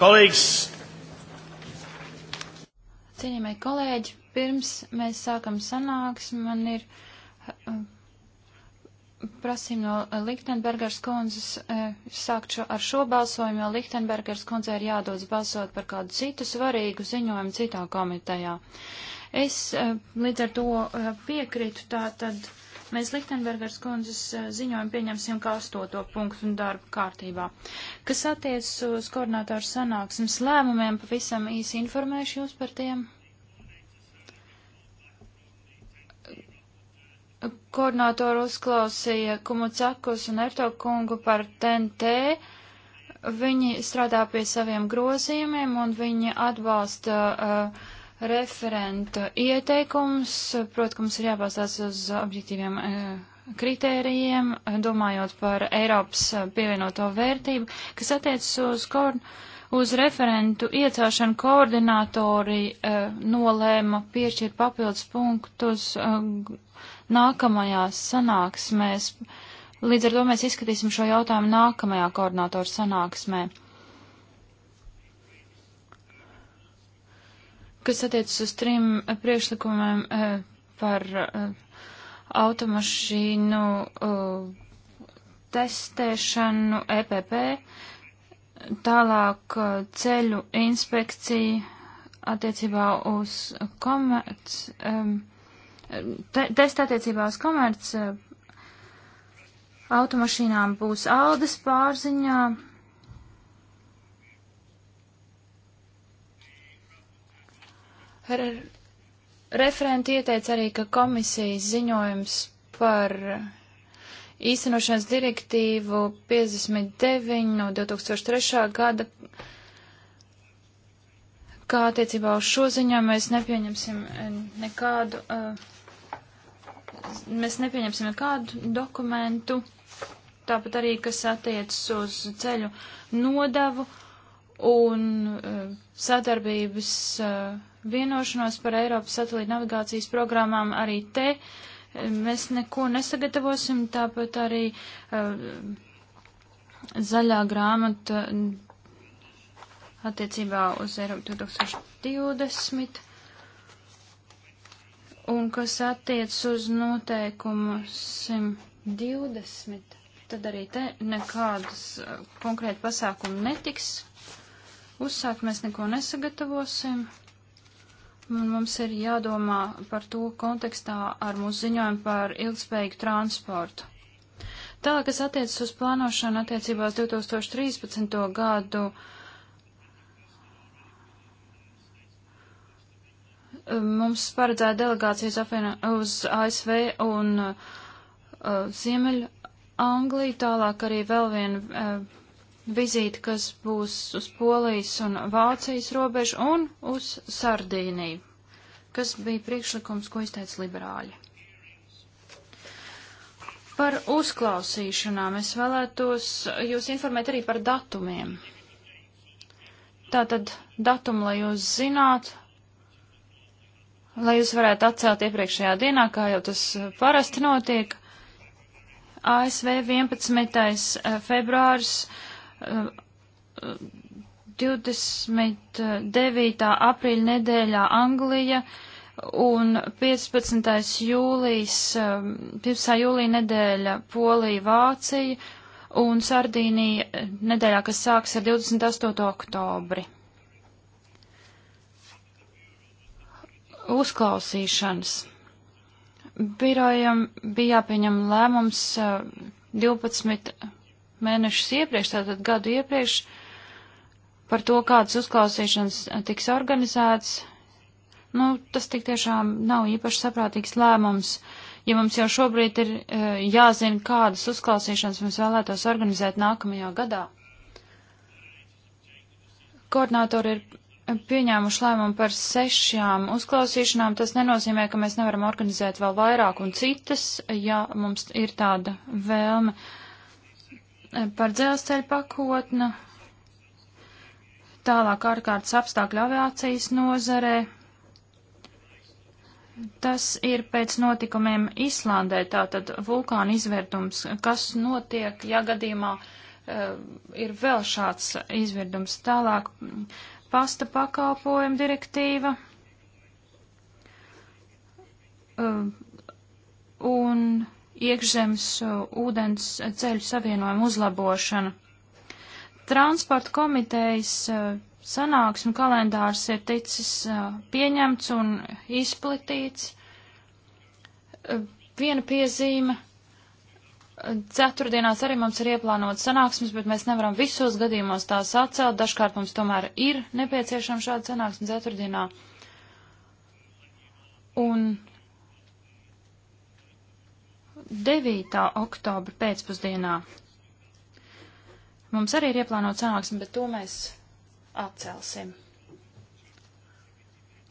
Kolēģis! Cienījamie kolēģi, pirms mēs sākam sanāks, man ir eh, prasīm no eh, Lichtenbergers kundzes eh, sākt šo, ar šo balsojumu, jo Lichtenbergers kundzei ir jādodas balsot par kādu citu svarīgu ziņojumu citā komitejā. Es līdz ar to piekrītu tā tad. Mēs Lichtenbergers kundzes eh, ziņojumu pieņemsim kā astoto punktu un darba kārtībā. Kas attiecas uz koordinātoru sanāksmes lēmumiem, pavisam īsi informēšu jūs par tiem. Koordinātoru uzklausīja Kumucakus un Erto kungu par TNT. Viņi strādā pie saviem grozījumiem un viņi atbalsta uh, referenta ieteikums. Protams, ir jābalstās uz objektīviem eh, kritērijiem, domājot par Eiropas eh, pievienoto vērtību, kas attiecas uz, uz referentu iecāšanu koordinātori eh, nolēma piešķirt papildus punktus nākamajās sanāksmēs. Līdz ar to mēs izskatīsim šo jautājumu nākamajā koordinātoru sanāksmē. kas attiecas uz trim eh, priekšlikumiem eh, par eh, automašīnu testēšanu EPP, tālāk ceļu inspekcija attiecībā uz komerc, te, testa attiecībā uz komerc automašīnām būs aldas pārziņā, Referenti ieteica arī, ka komisijas ziņojums par īstenošanas direktīvu 59 no 2003. gada, kā attiecībā uz šo ziņojumu mēs nepieņemsim eh, nekādu, eh, mēs nepieņemsim nekādu dokumentu, tāpat arī, kas attiecas uz ceļu nodavu un eh, sadarbības uh, vienošanos par Eiropas satelīta navigācijas programmām arī te. Mēs neko nesagatavosim, tāpat arī uh, zaļā grāmata mm, attiecībā uz Eiropu 2020 un kas attiec uz noteikumu 120, tad arī te nekādas eh, konkrēta pasākuma netiks. Uzsākt mēs neko nesagatavosim. Un mums ir jādomā par to kontekstā ar mūsu ziņojumu par ilgspējīgu transportu. Tālāk, kas attiecas uz plānošanu attiecībās 2013. gadu, mums paredzēja delegācijas apvienā uz ASV un uh, Ziemeļu Angliju, tālāk arī vēl viena uh, vizīti, kas būs uz Polijas un Vācijas robežu un uz Sardīniju, kas bija priekšlikums, ko izteica liberāļi. Par uzklausīšanām es vēlētos jūs informēt arī par datumiem. Tātad datumu, lai jūs zinātu, lai jūs varētu atcelt iepriekšējā dienā, kā jau tas parasti notiek. ASV 11. Eh, februāris 29. Eh, eh, eh, aprīļa nedēļā Anglija un 15. jūlijas, 15. jūlija nedēļa Polija, Vācija un Sardīnija nedēļā, kas sāks ar 28. oktobri. Uzklausīšanas. Birojam bija jāpieņem lēmums 12 mēnešus iepriekš, tātad gadu iepriekš, par to, kādas uzklausīšanas tiks organizētas. Nu, tas tik tiešām nav īpaši saprātīgs lēmums, ja mums jau šobrīd ir e, jāzina, kādas uzklausīšanas mēs vēlētos organizēt nākamajā gadā. Koordinātori ir pieņēmuši lēmumu par sešām uzklausīšanām, tas nenozīmē, ka mēs nevaram organizēt vēl vairāk un citas, ja mums ir tāda vēlme. Eh, par dzelzceļa pakotnu, tālāk ārkārtas apstākļu aviācijas nozarē. Tas ir pēc notikumiem Islandē, tātad vulkāna izvirdums. Kas notiek, ja gadījumā uh, ir vēl šāds izvirdums? Tālāk pasta pakalpojuma direktīva. Uh, un iekšzemes ūdens ceļu savienojumu uzlabošana. Transporta komitejas sanāksmu kalendārs ir ticis pieņemts un izplatīts. E, viena piezīme. Ceturtdienās arī mums ir ieplānotas sanāksmes, bet mēs nevaram visos gadījumos tās atcelt. Dažkārt mums tomēr ir nepieciešama šāda sanāksme ceturtdienā. Un 9. oktobra pēcpusdienā. Mums arī ir ieplānota sanāksme, bet to mēs atcelsim.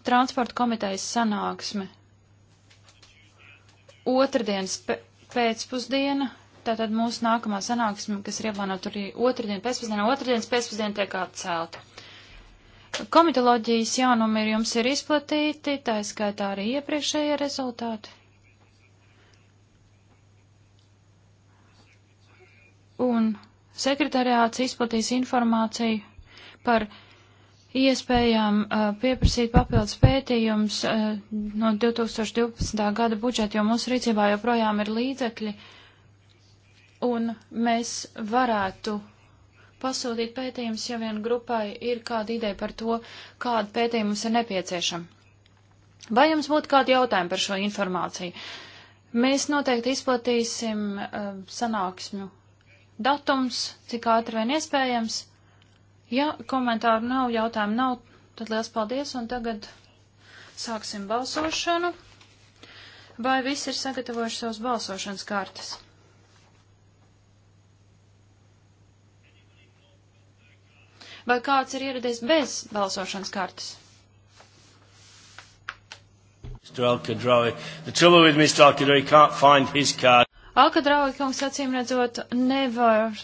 Transporta komitejas sanāksme otrdienas pēcpusdiena, tātad mūsu nākamā sanāksme, kas ir ieplānota arī otrdien pēcpusdienā, otrdienas pēcpusdiena tiek atcelta. Komitoloģijas jaunumi ir jums ir izplatīti, tā skaitā arī iepriekšējie rezultāti. un sekretariāts izplatīs informāciju par iespējām uh, pieprasīt papildus pētījums uh, no 2012. gada budžeta, jo mūsu rīcībā joprojām ir līdzekļi, un mēs varētu pasūtīt pētījumus, ja vien grupai ir kāda ideja par to, kāda pētījuma mums ir nepieciešama. Vai jums būtu kādi jautājumi par šo informāciju? Mēs noteikti izplatīsim uh, sanāksmju datums, cik ātri vien iespējams. Ja komentāru nav, jautājumu nav, tad liels paldies, un tagad sāksim balsošanu. Vai visi ir sagatavojuši savus balsošanas kartes? Vai kāds ir ieradies bez balsošanas kartes? Mr. Alcadrawi. The trouble with Mr. Alcadrawi, he can't find his card. Alka draugikungs acīm redzot nevar uh,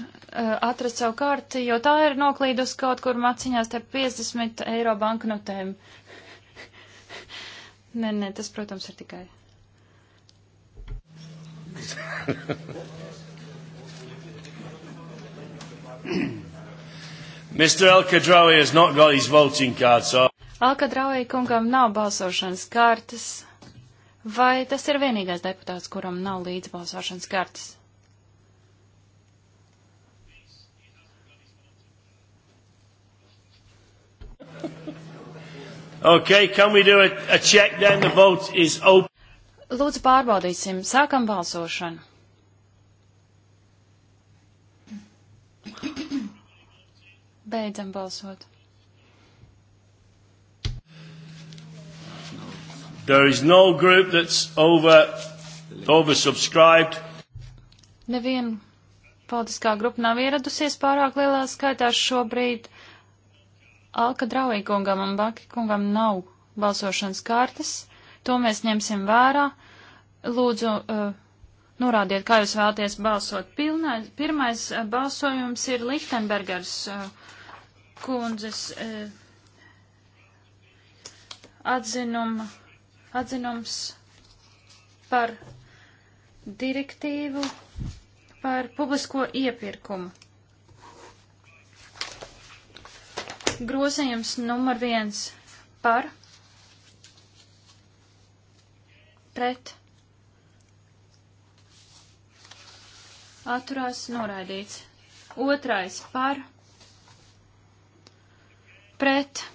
atrast savu karti, jo tā ir noklīdus kaut kur maciņās ar 50 eiro banknotēm. nē, nē, tas, protams, ir tikai. Mr. Alkadraui has not got his voting card, so. Alkadraui kungam nav balsošanas kartes. Vai tas ir vienīgais deputāts, kuram nav līdzbalsošanas kartes? Okay, can we do a, a check then? The vote is open. Lūdzu pārbaudīsim. Sākam balsošanu. Beidzam balsot. There is no group that's over, oversubscribed. Neviena politiskā grupa nav ieradusies pārāk lielā skaitā šobrīd. Alka Draujkungam un Baki kungam nav balsošanas kārtas. To mēs ņemsim vērā. Lūdzu, uh, norādiet, kā jūs vēlaties balsot. Pilnais, pirmais uh, balsojums ir Lichtenbergers uh, kundzes atzinuma atzinums par direktīvu par publisko iepirkumu. Grozījums numur viens par pret atturās noraidīts. Otrais par pret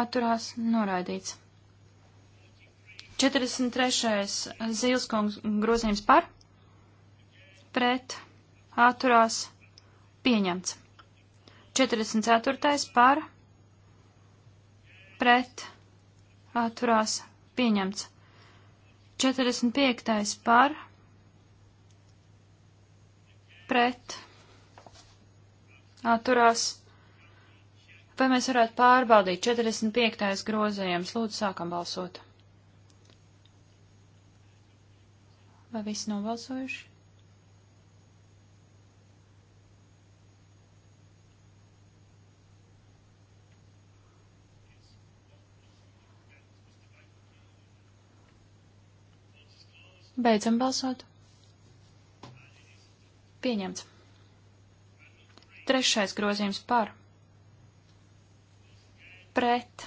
atturās noraidīts. 43. Zīleskungs grozījums par, pret, atturās, pieņemts. 44. par, pret, atturās, pieņemts. 45. par, pret, atturās. Vai mēs varētu pārbaudīt 45. grozījums? Lūdzu, sākam balsot. Vai visi nobalsojuši? Beidzam balsot. Pieņemts. Trešais grozījums par. Pret.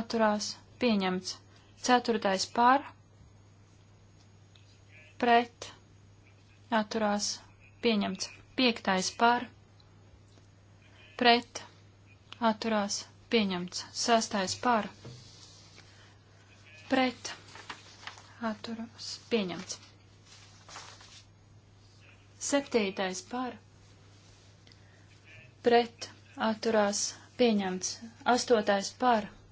Atturās. Pieņemts. Ceturtais par pret, atturās, pieņemts. Piektais par, pret, atturās, pieņemts. Sestais par, pret, atturās, pieņemts. Septītais par, pret, atturās, pieņemts. Astotais par, pret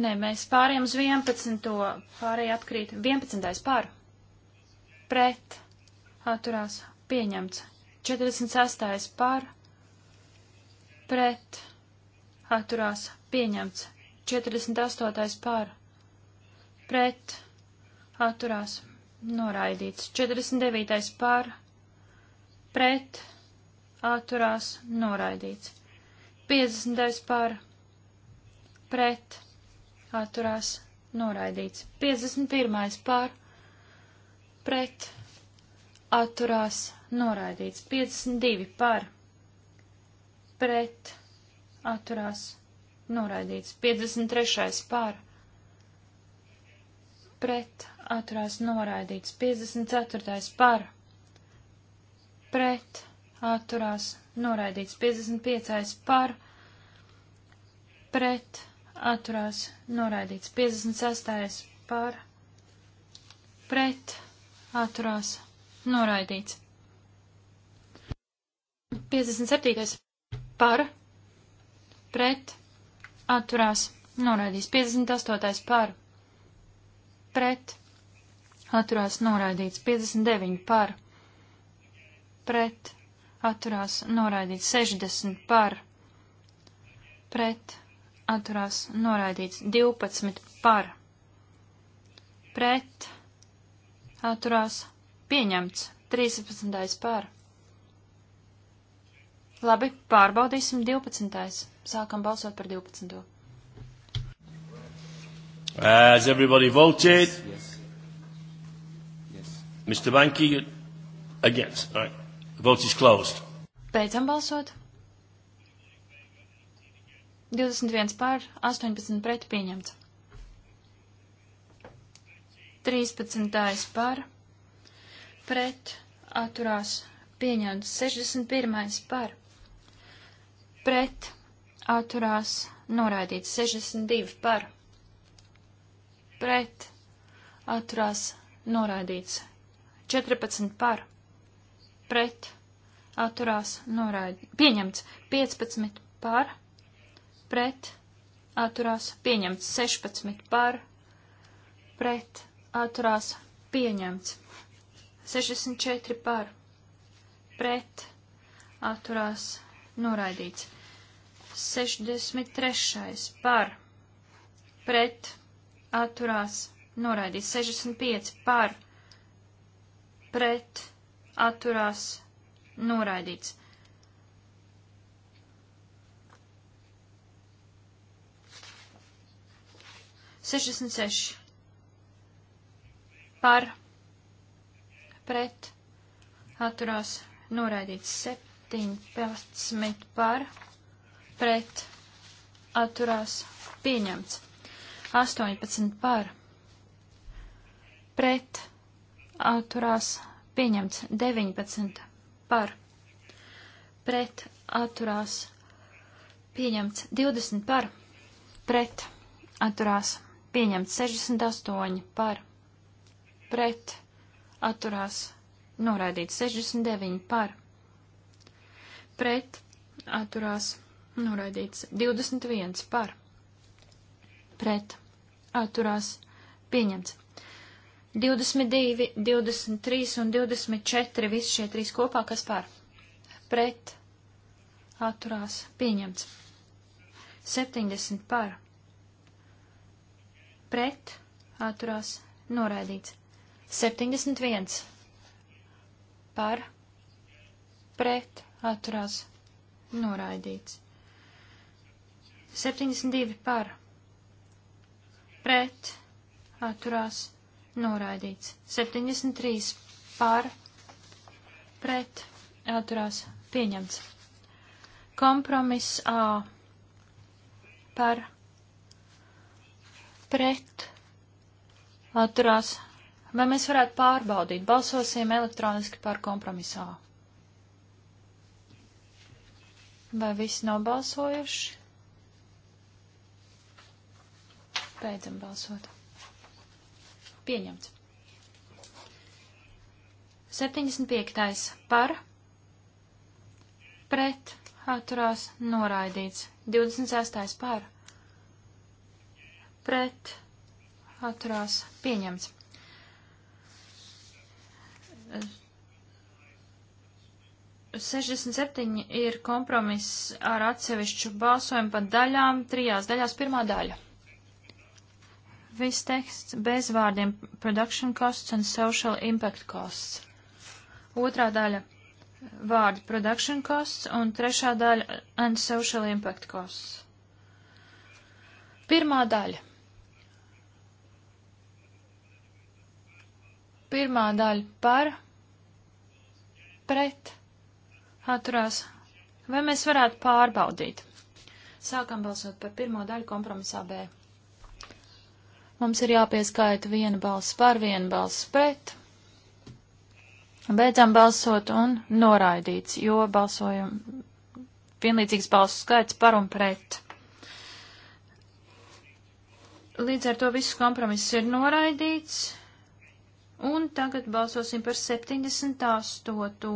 Nē, mēs pāriem uz 11. pārējie atkrīt. 11. pār. Pret. Atturās. Pieņemts. 46. pār. Pret. Atturās. Pieņemts. 48. pār. Pret. Atturās. Noraidīts. 49. pār. Pret. Atturās. Noraidīts. 50. pār. Pret atturās noraidīts. 51. pār pret atturās noraidīts. 52. pār pret atturās noraidīts. 53. pār pret atturās noraidīts. 54. pār pret atturās noraidīts. 55. pār pret atturās noraidīts atturās noraidīts. 56. par pret atturās noraidīts. 57. par pret atturās noraidīts. 58. par pret atturās noraidīts. 59. par pret atturās noraidīts. 60. par pret atturās noraidīts 12 par, pret, atturās pieņemts 13 par. Labi, pārbaudīsim 12. Sākam balsot par 12. Has everybody voted? Yes. yes. Mr. Banky, against. All right. The vote is closed. Beidzam balsot. 21 pār, 18 pret pieņemts. 13. par, pret atturās pieņemts. 61. par, pret atturās noraidīts. 62 par, pret atturās noraidīts. 14 par, pret atturās noraidīts. Pieņemts. 15 par pret, atturās pieņemts 16 par, pret, atturās pieņemts 64 par, pret, atturās noraidīts 63 par, pret, atturās noraidīts 65 par, pret, atturās noraidīts 66 par pret atturās noraidīts 17 par pret atturās pieņemts 18 par pret atturās pieņemts 19 par pret atturās pieņemts 20 par pret atturās pieņemts pieņemts 68 par, pret, atturās, noraidīts 69 par, pret, atturās, noraidīts 21 par, pret, atturās, pieņemts 22, 23 un 24, visi šie trīs kopā, kas par, pret, atturās, pieņemts 70 par, pret, pret, atturās, noraidīts. 71 par, pret, atturās, noraidīts. 72 par, pret, atturās, noraidīts. 73 par, pret, atturās, pieņemts. Kompromiss A par, pret, pret, atturās. Vai mēs varētu pārbaudīt? Balsosim elektroniski par kompromisā. Vai visi nav balsojuši? Beidzam balsot. Pieņemts. 75. par, pret, atturās, noraidīts. 26. par, pret atturās pieņemts. Sešdesmit septiņi ir kompromiss ar atsevišķu balsojumu pa daļām, trijās daļās pirmā daļa. Viss teksts bez vārdiem production costs and social impact costs. Otrā daļa vārdi production costs un trešā daļa and social impact costs. Pirmā daļa Pirmā daļa par, pret, atturās. Vai mēs varētu pārbaudīt? Sākam balsot par pirmo daļu kompromisā B. Mums ir jāpieskaita viena balss par, viena balss pret. Beidzam balsot un noraidīts, jo balsojam vienlīdzīgs balsu skaits par un pret. Līdz ar to viss kompromiss ir noraidīts. Un tagad balsosim par 78.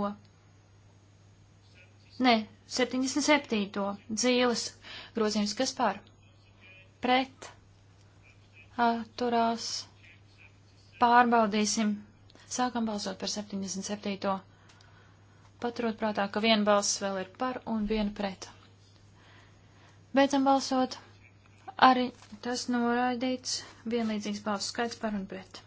Nē, 77. dzīles grozījums, kas par pret atturās. Pārbaudīsim. Sākam balsot par 77. Paturot prātā, ka viena balss vēl ir par un viena pret. Beidzam balsot. Arī tas noraidīts vienlīdzīgs balsu skaits par un pret.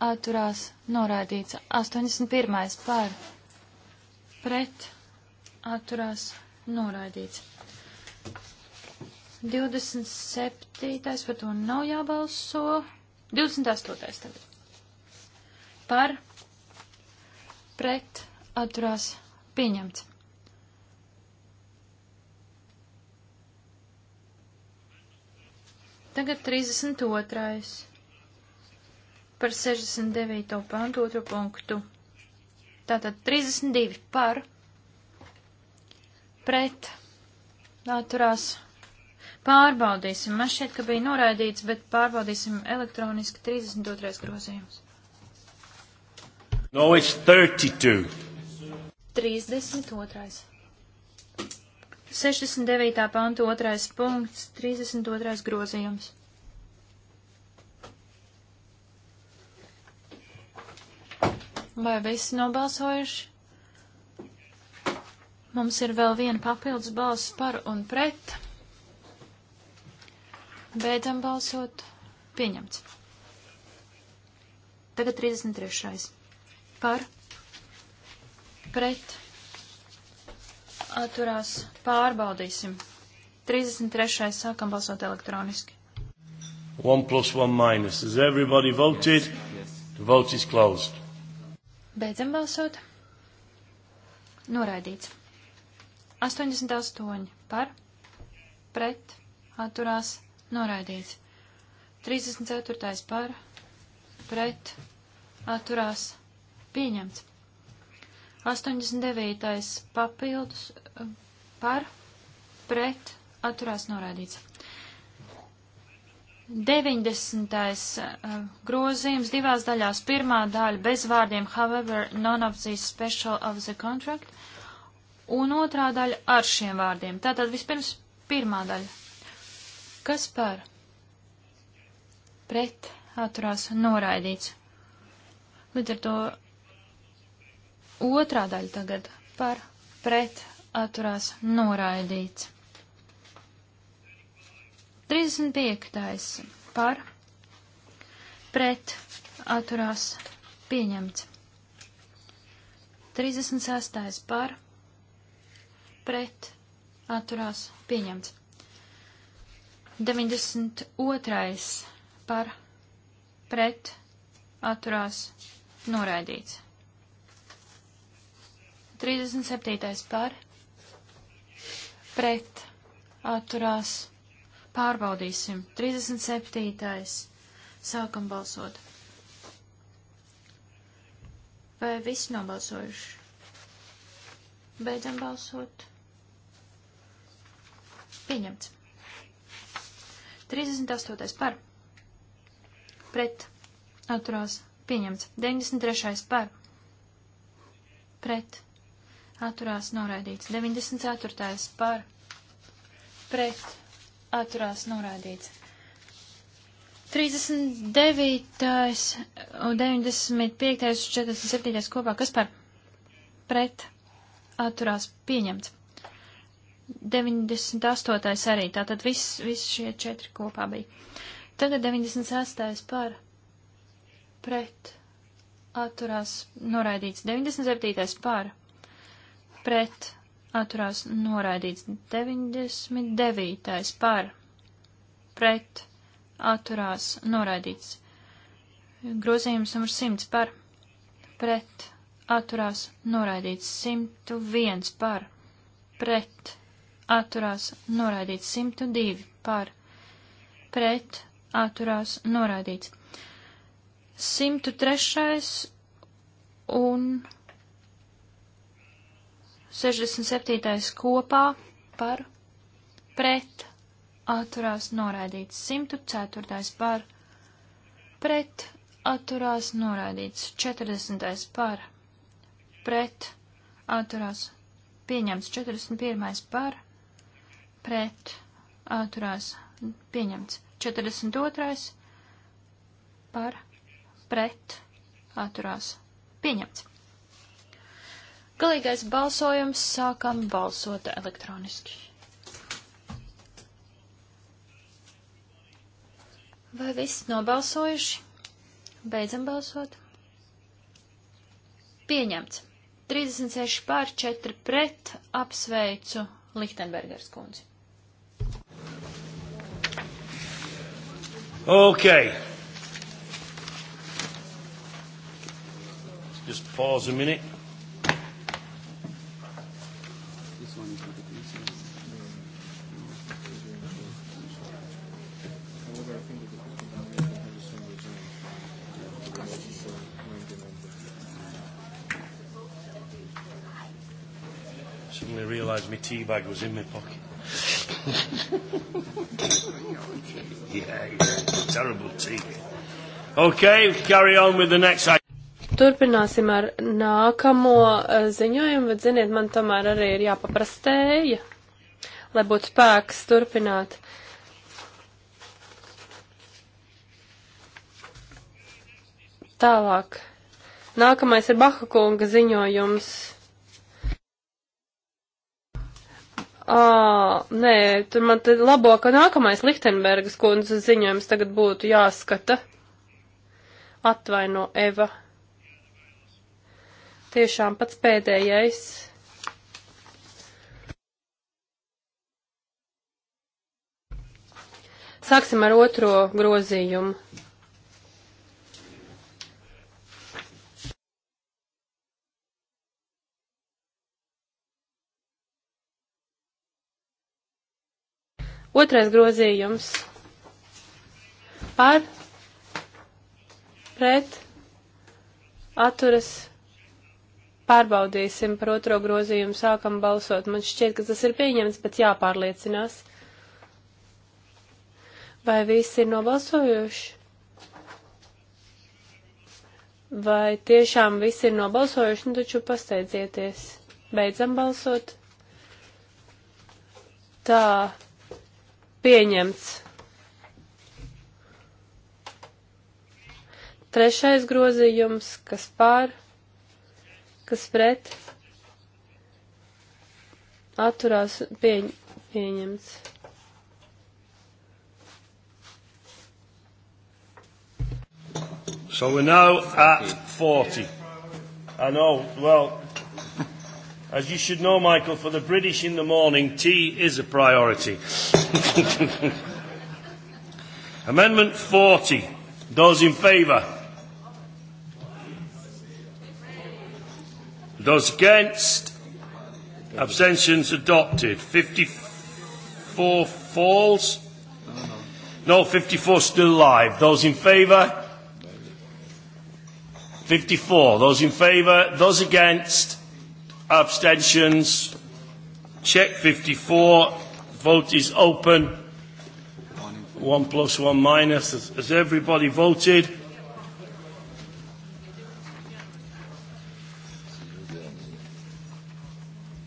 atturās noraidīts. 81. par pret atturās noraidīts. 27. par to nav jābalso. 28. tagad. Par pret atturās pieņemts. Tagad 32 par 69. pantu otro punktu. Tātad 32 par pret atturās. Pārbaudīsim. Man šķiet, ka bija noraidīts, bet pārbaudīsim elektroniski 32. grozījums. No, it's 32. 32. 69. pantu 2. punkts, 32. grozījums. Vai visi nobalsojuši? Mums ir vēl viena papildus balss par un pret. Beidzam balsot. Pieņemts. Tagad 33. Par. Pret. Atturās. Pārbaudīsim. 33. sākam balsot elektroniski. 1 plus 1 minus. Has everybody voted? Yes. The vote is closed. Beidzam balsot. Noraidīts. 88 par, pret, atturās, noraidīts. 34. par, pret, atturās, pieņemts. 89. papildus par, pret, atturās, noraidīts. 90. Eh, grozījums divās daļās. Pirmā daļa bez vārdiem however none of these special of the contract un otrā daļa ar šiem vārdiem. Tātad vispirms pirmā daļa. Kas par? Pret atturās noraidīts. Līdz ar to otrā daļa tagad par pret atturās noraidīts. 35. par pret atturās pieņemts. 36. par pret atturās pieņemts. 92. par pret atturās noraidīts. 37. par pret atturās pieņemts Pārbaudīsim. 37. Sākam balsot. Vai visi nobalsojuši? Beidzam balsot. Pieņemts. 38. par. Pret. Atturās. Pieņemts. 93. par. Pret. Atturās. Noraidīts. 94. par. Pret atturās norādīts. 39. un 95. un 47. kopā, kas par pret atturās pieņemts. 98. arī, tātad viss vis šie četri kopā bija. Tagad 96. par pret atturās noraidīts. 97. par pret atturās noraidīts 99. par pret atturās noraidīts. Grozījums numur 100 par pret atturās noraidīts 101 par pret atturās noraidīts 102 par pret atturās noraidīts. 103. un 67. kopā par pret atturās noraidīts 104. par pret atturās noraidīts 40. par pret atturās pieņemts 41. par pret atturās pieņemts 42. par pret atturās pieņemts. Galīgais balsojums sākam balsot elektroniski. Vai viss nobalsojuši? Beidzam balsot. Pieņemts. 36 pār 4 pret apsveicu Lichtenbergers kundzi. Okay. Just pause a minute. tea bag was in my pocket. yeah, yeah, terrible tea. Okay, carry on with the next item. Turpināsim ar nākamo eh, ziņojumu, bet ziniet, man tomēr arī ir jāpaprastēja, lai būtu spēks turpināt. Tālāk. Nākamais ir Baha kunga ziņojums. Ā, nē, tur man te labo, ka nākamais Lichtenbergas kundzes ziņojums tagad būtu jāskata. Atvaino, Eva. Tiešām pats pēdējais. Sāksim ar otro grozījumu. Otrais grozījums par pret atturas pārbaudīsim par otro grozījumu, sākam balsot. Man šķiet, ka tas ir pieņemts, bet jāpārliecinās. Vai visi ir nobalsojuši? Vai tiešām visi ir nobalsojuši, nu taču pasteidzieties. Beidzam balsot. Tā, Pieņemts. Trešais grozījums, kas pār, kas pret, atturās pieņ, pieņemts. So we're now at 40. I know, well, As you should know, Michael, for the British in the morning, tea is a priority. Amendment 40. Those in favour? Those against? Abstentions adopted. 54 falls? No, 54 still live. Those in favour? 54. Those in favour? Those against? Abstentions. Check 54. Vote is open. One plus one minus. Has everybody voted?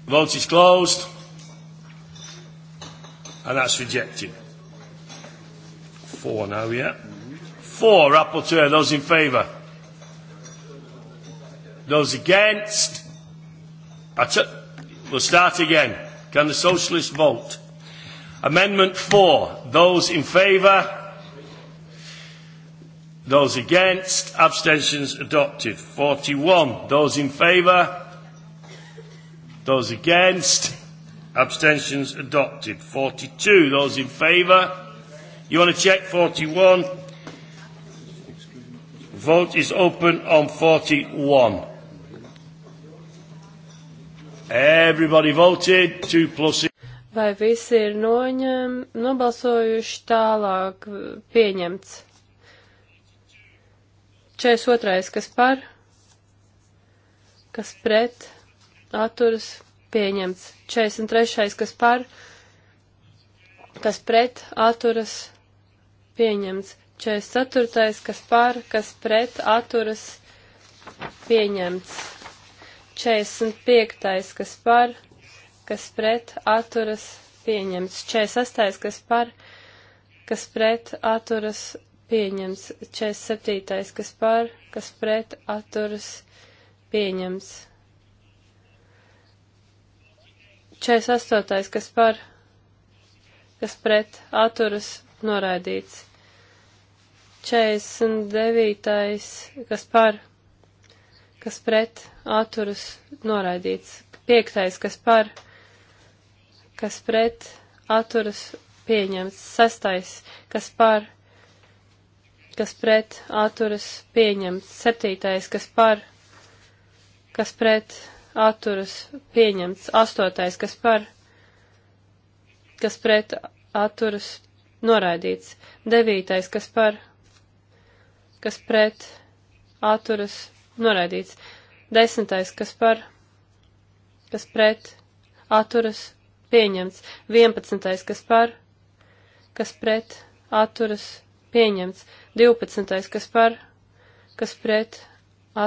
Vote is closed. And that's rejected. Four now, yeah? Four, rapporteur. Those in favour? Those against? I t- we'll start again. Can the Socialists vote? Amendment 4. Those in favour? Those against? Abstentions adopted. 41. Those in favour? Those against? Abstentions adopted. 42. Those in favour? You want to check 41? Vote is open on 41. Everybody voted, two plus. Vai visi ir noņem, nobalsojuši tālāk pieņemts? 42. kas par, kas pret, atturas, pieņemts. 43. kas par, kas pret, atturas, pieņemts. 44. kas par, kas pret, atturas, pieņemts. 45. kas par, kas pret atturas pieņemts. 46. kas par, kas pret atturas pieņemts. 47. kas par, kas pret atturas pieņemts. 48. kas par, kas pret atturas noraidīts. 49. kas par, kas pret atturas noraidīts. Piektais, kas par, kas pret atturas pieņemts. Sestais, kas par, kas pret atturas pieņemts. Septītais, kas par, kas pret atturas pieņemts. Astotais, kas par, kas pret atturas noraidīts. Devītais, kas par, kas pret atturas noraidīts. Desmitais, kas par, kas pret, atturas, pieņemts. Vienpadsmitais, kas par, kas pret, atturas, pieņemts. Divpadsmitais, kas par, kas pret,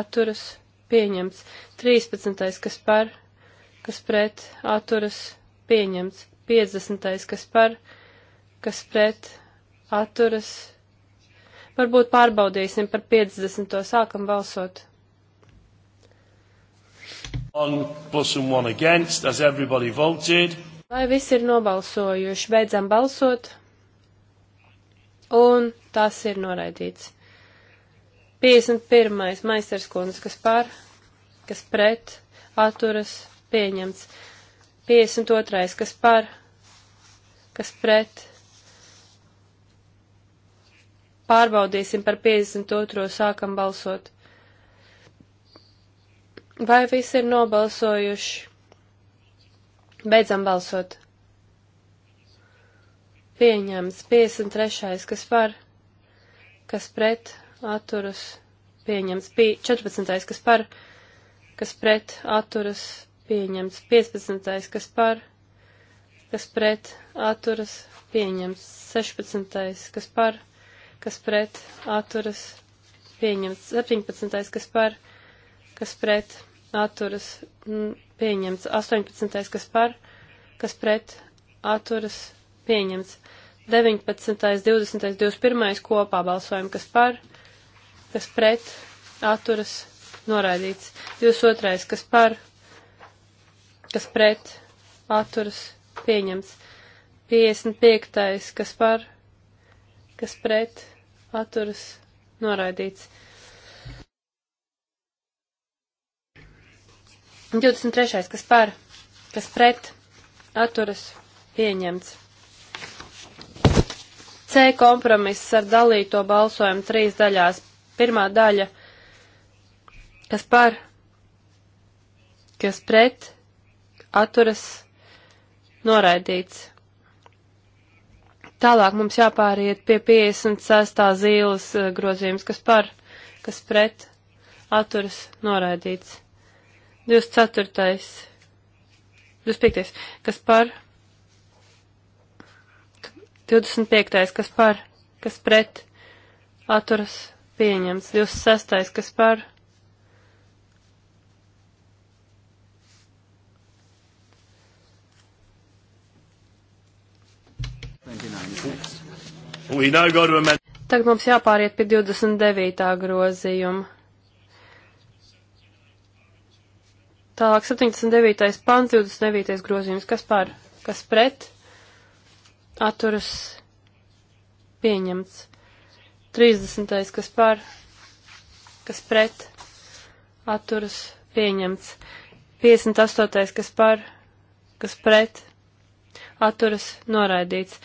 atturas, pieņemts. Trīspadsmitais, kas par, kas pret, atturas, pieņemts. Piecdesmitais, kas par, kas pret, atturas, pieņemts. Varbūt pārbaudīsim par 50. sākam balsot. On, plus and one against, as everybody voted. Vai visi ir nobalsojuši? Beidzam balsot. Un tas ir noraidīts. 51. maisters kundze, kas par, kas pret, atturas, pieņemts. 52. kas par, kas pret. Pārbaudīsim par 52. sākam balsot. Vai visi ir nobalsojuši? Beidzam balsot. Pieņems 53. kas par, kas pret, atturas. Pieņems 14. kas par, kas pret, atturas. Pieņems 15. kas par, kas pret, atturas. Pieņems 16. kas par, kas pret, atturas. Pieņems 17. kas par, kas pret, atturas mm, pieņemts. 18. kas par, kas pret atturas pieņemts. 19., 20., 21. kopā balsojam, kas par, kas pret atturas noraidīts. 22. kas par, kas pret atturas pieņemts. 55. kas par, kas pret atturas noraidīts. 23. kas par, kas pret, atturas, pieņemts. C kompromiss ar dalīto balsojumu trīs daļās. Pirmā daļa, kas par, kas pret, atturas, noraidīts. Tālāk mums jāpāriet pie 56. zīles eh, grozījums, kas par, kas pret, atturas, noraidīts. 24. 25. kas par, 25. kas par, kas pret, atturas pieņems, 26. kas par, Tagad mums jāpāriet pie 29. grozījuma. Tālāk 79. pants, 29. grozījums. Kas par? Kas pret? Atturas pieņemts. 30. kas par? Kas pret? Atturas pieņemts. 58. kas par? Kas pret? Atturas noraidīts.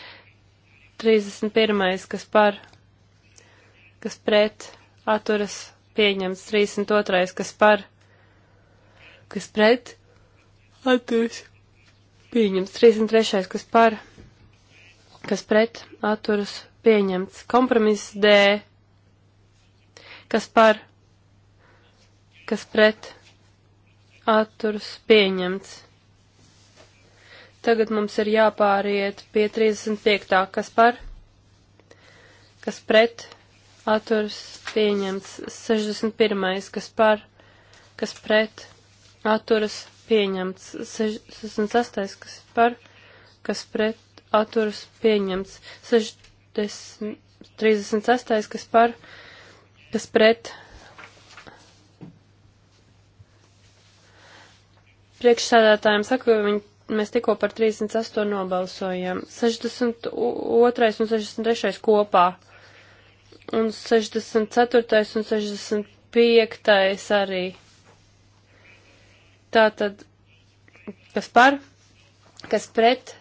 31. kas par? Kas pret? Atturas pieņemts. 32. kas par? kas pret, atturas, pieņemts. 33. kas par, kas pret, atturas, pieņemts. Kompromiss D, kas par, kas pret, atturas, pieņemts. Tagad mums ir jāpāriet pie 35. kas par, kas pret, atturs pieņemts, 61. kas par, kas pret, atturas pieņemts. 68. kas par, kas pret atturas pieņemts. 60, 36. kas par, kas pret. Priekšsēdētājiem saka, viņi, mēs tikko par 38 nobalsojam. 62. un 63. kopā. Un 64. un 65. arī. Tātad, kas par, kas pret,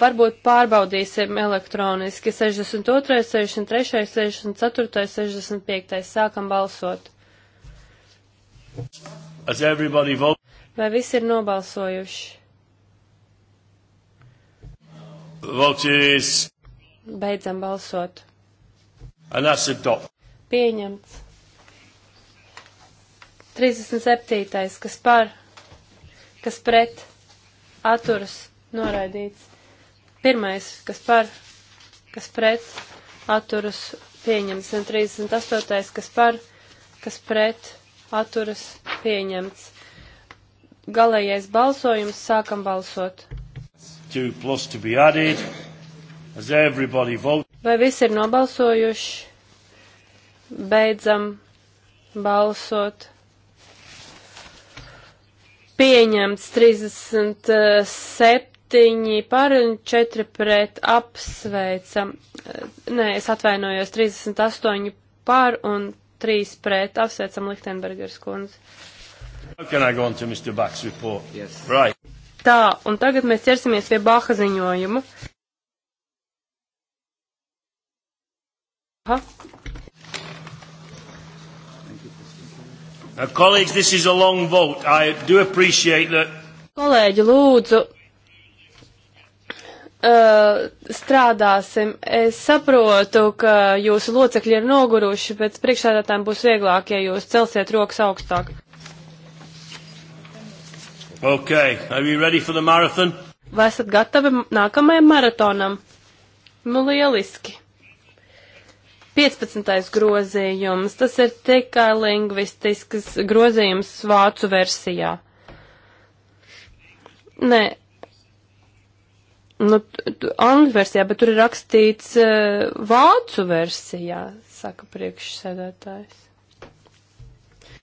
varbūt pārbaudīsim elektroniski 62, 63, 64, 65. Sākam balsot. Vai visi ir nobalsojuši? Votīs. Beidzam balsot. Pieņemts. 37. kas par, kas pret, atturas, noraidīts. Pirmais, kas par, kas pret, atturas, pieņemts. Un 38. kas par, kas pret, atturas, pieņemts. Galējais balsojums, sākam balsot. Added, Vai visi ir nobalsojuši? Beidzam balsot pieņemts 37 par un 4 pret apsveicam. Eh, nē, es atvainojos 38 par un 3 pret apsveicam Lichtenbergers kundzi. Yes. Right. Tā, un tagad mēs ķersimies pie Baha ziņojuma. Aha. Uh, colleagues, this is a long vote. I do appreciate that. Kolēģi, lūdzu, uh, strādāsim. Es saprotu, ka jūsu locekļi ir noguruši, bet priekšsēdētājiem būs vieglāk, ja jūs celsiet rokas augstāk. Okay, are you ready for the marathon? Vai esat gatavi nākamajam maratonam? Nu, lieliski. 15. grozījums, tas ir tikai lingvistisks grozījums vācu versijā. Nē, nu, angļu versijā, bet tur ir rakstīts uh, vācu versijā, saka priekšsēdētājs.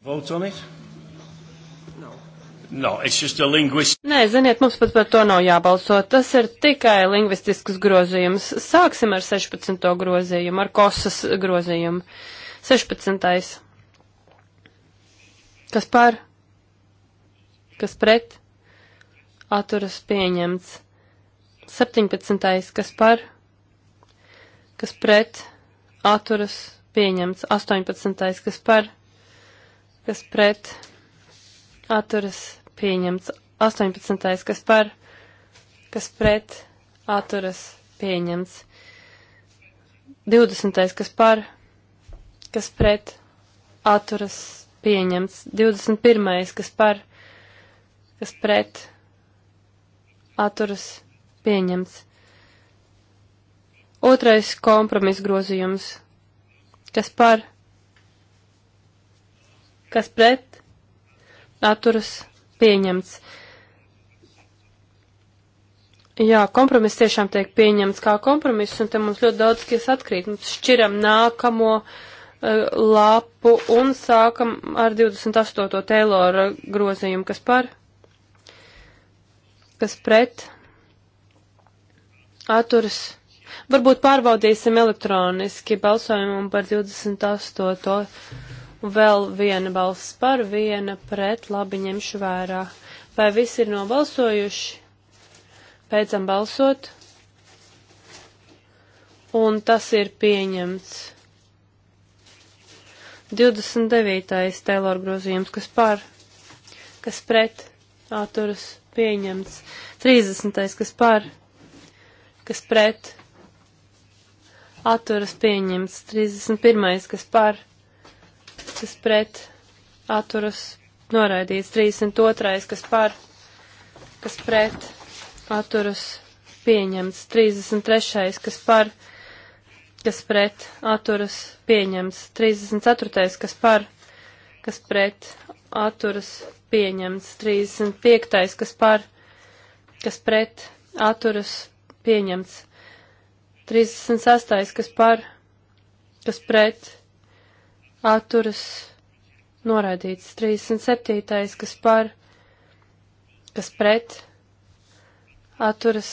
Votes on it? No, linguist... Nē, ziniet, mums pat par to nav jābalso. Tas ir tikai lingvistisks grozījums. Sāksim ar 16. grozījumu, ar kosas grozījumu. 16. Kas par? Kas pret? Atturas pieņemts. 17. Kas par? Kas pret? Atturas pieņemts. 18. Kas par? Kas pret? Atturas pieņemts pieņemts. 18. kas par, kas pret, atturas, pieņemts. 20. kas par, kas pret, atturas, pieņemts. 21. kas par, kas pret, atturas, pieņemts. Otrais kompromis grozījums, kas par, kas pret, atturas, pieņemts pieņemts. Jā, kompromiss tiešām tiek pieņemts kā kompromiss, un te mums ļoti daudz kas atkrīt. Mēs šķiram nākamo uh, lapu un sākam ar 28. Teilora grozījumu, kas par, kas pret, atturas. Varbūt pārbaudīsim elektroniski balsojumu par 28. Un vēl viena balss par, viena pret, labi ņemšu vērā. Vai visi ir nobalsojuši? Beidzam balsot. Un tas ir pieņemts. 29. Taylor grozījums, kas par, kas pret, atturas pieņemts. 30. kas par, kas pret, atturas pieņemts. 31. kas par, kas pret atturas noraidīts. 32. kas par, kas pret atturas pieņemts. 33. kas par, kas pret atturas pieņemts. 34. kas par, kas pret atturas pieņemts. 35. kas par, kas pret atturas pieņemts. 36. kas par, kas pret atturas noraidīts. 37. kas par, kas pret, atturas.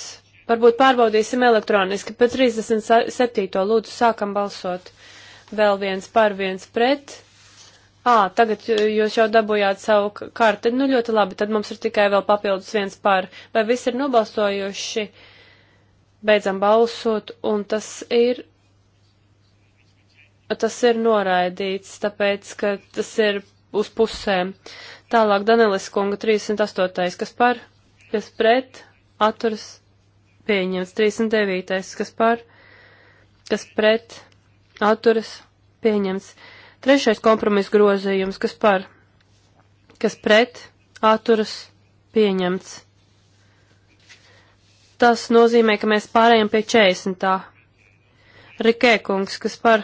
Varbūt pārbaudīsim elektroniski. Pēc 37. lūdzu sākam balsot. Vēl viens par, viens pret. Ā, tagad jūs jau dabūjāt savu karti. Nu, ļoti labi, tad mums ir tikai vēl papildus viens par. Vai visi ir nobalsojuši? Beidzam balsot, un tas ir tas ir noraidīts, tāpēc, ka tas ir uz pusēm. Tālāk Danelis kunga 308. kas par, kas pret, atturas pieņemts. 309. kas par, kas pret, atturas pieņemts. Trešais kompromiss grozījums, kas par, kas pret, atturas pieņemts. Tas nozīmē, ka mēs pārējām pie 40. Rikē kungs, kas par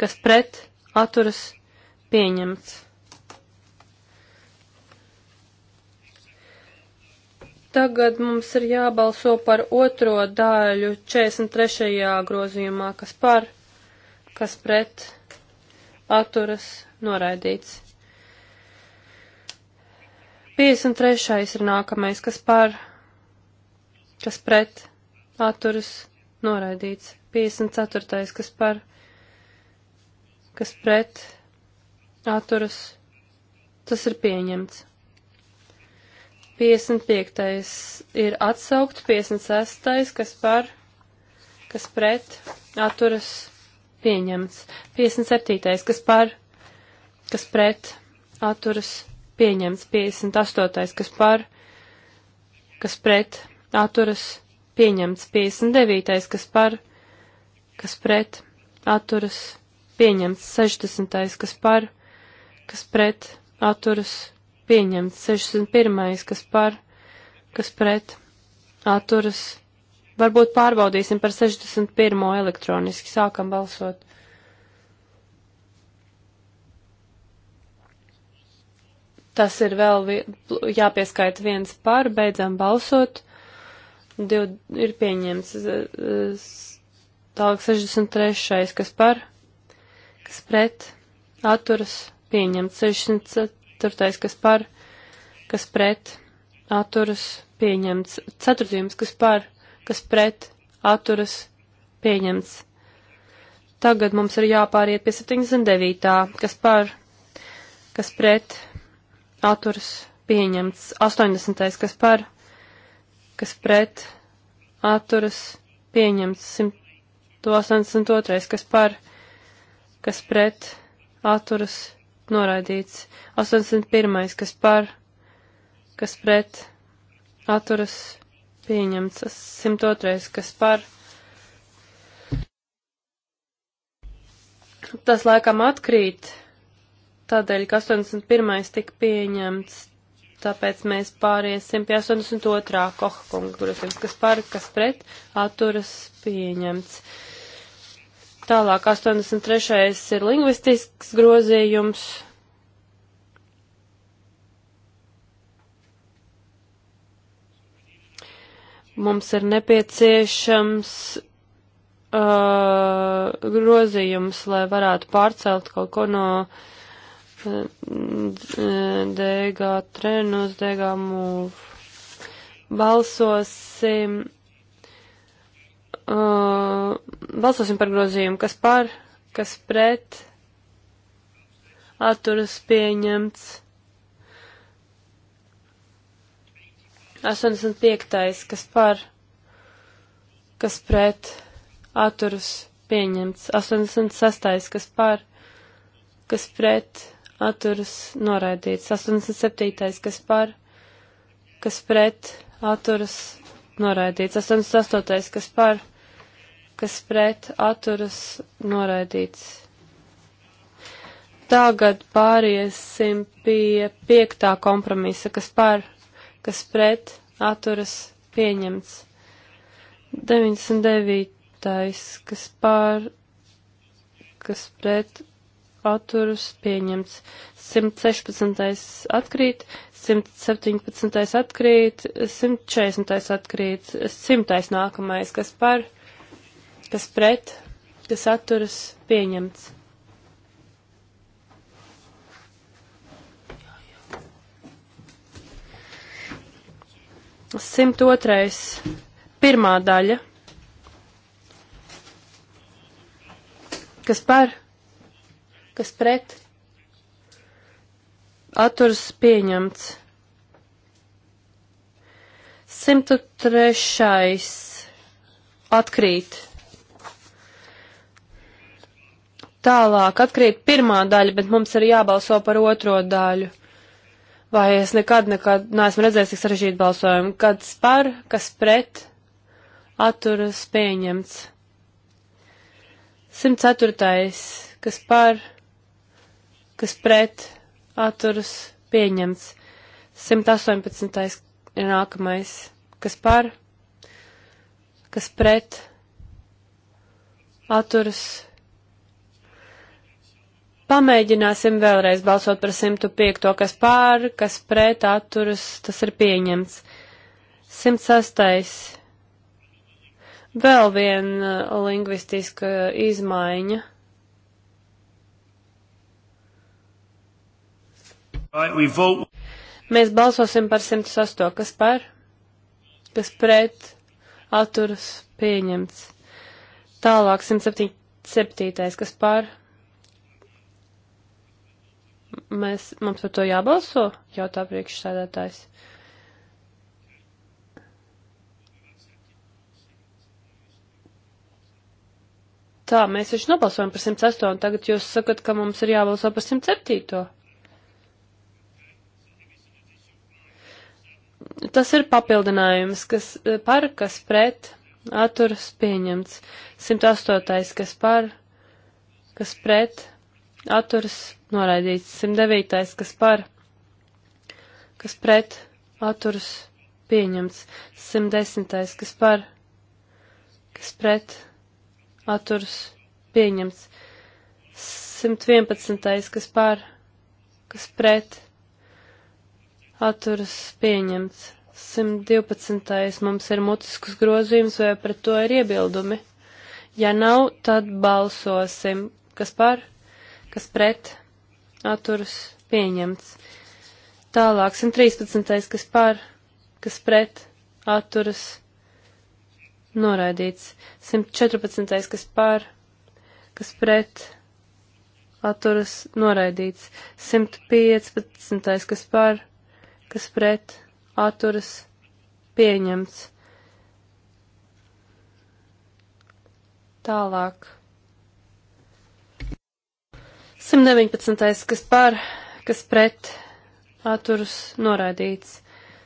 kas pret atturas pieņemts. Tagad mums ir jābalso par otro daļu 43. grozījumā, kas par, kas pret atturas noraidīts. 53. ir nākamais, kas par, kas pret atturas noraidīts. 54. kas par, kas pret atturas tas ir pieņemts. 55. ir atsaukt, 56. kas par, kas pret atturas pieņemts. 57. kas par, kas pret atturas pieņemts. 58. kas par, kas pret atturas pieņemts. 59. kas par, kas pret atturas pieņemts pieņemts 60. kas par, kas pret, atturas, pieņemts 61. kas par, kas pret, atturas. Varbūt pārbaudīsim par 61. elektroniski. Sākam balsot. Tas ir vēl vi jāpieskaita viens par, beidzam balsot. Div ir pieņemts tālāk 63. kas par, kas pret, atturas, pieņemts. 64. kas par, kas pret, atturas, pieņemts. 4. kas par, kas pret, atturas, pieņemts. Tagad mums ir jāpāriet pie 79. kas par, kas pret, atturas, pieņemts. 80. kas par, kas pret, atturas, pieņemts. 182. kas par, kas pret atturas noraidīts. 81. kas par, kas pret atturas pieņemts. 102. kas par. Tas laikam atkrīt, tādēļ, ka 81. tika pieņemts, tāpēc mēs pāriesim pie 82. koha kungu grozījums, kas par, kas pret atturas pieņemts. Tālāk 83. ir lingvistisks grozījums. Mums ir nepieciešams uh, grozījums, lai varētu pārcelt kaut ko no uh, DG tren uz DG mūvu. Balsosim uh, balsosim par grozījumu, kas par, kas pret, atturas pieņemts. 85. kas par, kas pret, atturas pieņemts. 86. kas par, kas pret, atturas noraidīts. 87. kas par, kas pret, atturas noraidīts. 88. kas par, kas pret atturas noraidīts. Tagad pāriesim pie piektā kompromisa, kas par, kas pret atturas pieņemts. 99. kas par, kas pret atturas pieņemts. 116. atkrīt, 117. atkrīt, 140. atkrīt, 100. nākamais, kas par, kas pret, kas atturas pieņemts. Simt otrais, pirmā daļa, kas par, kas pret, atturas pieņemts. 103. atkrīt. Tālāk atkrīt pirmā daļa, bet mums ir jābalso par otro daļu. Vai es nekad, nekad neesmu redzējis tik sarežģītu balsojumu, kad par, kas pret, atturas pieņemts. 104. kas par, kas pret, atturas pieņemts. 118. ir nākamais, kas par, kas pret, atturas pieņemts Pamēģināsim vēlreiz balsot par 105, kas pār, kas pret atturas, tas ir pieņemts. 106. Vēl viena lingvistiska izmaiņa. Right, Mēs balsosim par 108, kas par, kas pret, atturas, pieņemts. Tālāk 107, kas par, Mēs, mums par to jābalso, jautā priekšsēdētājs. Tā, mēs taču nobalsojam par 108, un tagad jūs sakat, ka mums ir jābalso par 107. Tas ir papildinājums, kas par, kas pret, atturas pieņemts. 108, kas par, kas pret, atturas noraidīts 109. kas par, kas pret, atturas pieņemts 110. kas par, kas pret, atturas pieņemts 111. kas par, kas pret, atturas pieņemts 112. mums ir mutiskus grozījums vai pret to ir iebildumi. Ja nav, tad balsosim. Kas par? Kas pret? atturas pieņemts. Tālāk 113. kas par, kas pret, atturas noraidīts. 114. kas par, kas pret, atturas noraidīts. 115. kas par, kas pret, atturas pieņemts. Tālāk. 119. kas par, kas pret atturus noraidīts.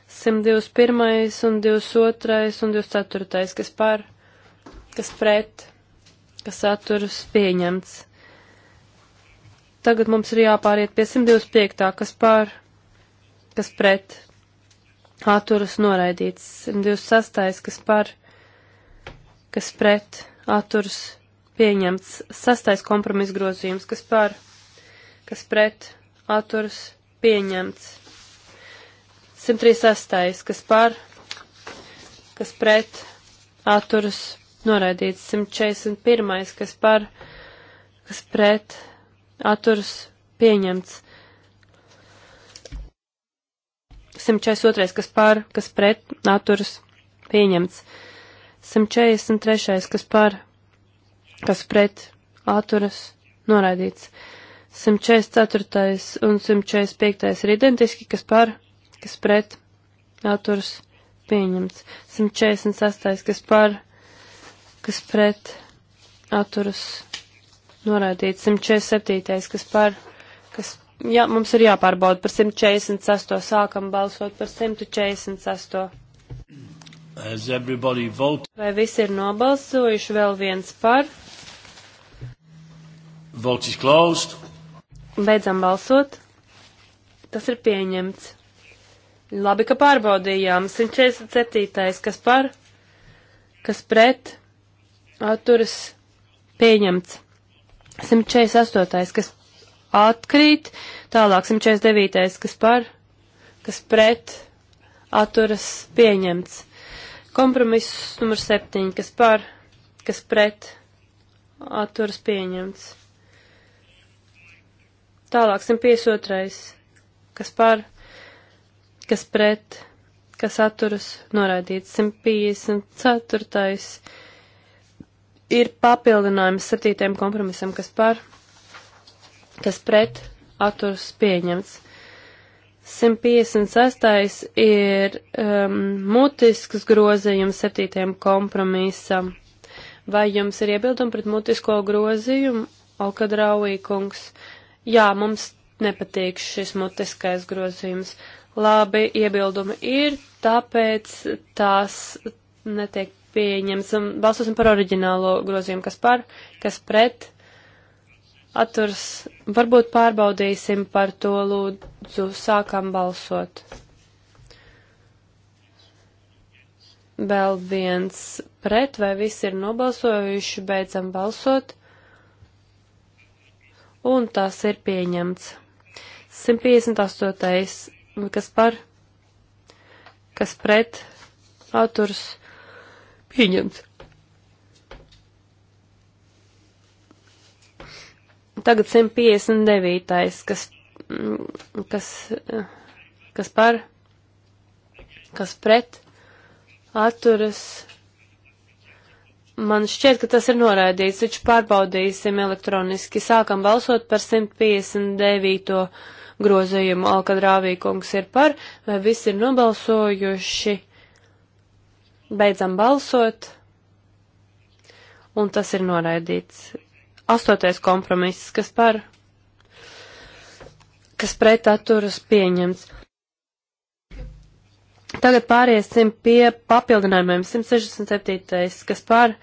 121. un 22. un 24. kas par, kas pret, kas atturus pieņemts. Tagad mums ir jāpāriet pie 125. kas par, kas pret, atturus noraidīts. 126. kas par, kas pret, atturus pieņemts pieņemts sastais kompromis grozījums, kas par, kas pret, atturs, pieņemts. 136. kas par, kas pret, atturs, noraidīts. 141. kas par, kas pret, atturs, pieņemts. 142. kas par, kas pret, atturs, pieņemts. 143. kas par, kas pret atturas noraidīts. 144. un 145. ir identiski, kas par, kas pret atturas pieņemts. 146. kas par, kas pret atturas noraidīts. 147. kas par, kas. Jā, mums ir jāpārbauda par 148. Sākam balsot par 148. Vai visi ir nobalsojuši? Vēl viens par. Vote is closed. Beidzam balsot. Tas ir pieņemts. Labi, ka pārbaudījām. 147. kas par, kas pret, atturas pieņemts. 148. kas atkrīt, tālāk 149. kas par, kas pret, atturas pieņemts. Kompromiss numur 7. kas par, kas pret, atturas pieņemts. Tālāk 152. Kas par, kas pret, kas atturas, noraidīts 154. Ir papildinājums 7. kompromisam, kas par, kas pret, atturas pieņemts. 156. ir um, mutisks grozījums 7. kompromisam. Vai jums ir iebildumi pret mutisko grozījumu, Alkadrauī kungs? Uh, Jā, mums nepatīk šis mutiskais grozījums. Labi, iebildumi ir, tāpēc tās netiek pieņems. Balsosim par oriģinālo grozījumu, kas par, kas pret. Atturs, varbūt pārbaudīsim par to lūdzu, sākam balsot. Vēl viens pret, vai visi ir nobalsojuši, beidzam balsot un tas ir pieņemts. 158. kas par, kas pret, atturs, pieņemts. Tagad 159. kas, mm, kas, kas par, kas pret, atturas, pieņemts Man šķiet, ka tas ir noraidīts, taču pārbaudīsim elektroniski. Sākam balsot par 159. grozījumu. Alkadrāvīkungs ir par, vai visi ir nobalsojuši. Beidzam balsot. Un tas ir noraidīts. Astotais kompromiss, kas par, kas pret atturas pieņemts. Tagad pāriesim pie papildinājumiem. 167. kas par,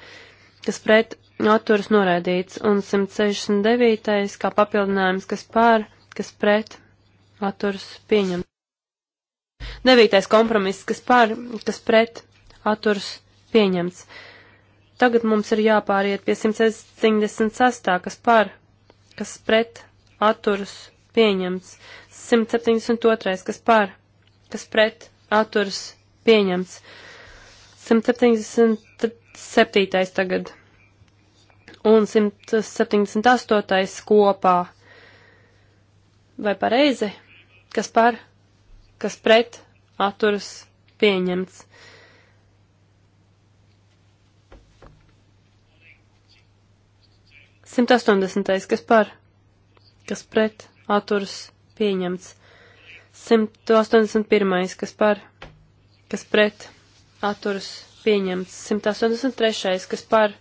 kas pret atturas noraidīts, un 169. kā papildinājums, kas par, kas pret atturas pieņemts. 9. kompromiss, kas par, kas pret atturas pieņemts. Tagad mums ir jāpāriet pie 176. kas par, kas pret atturas pieņemts. 172. kas par, kas pret atturas pieņemts atturs pieņemts. 177. tagad un 178. kopā. Vai pareizi? Kas par, kas pret, atturas pieņemts. Simt astoņdesmitais, kas par, kas pret, atturas pieņemts. 181. kas par, kas pret atturas pieņemts. 183. kas par,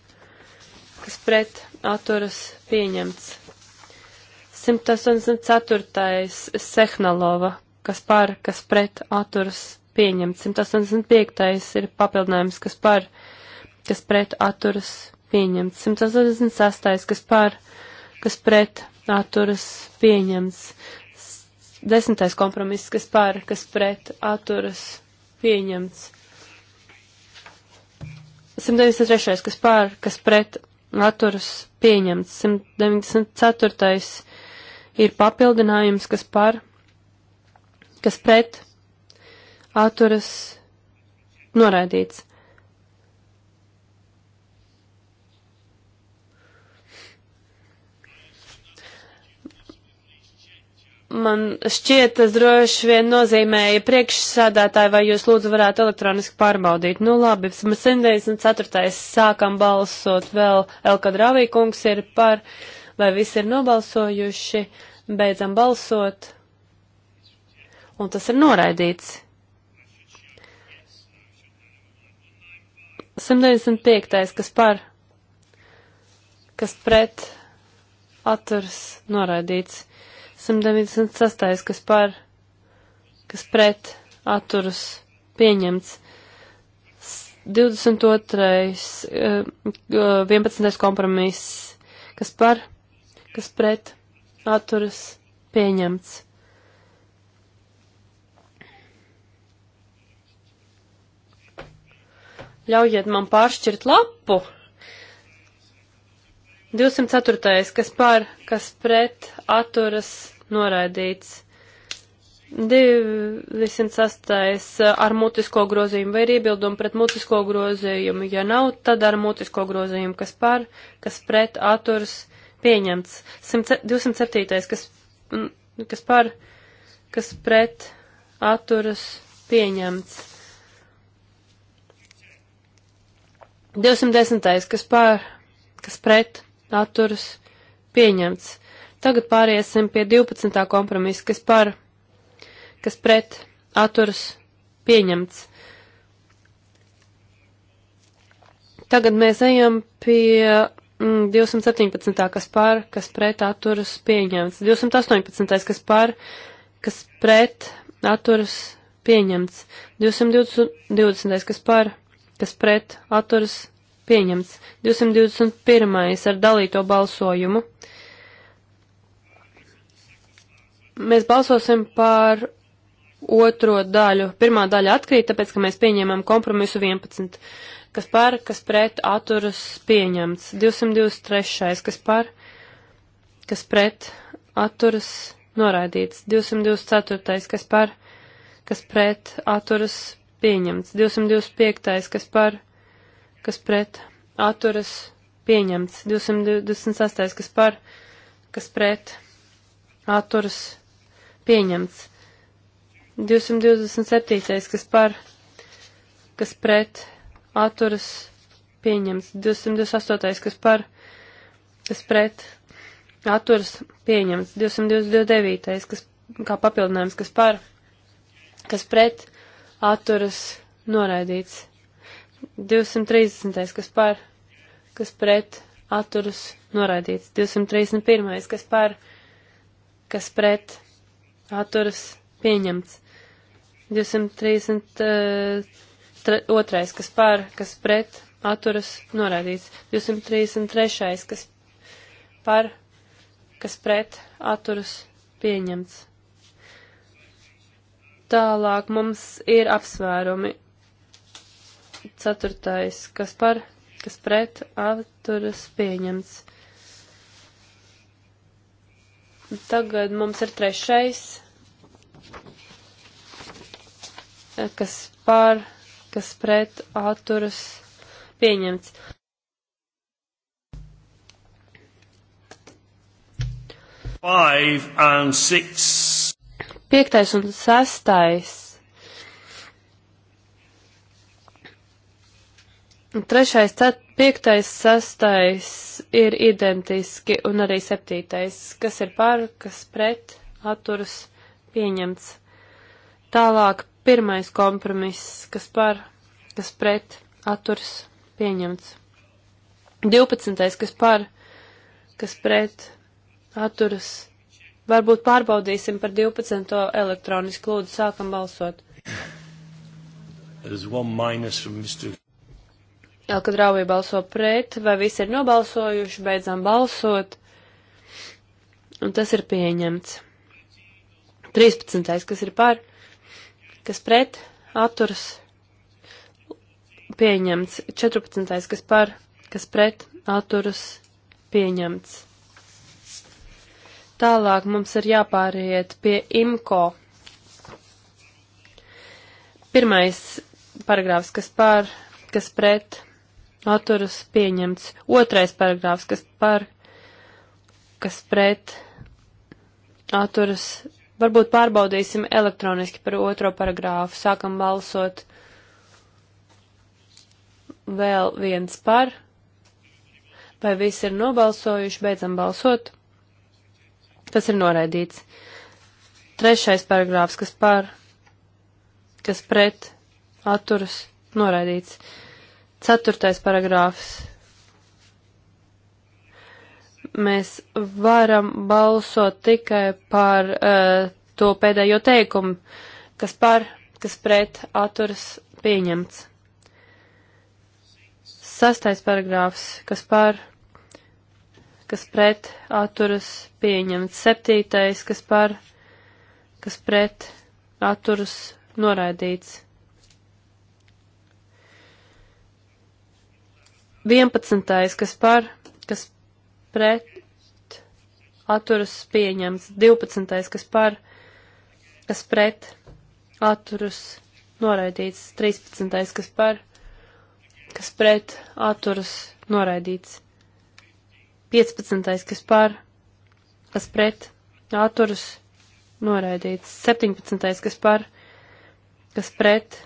kas pret atturas pieņemts. 184. Sehnalova, kas par, kas pret atturas pieņemts. 185. ir papildinājums, kas par, kas pret atturas pieņemts. 186. kas par, kas pret atturas pieņemts. Desmitais kompromiss, kas par, kas pret atturas pieņemts. 193. kas pār, kas pret atturas pieņemts. 194. ir papildinājums, kas pār, kas pret atturas noraidīts. man šķiet, tas droši vien nozīmēja priekšsādātāji, vai jūs lūdzu varētu elektroniski pārbaudīt. Nu labi, 194. sākam balsot vēl Elka Dravīkungs ir par, vai visi ir nobalsojuši, beidzam balsot, un tas ir noraidīts. 195. kas par, kas pret, atturs, noraidīts. 196. kas par, kas pret atturas pieņemts. 22. 11. Eh, eh, kompromiss, kas par, kas pret, atturas, pieņemts. Ļaujiet man pāršķirt lapu. 204. kas par, kas pret, atturas, noraidīts. 208. Eh, ar mutisko grozījumu vai ir iebildumi pret mutisko grozījumu. Ja nav, tad ar mutisko grozījumu, kas par, kas pret atturs pieņemts. 207. kas, mm, kas par, kas pret atturs pieņemts. 210. kas par, kas pret atturs pieņemts. Tagad pāriesim pie 12. kompromisa, kas par, kas pret atturas pieņemts. Tagad mēs ejam pie 217. Mm, kas par, kas pret atturas pieņemts. 218. kas par, kas pret atturas pieņemts. 220. kas par, kas pret atturas pieņemts. 221. ar dalīto balsojumu. Mēs balsosim par otro daļu. Pirmā daļa atkrīt, tāpēc, ka mēs pieņēmām kompromisu 11. Kas par, kas pret, atturas pieņemts. 223. Kas par, kas pret, atturas noraidīts. 224. Kas par, kas pret, atturas pieņemts. 225. Kas par, kas pret, atturas pieņemts. 228. Kas par, kas pret, atturas pieņemts pieņemts. 227. kas par, kas pret, atturas, pieņemts. 228. kas par, kas pret, atturas, pieņemts. 229. kas kā papildinājums, kas par, kas pret, atturas, noraidīts. 230. kas par, kas pret, atturas, noraidīts. 231. kas par, kas pret, atturas, noraidīts atturas pieņemts. 232, eh, kas par, kas pret, atturas norādīts. 233, kas par, kas pret, atturas pieņemts. Tālāk mums ir apsvērumi. Ceturtais, kas par, kas pret, atturas pieņemts. Tagad mums ir trešais, eh, kas pār, kas pret atturas pieņemts. Piektais un sestais. Un trešais, cet, Piektais, sastais ir identiski un arī septītais, kas ir par, kas pret, atturas, pieņemts. Tālāk pirmais kompromiss, kas par, kas pret, atturas, pieņemts. Divpadsmitais, kas par, kas pret, atturas, varbūt pārbaudīsim par 12. elektronisku lūdzu, sākam balsot. There's one minus from Mr. Elka Drauvija balso pret, vai visi ir nobalsojuši, beidzam balsot, un tas ir pieņemts. 13. kas ir par, kas pret, atturas, pieņemts. 14. kas par, kas pret, atturas, pieņemts. Tālāk mums ir jāpāriet pie IMCO. Pirmais paragrāfs, kas par, kas pret, atturas pieņemts. Otrais paragrāfs, kas par, kas pret atturas. Varbūt pārbaudīsim elektroniski par otro paragrāfu. Sākam balsot. Vēl viens par. Vai visi ir nobalsojuši? Beidzam balsot. Tas ir noraidīts. Trešais paragrāfs, kas par, kas pret atturas, noraidīts. Ceturtais paragrāfs. Mēs varam balsot tikai par uh, to pēdējo teikumu, kas par, kas pret atturas pieņemts. Sastais paragrāfs, kas par, kas pret atturas pieņemts. Septītais, kas par, kas pret atturas noraidīts. 11. kas par, kas pret, atturas pieņemts. 12. kas par, kas pret, atturas noraidīts. 13. kas par, kas pret, atturas noraidīts. 15. kas par, kas pret, atturas noraidīts. 17. kas par, kas pret,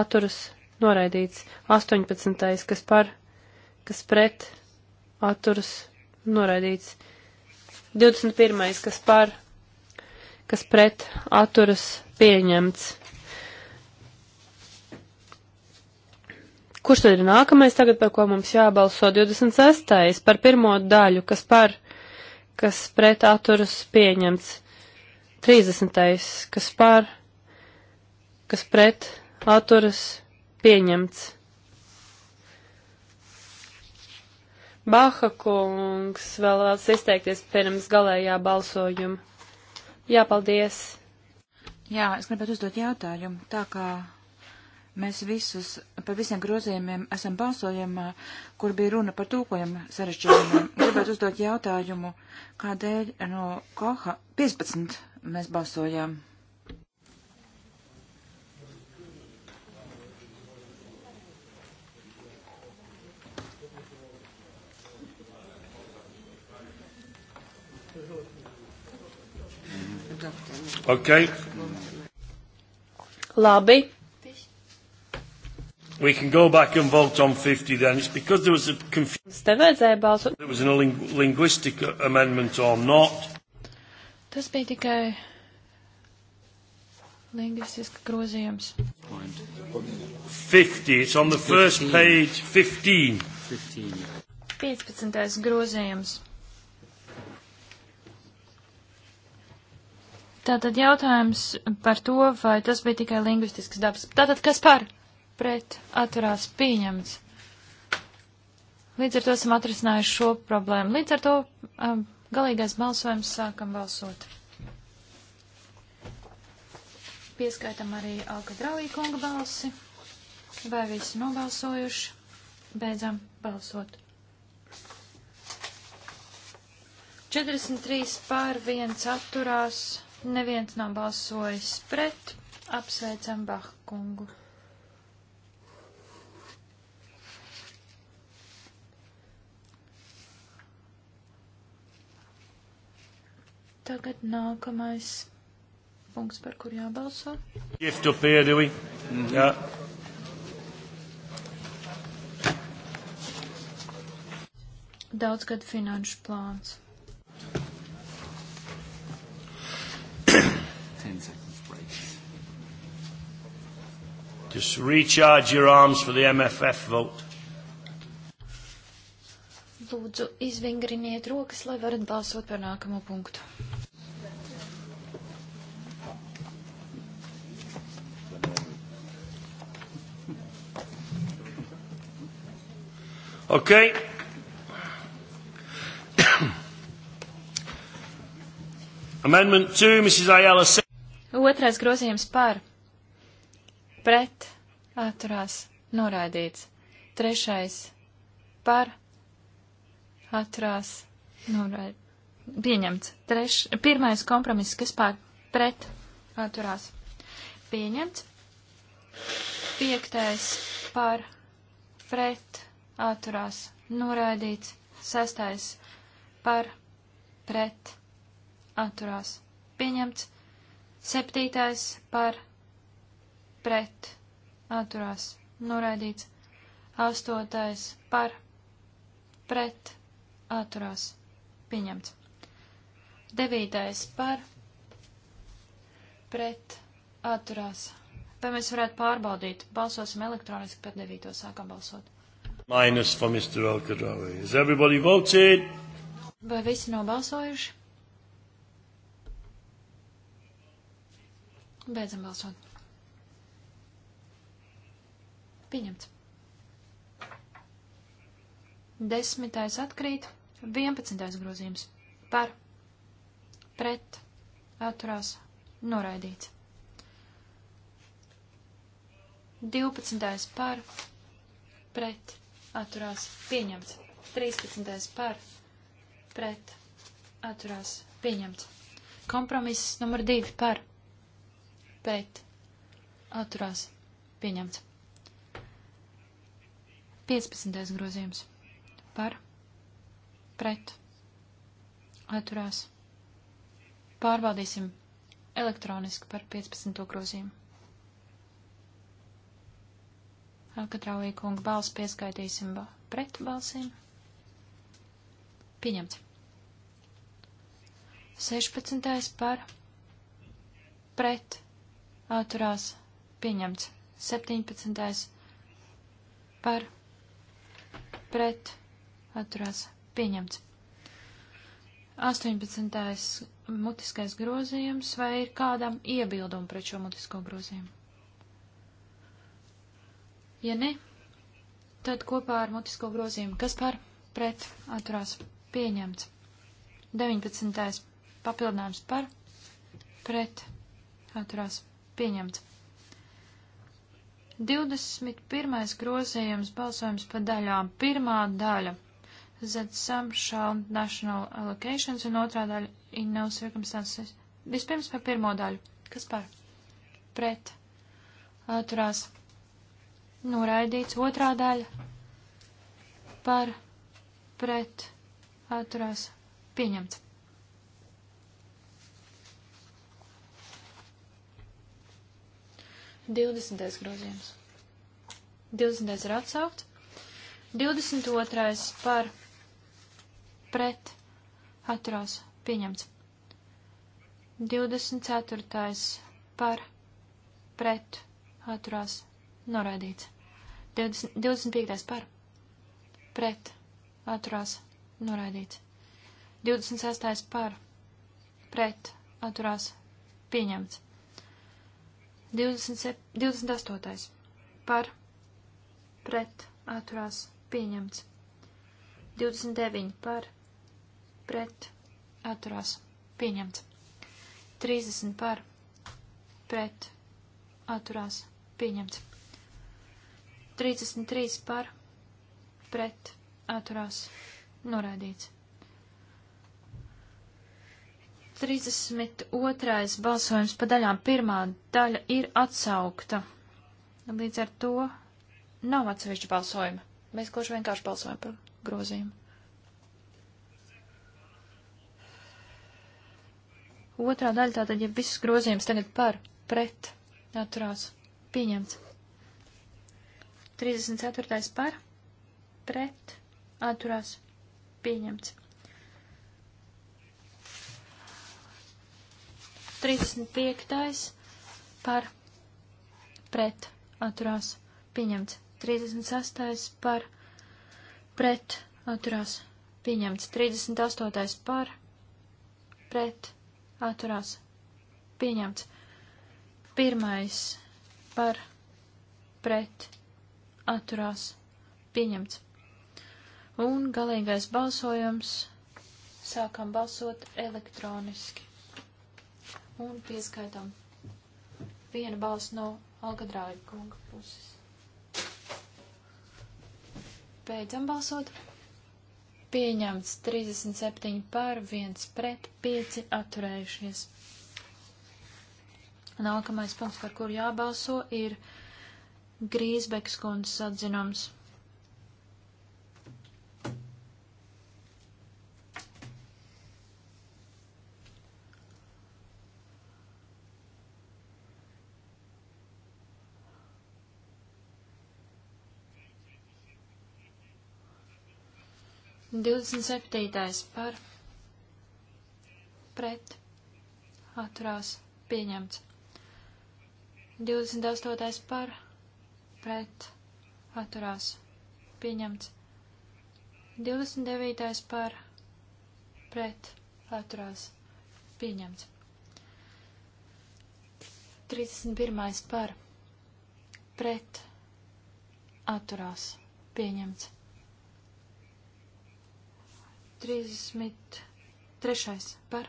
atturas noraidīts. 18. kas par, kas pret atturas noraidīts. 21. kas par, kas pret atturas pieņemts. Kurš tad ir nākamais tagad, par ko mums jābalso? 26. par pirmo daļu, kas par, kas pret atturas pieņemts. 30. kas par, kas pret atturas pieņemts. Baha kungs vēlās izteikties pirms galējā balsojuma. Jā, paldies. Jā, es gribētu uzdot jautājumu. Tā kā mēs visus par visiem grozījumiem esam balsojumā, kur bija runa par tūkojumu sarešķījumiem, gribētu uzdot jautājumu, kādēļ no Koha 15 mēs balsojām. Okay. Labi. We can go back and vote on 50 then. It's because there was a confusion. Balsu... There was a ling linguistic amendment or not. Tas bija tikai lingvistiska grozījums. 50, it's on the first page, 15. 15. 15. grozījums. Tātad jautājums par to, vai tas bija tikai lingvistisks dabas. Tātad kas par pret atturās pieņemts? Līdz ar to esam atrisinājuši šo problēmu. Līdz ar to um, galīgais balsojums sākam balsot. Pieskaitam arī Alka Draujī kunga balsi. Vai visi nobalsojuši? Beidzam balsot. 43 pār 1 atturās. Neviens nav balsojis pret. Apsveicam Bahkungu. Tagad nākamais punkts, par kur jābalso. Gift up here, do we? Mm -hmm. Yeah. Daudzgad finanšu plāns. 10 seconds break. Just recharge your arms for the MFF vote. Lūdzu, izvingriniet rokas, lai varat balsot par nākamo punktu. Okay. Amendment 2, Mrs. Ayala. Otrais grozījums par, pret, atturās, noraidīts. Trešais par, atturās, noraidīts. Pieņemts. Treš, pirmais kompromiss, kas pār, pret, atturās. Pieņemts. Piektais par, pret, atturās, noraidīts. Sestais par, pret, atturās. Pieņemts. Septītais par pret atturās noraidīts. Astotais par pret atturās pieņemts. Devītais par pret atturās. Vai mēs varētu pārbaudīt? Balsosim elektroniski, pēc devīto sākam balsot. Minus for Mr. Alkadrawi. Is everybody voted? Vai visi nobalsojuši? Beidzam balsot. Pieņemts. Desmitais atkrīt. Vienpadsmitais grozījums. Par. Pret. Atturās. Noraidīts. Divpadsmitais par. Pret. Atturās. Pieņemts. Trīspadsmitais par. Pret. Atturās. Pieņemts. Kompromiss numur divi par pret atturās pieņemts. 15. grozījums par pret atturās. Pārbaudīsim elektroniski par 15. grozījumu. Alkatrālī kunga balss pieskaitīsim pret balsīm. Pieņemts. 16. par pret atturās pieņemts. 17. par pret atturās pieņemts. 18. mutiskais grozījums vai ir kādam iebildumi pret šo mutisko grozījumu? Ja ne, tad kopā ar mutisko grozījumu, kas par pret atturās pieņemts. 19. papildinājums par pret atturās pieņemts Pieņemts. 21. grozījums balsojums pa daļām. Pirmā daļa - that some shall national allocations un otrā daļa - in no circumstances. Vispirms par pirmo daļu. Kas par? Pret. Atturās. Noraidīts otrā daļa. Par. Pret. Atturās. Pieņemts. 20. grozījums. 20. ir atsaukt. 22. par pret atturās pieņemts. 24. par pret atturās noraidīts. 20, 25. par pret atturās noraidīts. 26. par pret atturās pieņemts. 27, 28. par pret atturās pieņemts. 29 par pret atturās pieņemts. 30 par pret atturās pieņemts. 33 par pret atturās norādīts. 32. balsojums pa daļām pirmā daļa ir atsaukta. Līdz ar to nav atsevišķa balsojuma. Mēs koši vienkārši balsojam par grozījumu. Otrā daļa tātad, ja viss grozījums tagad par, pret, atturās, pieņemts. 34. par, pret, atturās, pieņemts. 35. par pret atturās pieņemts. 36. par pret atturās pieņemts. 38. par pret atturās pieņemts. 1. par pret atturās pieņemts. Un galīgais balsojums sākam balsot elektroniski un pieskaitām viena balss no Algadrāja kunga puses. Beidzam balsot. Pieņemts 37 pār 1 pret 5 atturējušies. Nākamais punkts, par kuru jābalso, ir Grīsbekas kundzes atzinums. 27. par pret atturās pieņemts. 28. par pret atturās pieņemts. 29. par pret atturās pieņemts. 31. par pret atturās pieņemts. 33. par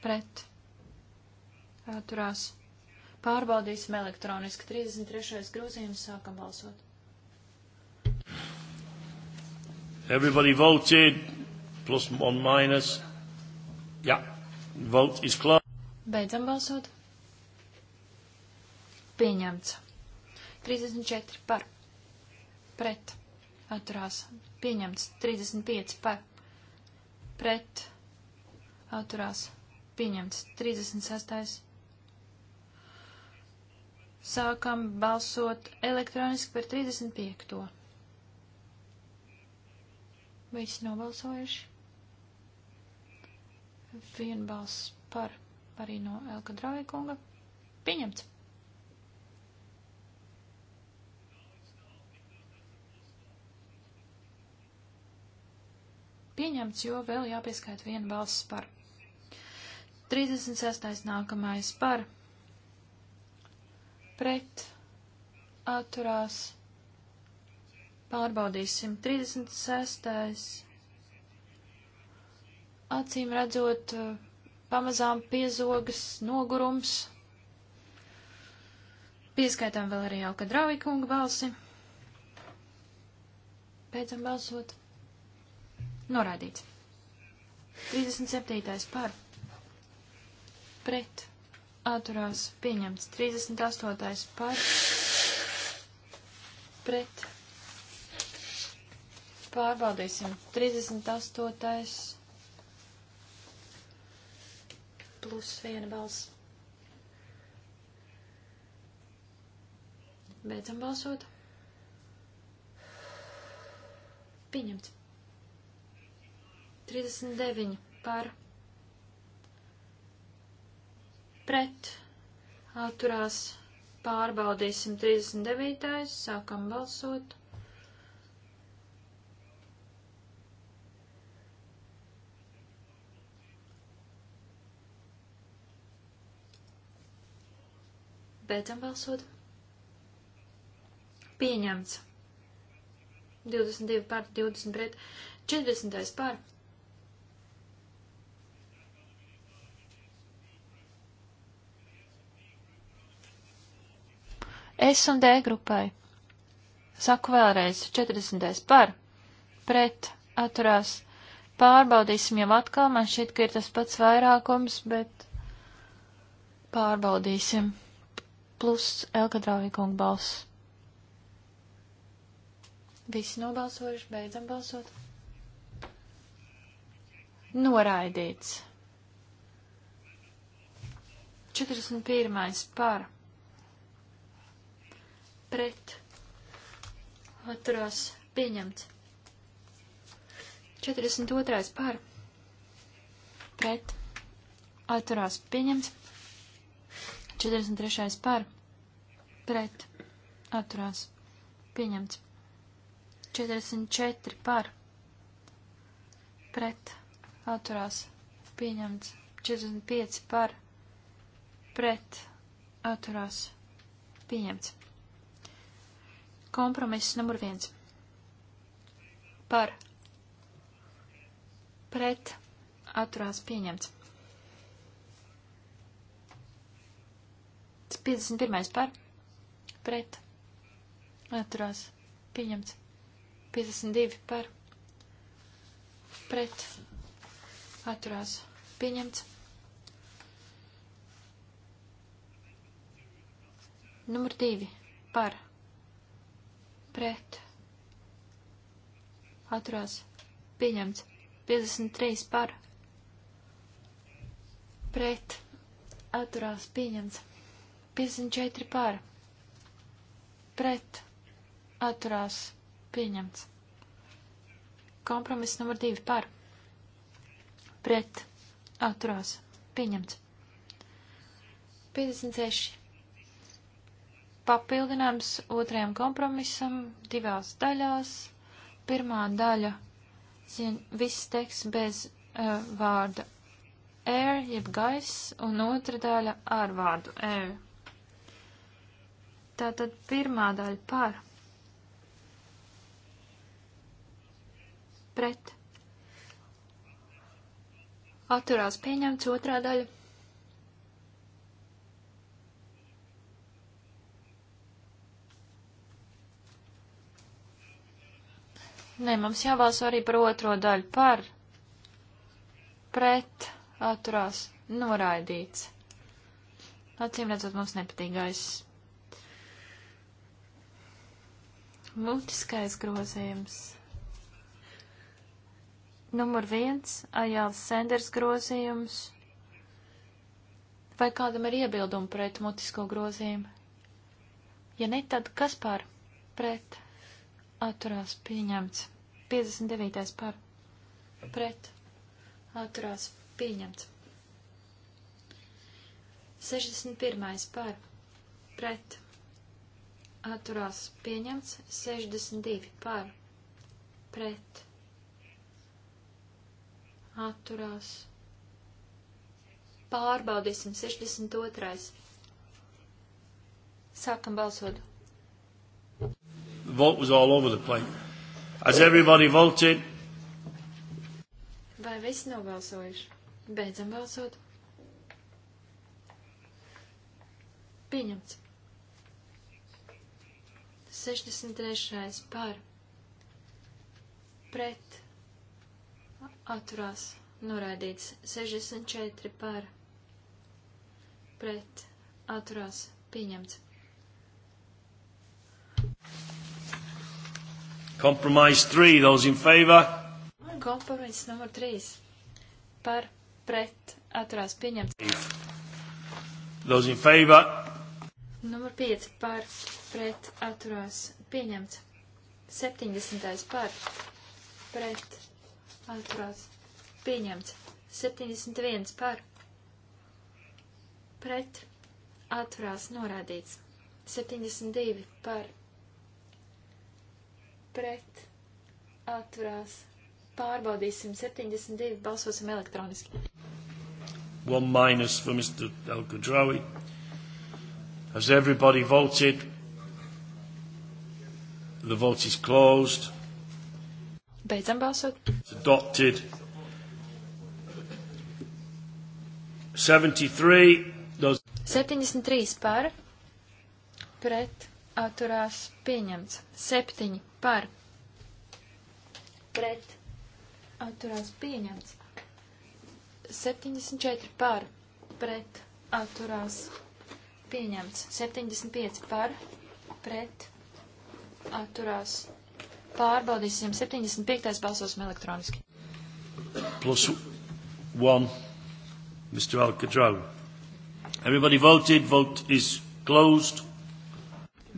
pret atturās. Pārbaudīsim elektroniski 33. grozījums, sākam balsot. Everybody voted, plus one minus. Yeah, vote is closed. Beidzam balsot. Pieņemts. 34 par. Pret. Atturās. Pieņemts. 35 par pret atturās pieņemts 36. Sākam balsot elektroniski par 35. Visi nobalsojuši. Vienbalss par arī no Elka Drauja kunga. Pieņemts. pieņemts, jo vēl jāpieskait viena balss par. 36. nākamais par. Pret. Atturās. Pārbaudīsim. 36. Acīm redzot, pamazām piezogas nogurums. Pieskaitām vēl arī Alka Dravikunga balsi. Beidzam balsot. Norādīts. 37. par. Pret. Atturās. Pieņemts. 38. par. Pret. Pārbaudīsim. 38. Plus viena balss. Beidzam balsot. Pieņemts. 39 par pret atturās pārbaudīsim 39. sākam balsot. Beidzam balsot. Pieņemts. 22 pār 20 pret 40 pār. S un D grupai. Saku vēlreiz, 40. par, pret, atturās. Pārbaudīsim jau atkal, man šķiet, ka ir tas pats vairākums, bet pārbaudīsim. Plus Elka Drāvīkunga balss. Visi nobalsojuši, beidzam balsot. Noraidīts. 41. par pret, atturās pieņemts. 42. par, pret, atturās pieņemts. 43. par, pret, atturās pieņemts. 44 par, pret, atturās pieņemts. 45 par, pret, atturās pieņemts. Kompromiss numur viens. Par. Pret. Atturās pieņemts. 51. par. Pret. Atturās pieņemts. 52. par. Pret. Atturās pieņemts. Numur 2. par pret, atturās, pieņemts. 53 par, pret, atturās, pieņemts. 54 par, pret, atturās, pieņemts. Kompromiss numur 2 par, pret, atturās, pieņemts. 56 papildinājums otrajam kompromisam divās daļās. Pirmā daļa zin, viss teksts bez uh, vārda air, er", jeb gaiss, un otra daļa ar vārdu air. Er". Tātad pirmā daļa par pret atturās pieņemts otrā daļa Nē, mums jābalso arī par otro daļu par, pret, atturās, noraidīts. Acīm redzot, mums nepatīkais. Multiskais grozījums. Numur viens, Ajāls Senders grozījums. Vai kādam ir iebildumi pret mutisko grozījumu? Ja ne, tad kas par pret? atturās pieņemts. 59. par pret atturās pieņemts. 61. par pret atturās pieņemts. 62. par pret atturās. Pārbaudīsim 62. Sākam balsot vote was all over the place. Has everybody voted? Vai visi nobalsojuši? Beidzam balsot. Pieņemts. 63. par. Pret. Atturās. Norādīts. 64 par. Pret. Atturās. Pieņemts. Compromise 3, those in favor. Kompromiss numur 3. Par, pret, atturās pieņemts. Those in favor. Numur 5. Par, pret, atturās pieņemts. 70. par, pret, atturās pieņemts. 71. par, pret, atturās norādīts. 72. par, pret atturās. Pārbaudīsim 72, balsosim elektroniski. One minus for Mr. Al Kudrawi. Has everybody voted? The vote is closed. Beidzam balsot. It's adopted. 73. Those... 73 par. Pret atturās pieņemts. 7 par pret atturās pieņemts. 74 par pret atturās pieņemts. 75 par pret atturās. Pārbaudīsim 75. balsosim elektroniski. Plus one, Mr. Alcatrau. Everybody voted. Vote is closed.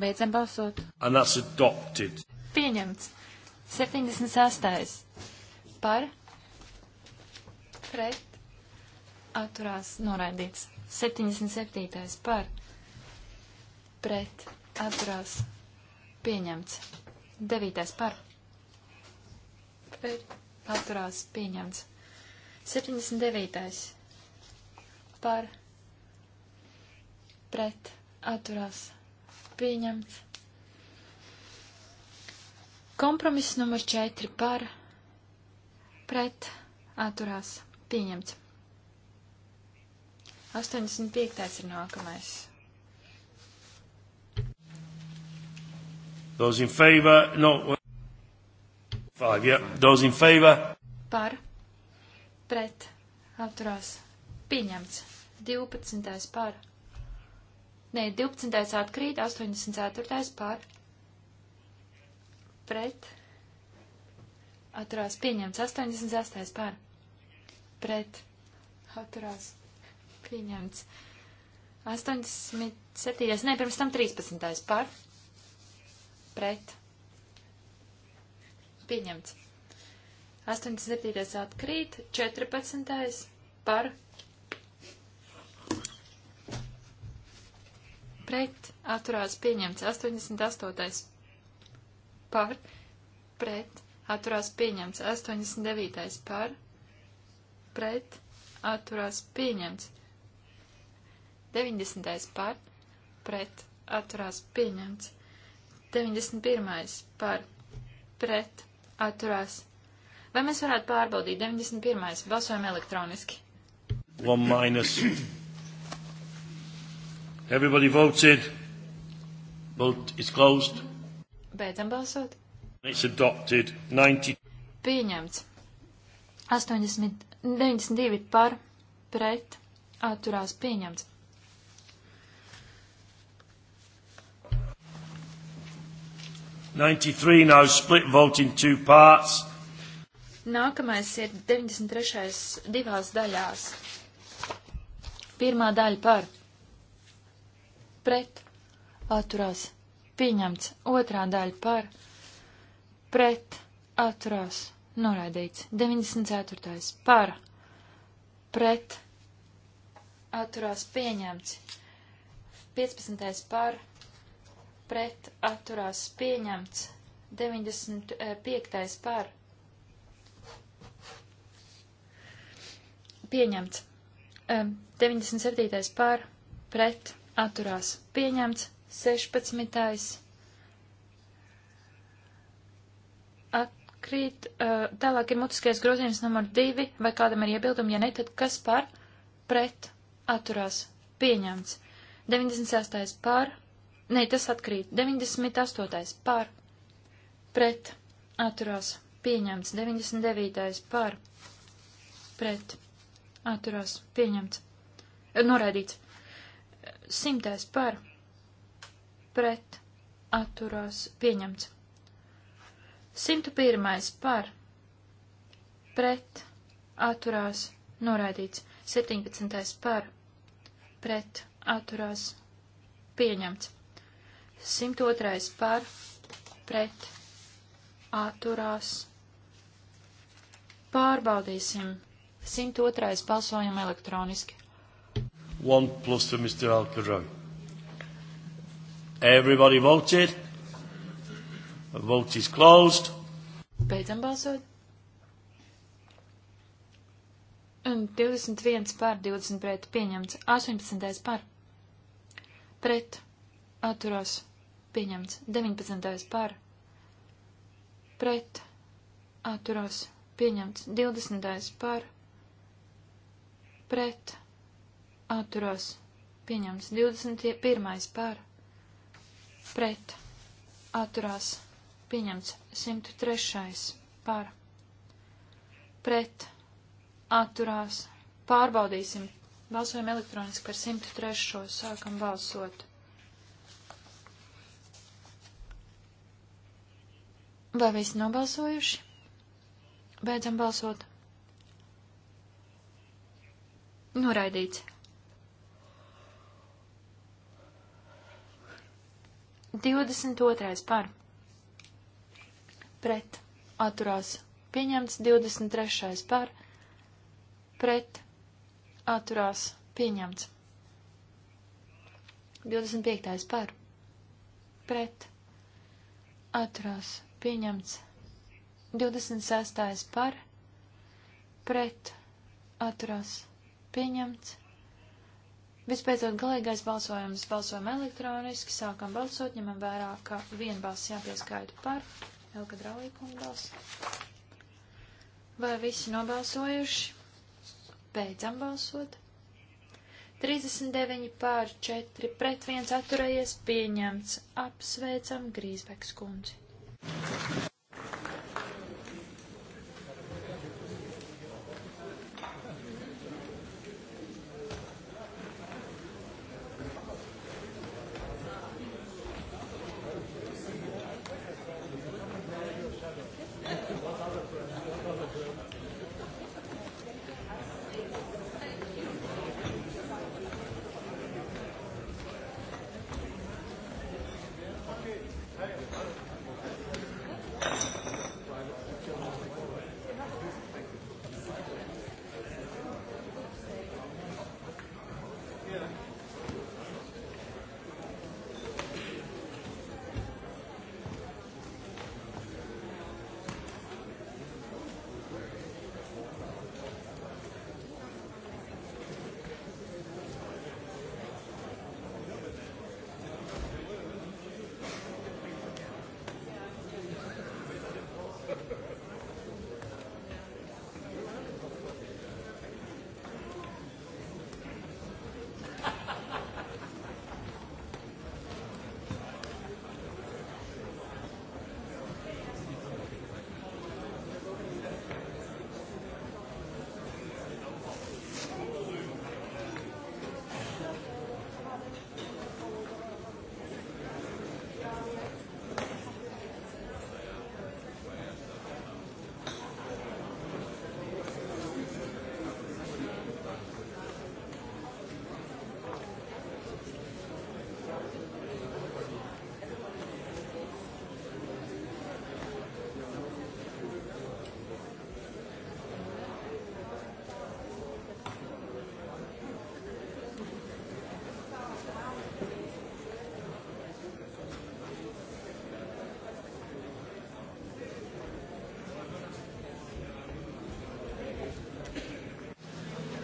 Beidzam balsot. And that's adopted. Pieņemts. 76. Par. Pret. Atturās. Noraidīts. 77. Par. Pret. Atturās. Pieņemts. 9. Par. Pret. Atturās. Pieņemts. 79. Par. Pret. Atturās pieņemts. Kompromiss numur 4 par pret atturās pieņemts. 85. ir nākamais. Those in favor, no, five, yeah. Those in favor. Par, pret, atturās, pieņemts. 12. par Nē, 12. atkrīt, 84. pār pret atturās pieņemts, 86. pār pret atturās pieņemts, 87. nē, pirms tam 13. pār pret pieņemts, 87. atkrīt, 14. par pret pret atturās pieņemts 88. par pret atturās pieņemts 89. par pret atturās pieņemts 90. par pret atturās pieņemts 91. par pret atturās. Vai mēs varētu pārbaudīt 91. balsojumu elektroniski? One minus Everybody voted. Vote is closed. Beidzam balsot. It's adopted. 90. Pieņemts. 80, 92 par, pret, atturās pieņemts. Ninety-three now split vote in two parts. Nākamais ir 93. divās daļās. Pirmā daļa par pret, atturās, pieņemts. Otrā daļa par, pret, atturās, noraidīts. 94. par, pret, atturās, pieņemts. 15. par, pret, atturās, pieņemts. 95. par, pieņemts. 97. par, pret, atturās pieņemts, 16. Atkrīt, uh, tālāk ir mutiskais grozījums numur 2, vai kādam ir iebildumi, ja ne, tad kas par, pret, atturās pieņemts, 96. par, ne, tas atkrīt, 98. par, pret, atturās pieņemts, 99. par, pret, atturās pieņemts, noraidīts. Simtais par pret atturās pieņemts. 101. par pret atturās noraidīts. 17. par pret atturās pieņemts. 102. par pret atturās. Pārbaudīsim. 102. balsojam elektroniski one plus to Mr Alcadrao. Everybody voted. The vote is closed. Beidzam balsot. Un 21 pār 20 pret pieņemts. 18 pār. Pret. Atturās. Pieņemts. 19 pār. Pret. Atturās. Pieņemts. 20 pār. Pret atturās pieņemts. 21. par pret atturās pieņemts. 103. par pret atturās. Pārbaudīsim. Balsojam elektroniski par 103. Sākam balsot. Vai visi nobalsojuši? Beidzam balsot. Noraidīts. 22. par pret atturās pieņemts, 23. par pret atturās pieņemts, 25. par pret atturās pieņemts, 26. par pret atturās pieņemts, Vispēcot galīgais balsojums, balsojam elektroniski, sākam balsot, ņemam vērā, ka vienbalss jāpieskaita par Elka Draulīkunga balsu. Vai visi nobalsojuši? Beidzam balsot. 39 pār 4 pret 1 atturējies pieņemts. Apsveicam Grīsbeks kundzi.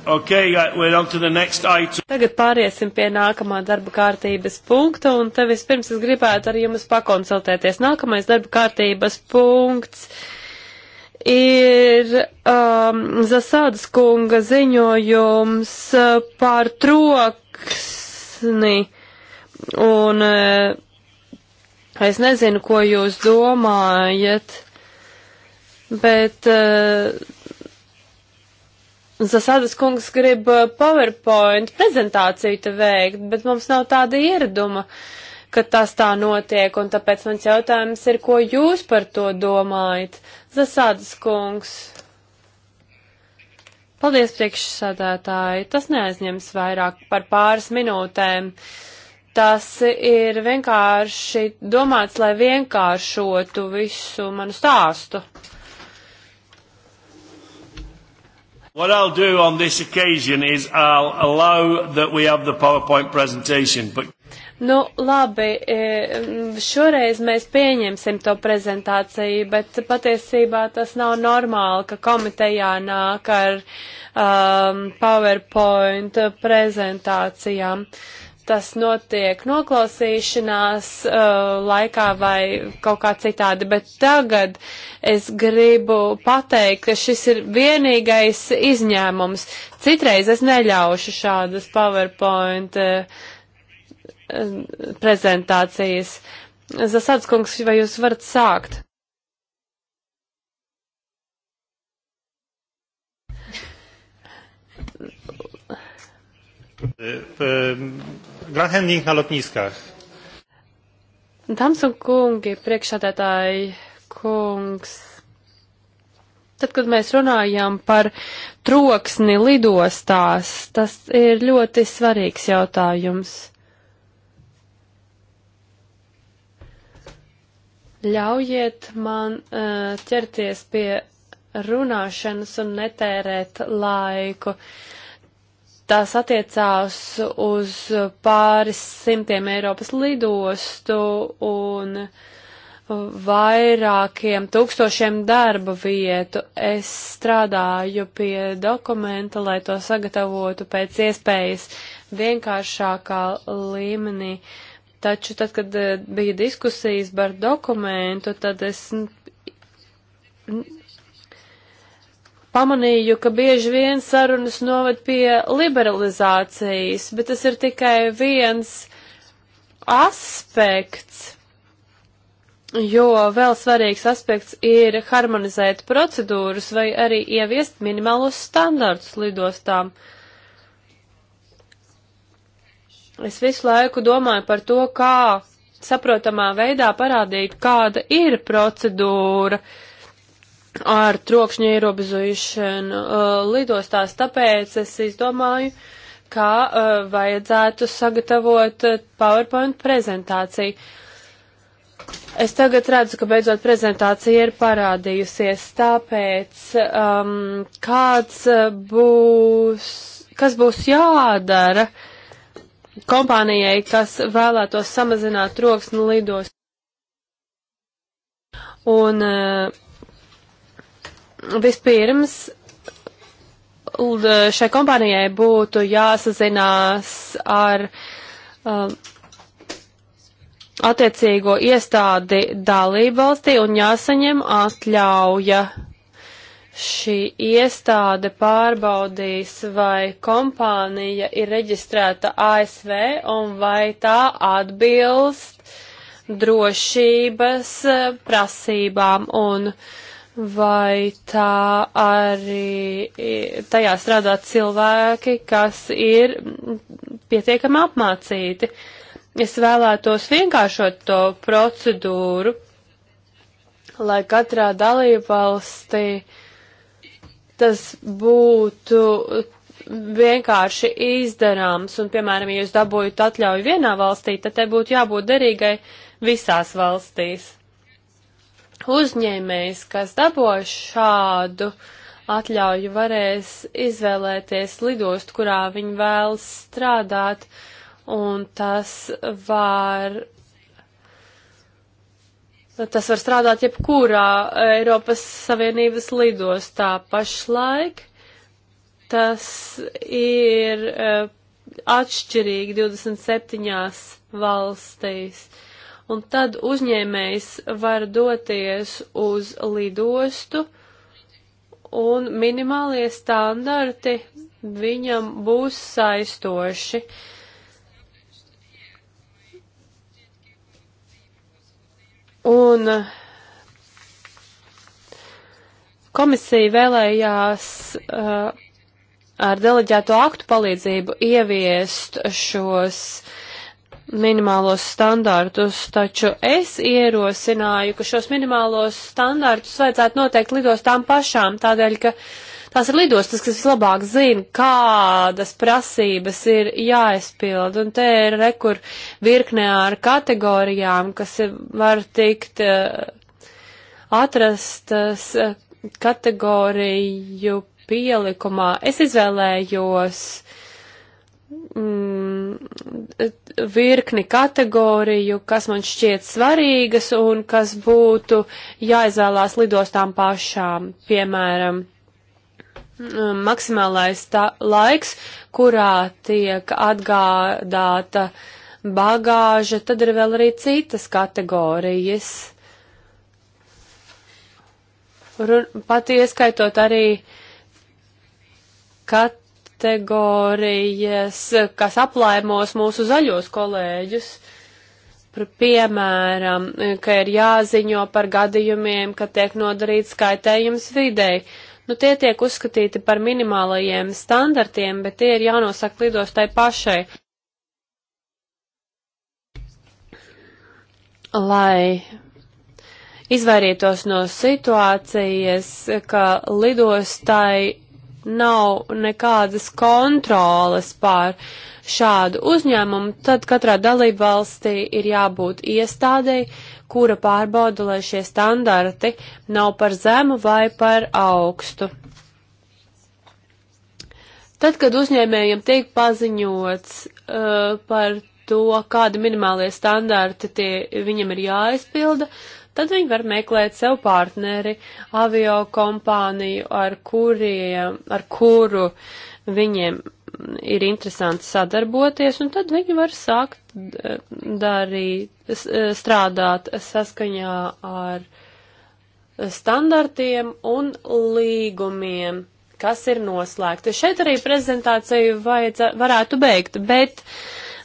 Okay, uh, Tagad pāriesim pie nākamā darba kārtības punkta, un te vispirms es gribētu ar jums pakonsultēties. Nākamais darba kārtības punkts ir um, Zasādas kunga ziņojums uh, par troksni, un uh, es nezinu, ko jūs domājat, bet. Uh, Zasādas kungs grib uh, PowerPoint prezentāciju te veikt, bet mums nav tāda ieraduma, ka tas tā notiek, un tāpēc mans jautājums ir, ko jūs par to domājat? Zasādas kungs. Paldies, priekšsādātāji. Tas neaizņems vairāk par pāris minūtēm. Tas ir vienkārši domāts, lai vienkāršotu visu manu stāstu. What I'll do on this occasion is I'll allow that we have the PowerPoint presentation, but Nu, labi, e, mm, šoreiz mēs pieņemsim to prezentāciju, bet patiesībā tas nav normāli, ka komitejā nāk ar um, PowerPoint prezentācijām. Uh, tas notiek noklausīšanās uh, laikā vai kaut kā citādi, bet tagad es gribu pateikt, ka šis ir vienīgais izņēmums. Citreiz es neļaušu šādas PowerPoint uh, prezentācijas. Zasadskungs, vai jūs varat sākt? Uh, um Granhending na lotniskach. Dāmas un kungi, priekšsādātāji, kungs. Tad, kad mēs runājam par troksni lidostās, tas ir ļoti svarīgs jautājums. Ļaujiet man uh, ķerties pie runāšanas un netērēt laiku. Uh, tās attiecās uz pāris simtiem Eiropas lidostu un vairākiem tūkstošiem darba vietu. Es strādāju pie dokumenta, lai to sagatavotu pēc iespējas vienkāršākā līmenī. Taču tad, kad eh, bija diskusijas par dokumentu, tad es pamanīju, ka bieži vien sarunas noved pie liberalizācijas, bet tas ir tikai viens aspekts, jo vēl svarīgs aspekts ir harmonizēt procedūras vai arī ieviest minimālos standartus lidostām. Es visu laiku domāju par to, kā saprotamā veidā parādīt, kāda ir procedūra, uh, ar trokšņa ierobežošanu uh, lidostās, tāpēc es izdomāju, kā uh, vajadzētu sagatavot uh, PowerPoint prezentāciju. Es tagad redzu, ka beidzot prezentācija ir parādījusies, tāpēc um, kāds uh, būs, kas būs jādara kompānijai, kas vēlētos samazināt troksni lidos. Un uh, Vispirms šai kompānijai būtu jāsazinās ar um, attiecīgo iestādi dalību valstī un jāsaņem atļauja. Šī iestāde pārbaudīs, vai kompānija ir reģistrēta ASV un vai tā atbilst drošības eh, prasībām un uh, vai tā arī tajā strādā cilvēki, kas ir pietiekami apmācīti. Es vēlētos vienkāršot to procedūru, lai katrā dalībvalstī tas būtu vienkārši izdarāms, un, piemēram, ja jūs dabūjat atļauju vienā valstī, tad te būtu jābūt derīgai visās valstīs uzņēmējs, kas dabūs šādu atļauju, varēs izvēlēties lidostu, kurā viņi vēlas strādāt, un tas var. Tas var strādāt jebkurā Eiropas Savienības lidostā pašlaik. Tas ir eh, atšķirīgi 27 valstīs. Uh, un tad uzņēmējs var doties uz lidostu, un minimālie standarti viņam būs saistoši. Un uh, komisija vēlējās uh, ar deleģēto aktu palīdzību ieviest šos uh, minimālos standārtus, taču es ierosināju, ka šos minimālos standārtus vajadzētu noteikt lidostām pašām, tādēļ, ka tās ir lidostas, kas vislabāk zina, kādas prasības ir jāizpild, un te ir rekur virknē ar kategorijām, kas var tikt eh, atrastas eh, kategoriju pielikumā. Es izvēlējos uh, Mm, virkni kategoriju, kas man šķiet svarīgas un kas būtu jāizvēlās lidostām pašām. Piemēram, mm, maksimālais tā, laiks, kurā tiek atgādāta bagāža, tad ir vēl arī citas kategorijas. Run, pat ieskaitot arī kat kategorijas, kas aplaimos mūsu zaļos kolēģus. Piemēram, ka ir jāziņo par gadījumiem, ka tiek nodarīts skaitējums videi. Nu, tie tiek uzskatīti par minimālajiem standartiem, bet tie ir jānosaka lidostai pašai. Lai izvairītos no situācijas, ka lidostai nav nekādas kontroles pār šādu uzņēmumu, tad katrā dalībvalstī ir jābūt iestādēji, kura pārbauda, lai šie standarti nav par zemu vai par augstu. Tad, kad uzņēmējiem tiek paziņots uh, par to, kādi minimālie standarti tie viņam ir jāizpilda, tad viņi var meklēt sev partneri, avio kompāniju, ar, kuriem, ar kuru viņiem ir interesanti sadarboties, un tad viņi var sākt eh, darīt, eh, strādāt saskaņā ar standartiem un līgumiem, kas ir noslēgti. Šeit arī prezentāciju vajadzā, varētu beigt, bet uh,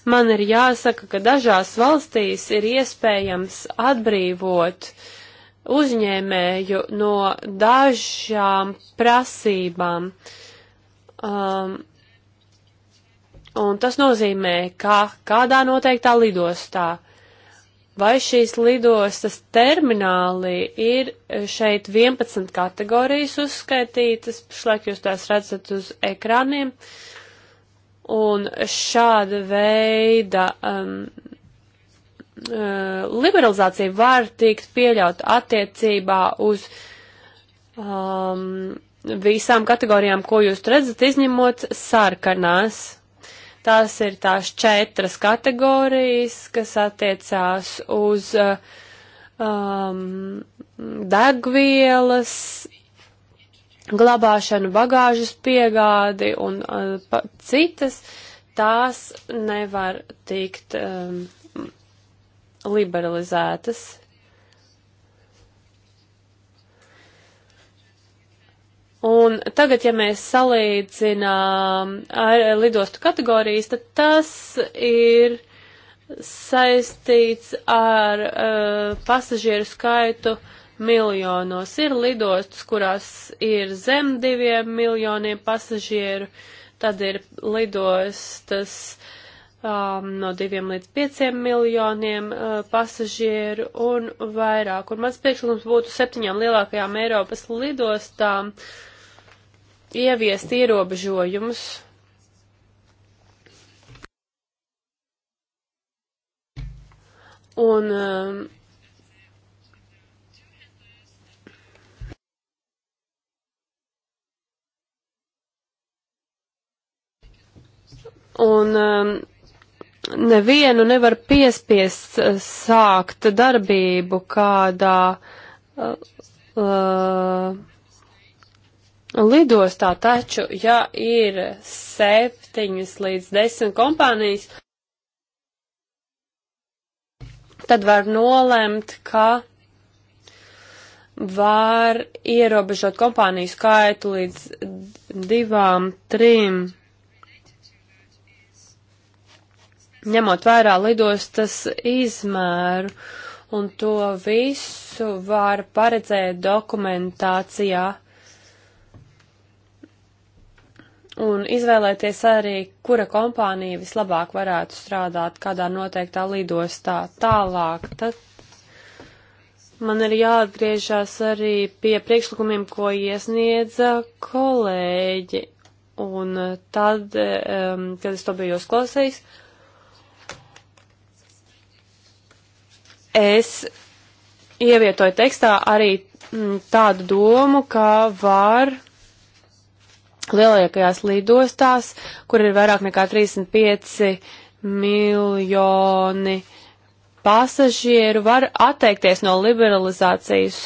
man ir jāsaka, ka dažās valstīs ir iespējams atbrīvot uzņēmēju no dažām prasībām. Um, un tas nozīmē, ka kādā noteiktā lidostā vai šīs lidostas termināli ir šeit 11 kategorijas uzskaitītas, šlaik jūs tās redzat uz ekrāniem. Uh, Un šāda veida um, uh, liberalizācija var tikt pieļaut attiecībā uz um, visām kategorijām, ko jūs redzat, izņemot sarkanās. Tās ir tās četras kategorijas, kas attiecās uz uh, um, degvielas, glabāšanu, bagāžas piegādi un uh, pa, citas, tās nevar tikt um, liberalizētas. Un tagad, ja mēs salīdzinām ar lidostu kategorijas, tad tas ir saistīts ar uh, pasažieru skaitu uh, miljonos. Ir lidostas, kurās ir zem diviem miljoniem pasažieru, tad ir lidostas um, no diviem līdz pieciem miljoniem uh, pasažieru un vairāk. Un mans priekšlikums būtu septiņām lielākajām Eiropas lidostām ieviest ierobežojumus un um, Un um, nevienu nevar piespiest uh, sākt darbību kādā uh, uh, lidostā, taču, ja ir septiņas līdz desmit kompānijas, tad var nolemt, ka var ierobežot kompāniju skaitu līdz divām, trim. ņemot vērā lidostas izmēru, un to visu var paredzēt dokumentācijā un izvēlēties arī, kura kompānija vislabāk varētu strādāt kādā noteiktā lidostā tālāk. Tad man ir jāatgriežas arī pie priekšlikumiem, ko iesniedza kolēģi. Un tad, eh, um, kad es to biju uzklausījis, uh, es ievietoju tekstā arī mm, tādu domu, ka var lielākajās lidostās, kur ir vairāk nekā 35 miljoni pasažieru, var atteikties no liberalizācijas.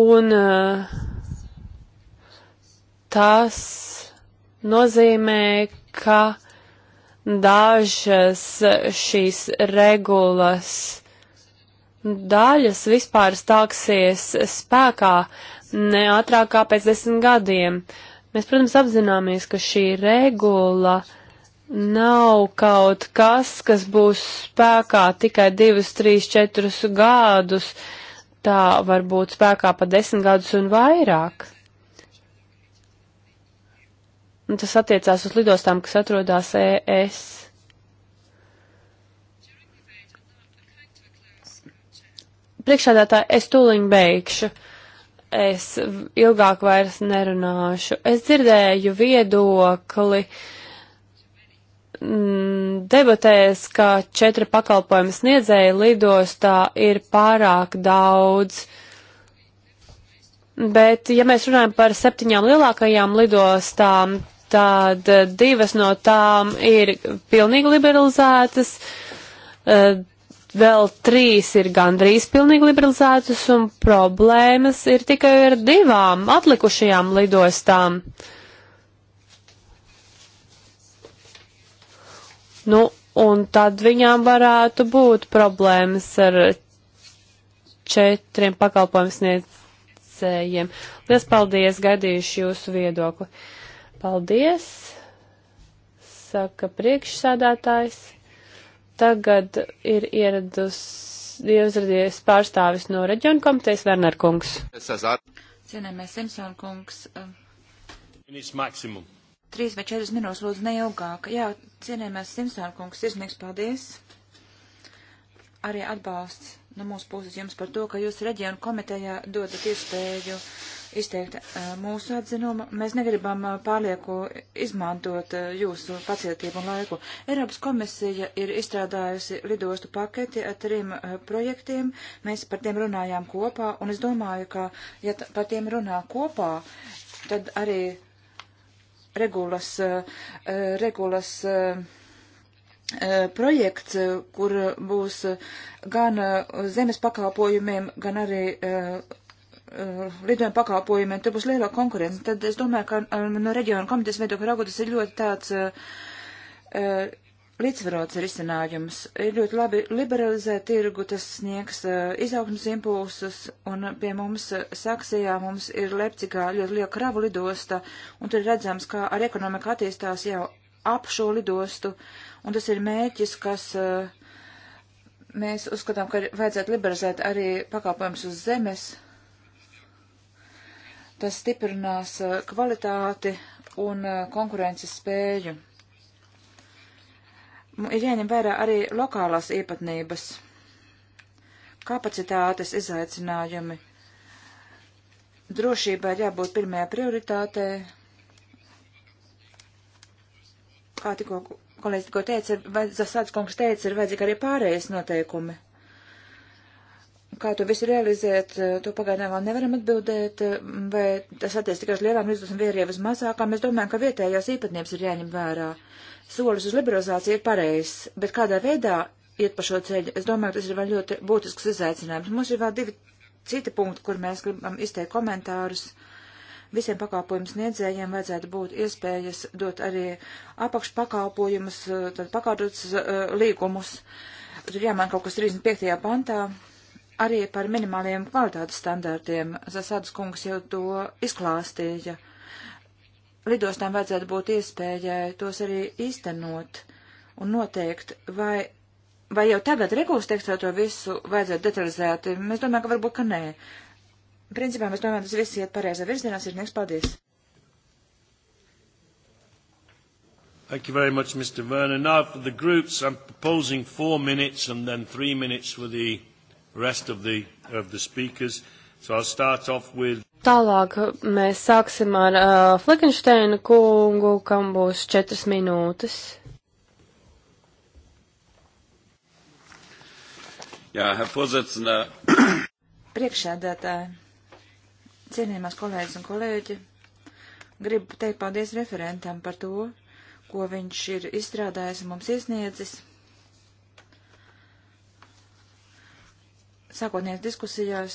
Un eh, tas nozīmē, ka dažas šīs regulas daļas vispār stāksies spēkā ne ātrāk kā pēc desmit gadiem. Mēs, protams, apzināmies, ka šī regula nav kaut kas, kas būs spēkā tikai divus, trīs, četrus gadus. Tā var būt spēkā pa desmit gadus un vairāk un tas attiecās uz lidostām, kas atrodas e ES. Priekšādātā es tūliņ beigšu. Es ilgāk vairs nerunāšu. Es dzirdēju viedokli mm, debatēs, ka četri pakalpojumi sniedzēji lidostā ir pārāk daudz. Bet, ja mēs runājam par septiņām lielākajām lidostām, tad eh, divas no tām ir pilnīgi liberalizētas, eh, vēl trīs ir gandrīz pilnīgi liberalizētas, un problēmas ir tikai ar divām atlikušajām lidostām. Nu, un tad viņām varētu būt problēmas ar četriem pakalpojumu sniedzējiem. Liels paldies, gaidījuši jūsu viedokli. Uh, Paldies, saka priekšsēdētājs. Tagad ir ieradus, ieradies pārstāvis no reģiona komitejas Werner kungs. Cienējamies Simpson kungs. Eh, minūtes maksimum. Trīs vai četras minūtes lūdzu neilgāk. Jā, cienējamies Simpson kungs, sirsnīgs paldies. Arī atbalsts no mūsu puses jums par to, ka jūs reģionu komitejā dodat iespēju izteikt eh, mūsu atzinumu. Mēs negribam eh, pārlieku izmantot eh, jūsu pacietību un laiku. Eiropas komisija ir izstrādājusi lidostu paketi ar trim projektiem. Mēs par tiem runājām kopā, un es domāju, ka, ja par tiem runā kopā, tad arī regulas, regulas projekts, kur būs gan zemes pakalpojumiem, gan arī Eh, lidojuma pakalpojumiem, te būs lielāka konkurence. Tad es domāju, ka eh, no reģiona komitejas viedokļa raugoties ir ļoti tāds uh, līdzsvarots risinājums. Ir ļoti labi liberalizēt tirgu, tas sniegs uh, izaugsmas impulsus, un pie mums Saksijā mums ir Lepcigā ļoti liela kravu lidosta, un tur redzams, kā ar ekonomiku attīstās jau ap šo lidostu, un tas ir mēķis, kas. Uh, mēs uzskatām, ka vajadzētu liberalizēt arī pakalpojumus uz zemes, Tas stiprinās eh, kvalitāti un eh, konkurences spēju. Ir jāņem vērā arī lokālās īpatnības, kapacitātes izaicinājumi. Drošībai jābūt pirmajā prioritātē, kā tikko kolēģis tikko teica, ir, vai Zasāds kungs teica, ir vajadzīgi arī pārējais noteikumi kā to visu realizēt, eh, to pagaidām vēl nevaram atbildēt, eh, vai tas attiec tikai uz lielām izdošanām, vai arī uz mazākām. Mēs domājam, ka vietējās īpatnības ir jāņem vērā. Solis uz liberalizāciju ir pareizs, bet kādā veidā iet pa šo ceļu, es domāju, tas ir vēl ļoti būtisks izaicinājums. Mums ir vēl divi citi punkti, kur mēs gribam izteikt komentārus. Visiem pakalpojumu sniedzējiem vajadzētu būt iespējas dot arī apakšpakalpojumus, eh, tad pakārtotas uh, līgumus. Tur jāmaina kaut kas 35. pantā arī par minimāliem kvalitātes standārtiem. Zasādas kungs jau to izklāstīja. Lidostām vajadzētu būt iespējai tos arī īstenot un noteikt, vai, vai jau tagad regulas tekstā to visu vajadzētu detalizēt. Mēs domājam, ka varbūt, ka nē. Principā mēs domājam, tas viss iet pareizā virzienā. Sirdnieks, paldies! Thank you very much, Mr. Werner. Now for the groups, I'm proposing four minutes and then three minutes for the rest of the, of the speakers. So I'll start off with. Tālāk mēs sāksim ar uh, Fleckensteina kungu, kam būs četras minūtes. Jā, Herr Vorsitzender. Priekšsēdētāji, cienījumās kolēģis un kolēģi, gribu teikt paldies referentam par to, ko viņš ir izstrādājis un mums iesniedzis. sākotnējās diskusijās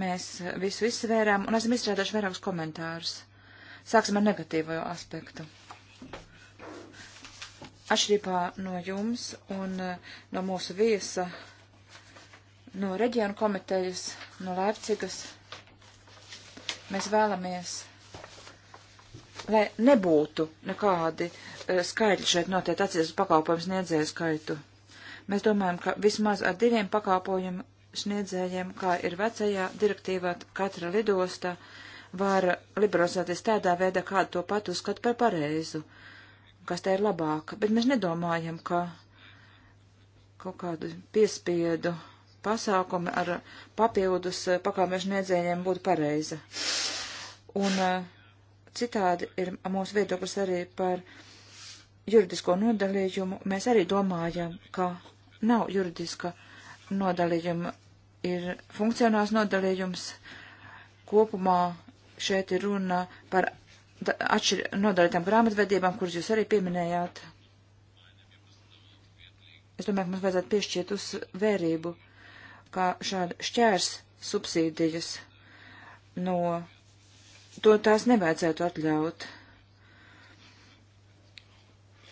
mēs visu izsvērām un esam izstrādājuši vairākus komentārus. Sāksim ar negatīvo aspektu. Atšķirībā no jums un eh, no mūsu viesa, no reģionu komitejas, no Lērcigas, mēs vēlamies, lai nebūtu nekādi eh, skaitļi šeit notiek atcīst pakalpojums niedzēju skaitu. Mēs domājam, ka vismaz ar diviem pakāpojumu sniedzējiem, kā ir vecajā direktīvā, katra lidosta var liberalizēties tādā veidā, kādu to pat uzskat par pareizu, kas te ir labāk. Bet mēs nedomājam, ka kaut kādu piespiedu pasākumu ar papildus pakāpiešu niedzējiem būtu pareiza. Un eh, citādi ir mūsu viedoklis arī par juridisko nodalījumu. Mēs arī domājam, ka nav juridiska nodalījuma, ir funkcionāls nodalījums. Kopumā šeit ir runa par atšķir, nodalītām grāmatvedībām, kuras jūs arī pieminējāt. Es domāju, ka mums vajadzētu piešķirt uzvērību, kā šāda šķērs subsīdijas no to tās nevajadzētu atļaut.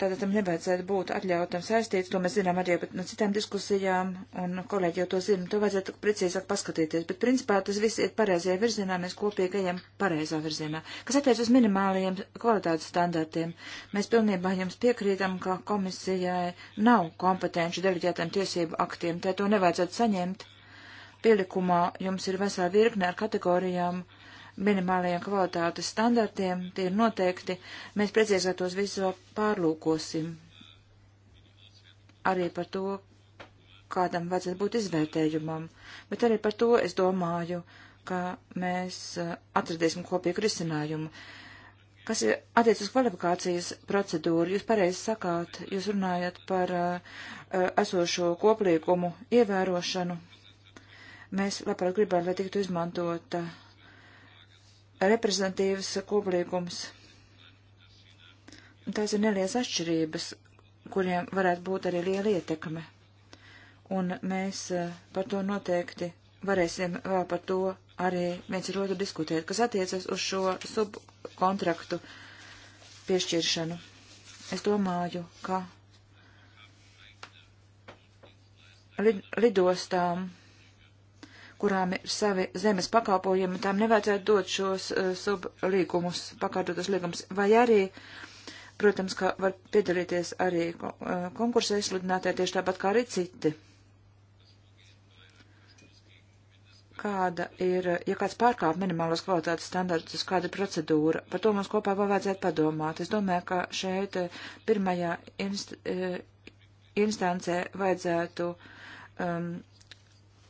Tātad tam nevajadzētu būt atļautam saistīts, to mēs zinām arī no citām diskusijām, un kolēģi jau to zina, to vajadzētu precīzāk paskatīties, bet principā tas viss iet pareizajā virzienā, mēs kopīgi ejam pareizā virzienā. Kas attiec uz minimālajiem kvalitātes standartiem, mēs pilnībā jums piekrītam, ka komisijai nav kompetenci deleģētiem tiesību aktiem, tā to nevajadzētu saņemt. Pielikumā jums ir vesela virkne ar kategorijām minimālajiem kvalitātes standartiem, tie ir noteikti. Mēs precīzāk tos visu pārlūkosim. Arī par to, kādam vajadzētu būt izvērtējumam, bet arī par to es domāju, ka mēs eh, atradīsim kopīgu risinājumu. Kas ir attiec uz kvalifikācijas procedūru, jūs pareizi sakāt, jūs runājat par uh, esošo koplīgumu ievērošanu. Mēs labprāt gribētu, lai tiktu izmantota uh, reprezentīvs koplīgums. Tās ir nelielas atšķirības, kuriem varētu būt arī liela ietekme. Un mēs eh, par to noteikti varēsim vēl par to arī viens ar otru diskutēt, kas attiecas uz šo subkontraktu piešķiršanu. Es domāju, ka lidostām. Lid kurām ir savi zemes pakalpojumi, tām nevajadzētu dot šos uh, sublīgumus, pakārtotas līgumus, vai arī, protams, ka var piedalīties arī uh, eh, konkursā izsludinātē tieši tāpat kā arī citi. Kāda ir, ja kāds pārkāp minimālos kvalitātes standartus, kāda ir procedūra, par to mums kopā vēl vajadzētu padomāt. Es domāju, ka šeit eh, pirmajā inst, uh, instancē vajadzētu um,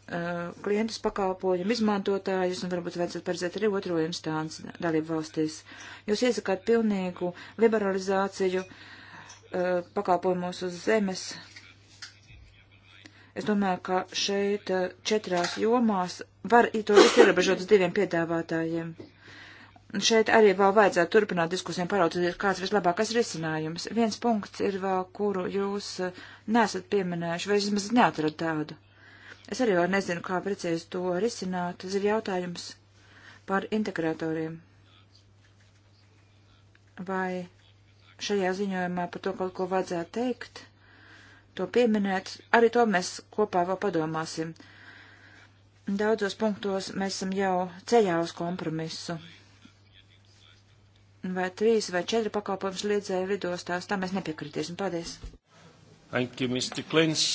Uh, klientus pakalpojumu izmantotājus un varbūt vajadzētu paredzēt arī otro instanci dalību valstīs. Jūs iesakāt pilnīgu liberalizāciju uh, pakalpojumos uz zemes. Es domāju, ka šeit uh, četrās jomās var to visu ierobežot uz diviem piedāvātājiem. Un šeit arī vēl vajadzētu turpināt diskusijām paraudzīt, kāds vislabākais risinājums. Viens punkts ir vēl, kuru jūs uh, nesat pieminējuši, vai vismaz neatrad tādu Es arī vēl nezinu, kā precīzi to risināt. Tas ir jautājums par integratoriem. Vai šajā ziņojumā par to kaut ko vajadzētu teikt, to pieminēt, arī to mēs kopā vēl padomāsim. Daudzos punktos mēs esam jau ceļā uz kompromisu. Vai trīs vai četri pakalpojums liedzēju vidostās, tā mēs nepiekritīsim. Paldies! Thank you, Mr. Klins.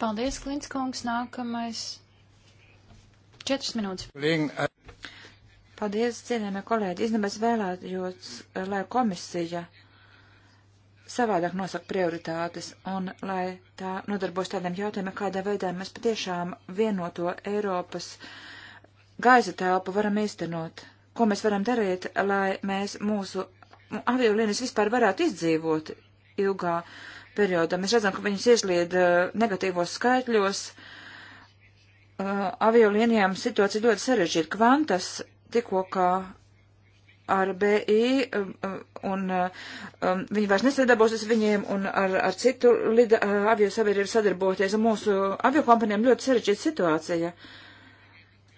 Paldies, Klinskungs. Nākamais. Četras minūtes. Līga. Paldies, cienījamie kolēģi. Iznībā es vēlējos, eh, lai komisija savādāk nosaka prioritātes un lai tā nodarbos tādiem jautājumiem, kādā veidā mēs patiešām vienoto Eiropas gaisa telpu varam īstenot. Ko mēs varam darīt, lai mēs mūsu aviolīnijas vispār varētu izdzīvot ilgā periodā. Mēs redzam, ka viņas ieslīd uh, negatīvos skaitļos. Uh, aviolīnijām situācija ļoti sarežģīta. Kvantas tikko kā ar BI, um, uh, un um, viņi vairs nesadarbosies viņiem, un ar, ar citu lida, avio sabiedrību sadarboties, un mūsu avio kompanijām ļoti sarežģīta situācija.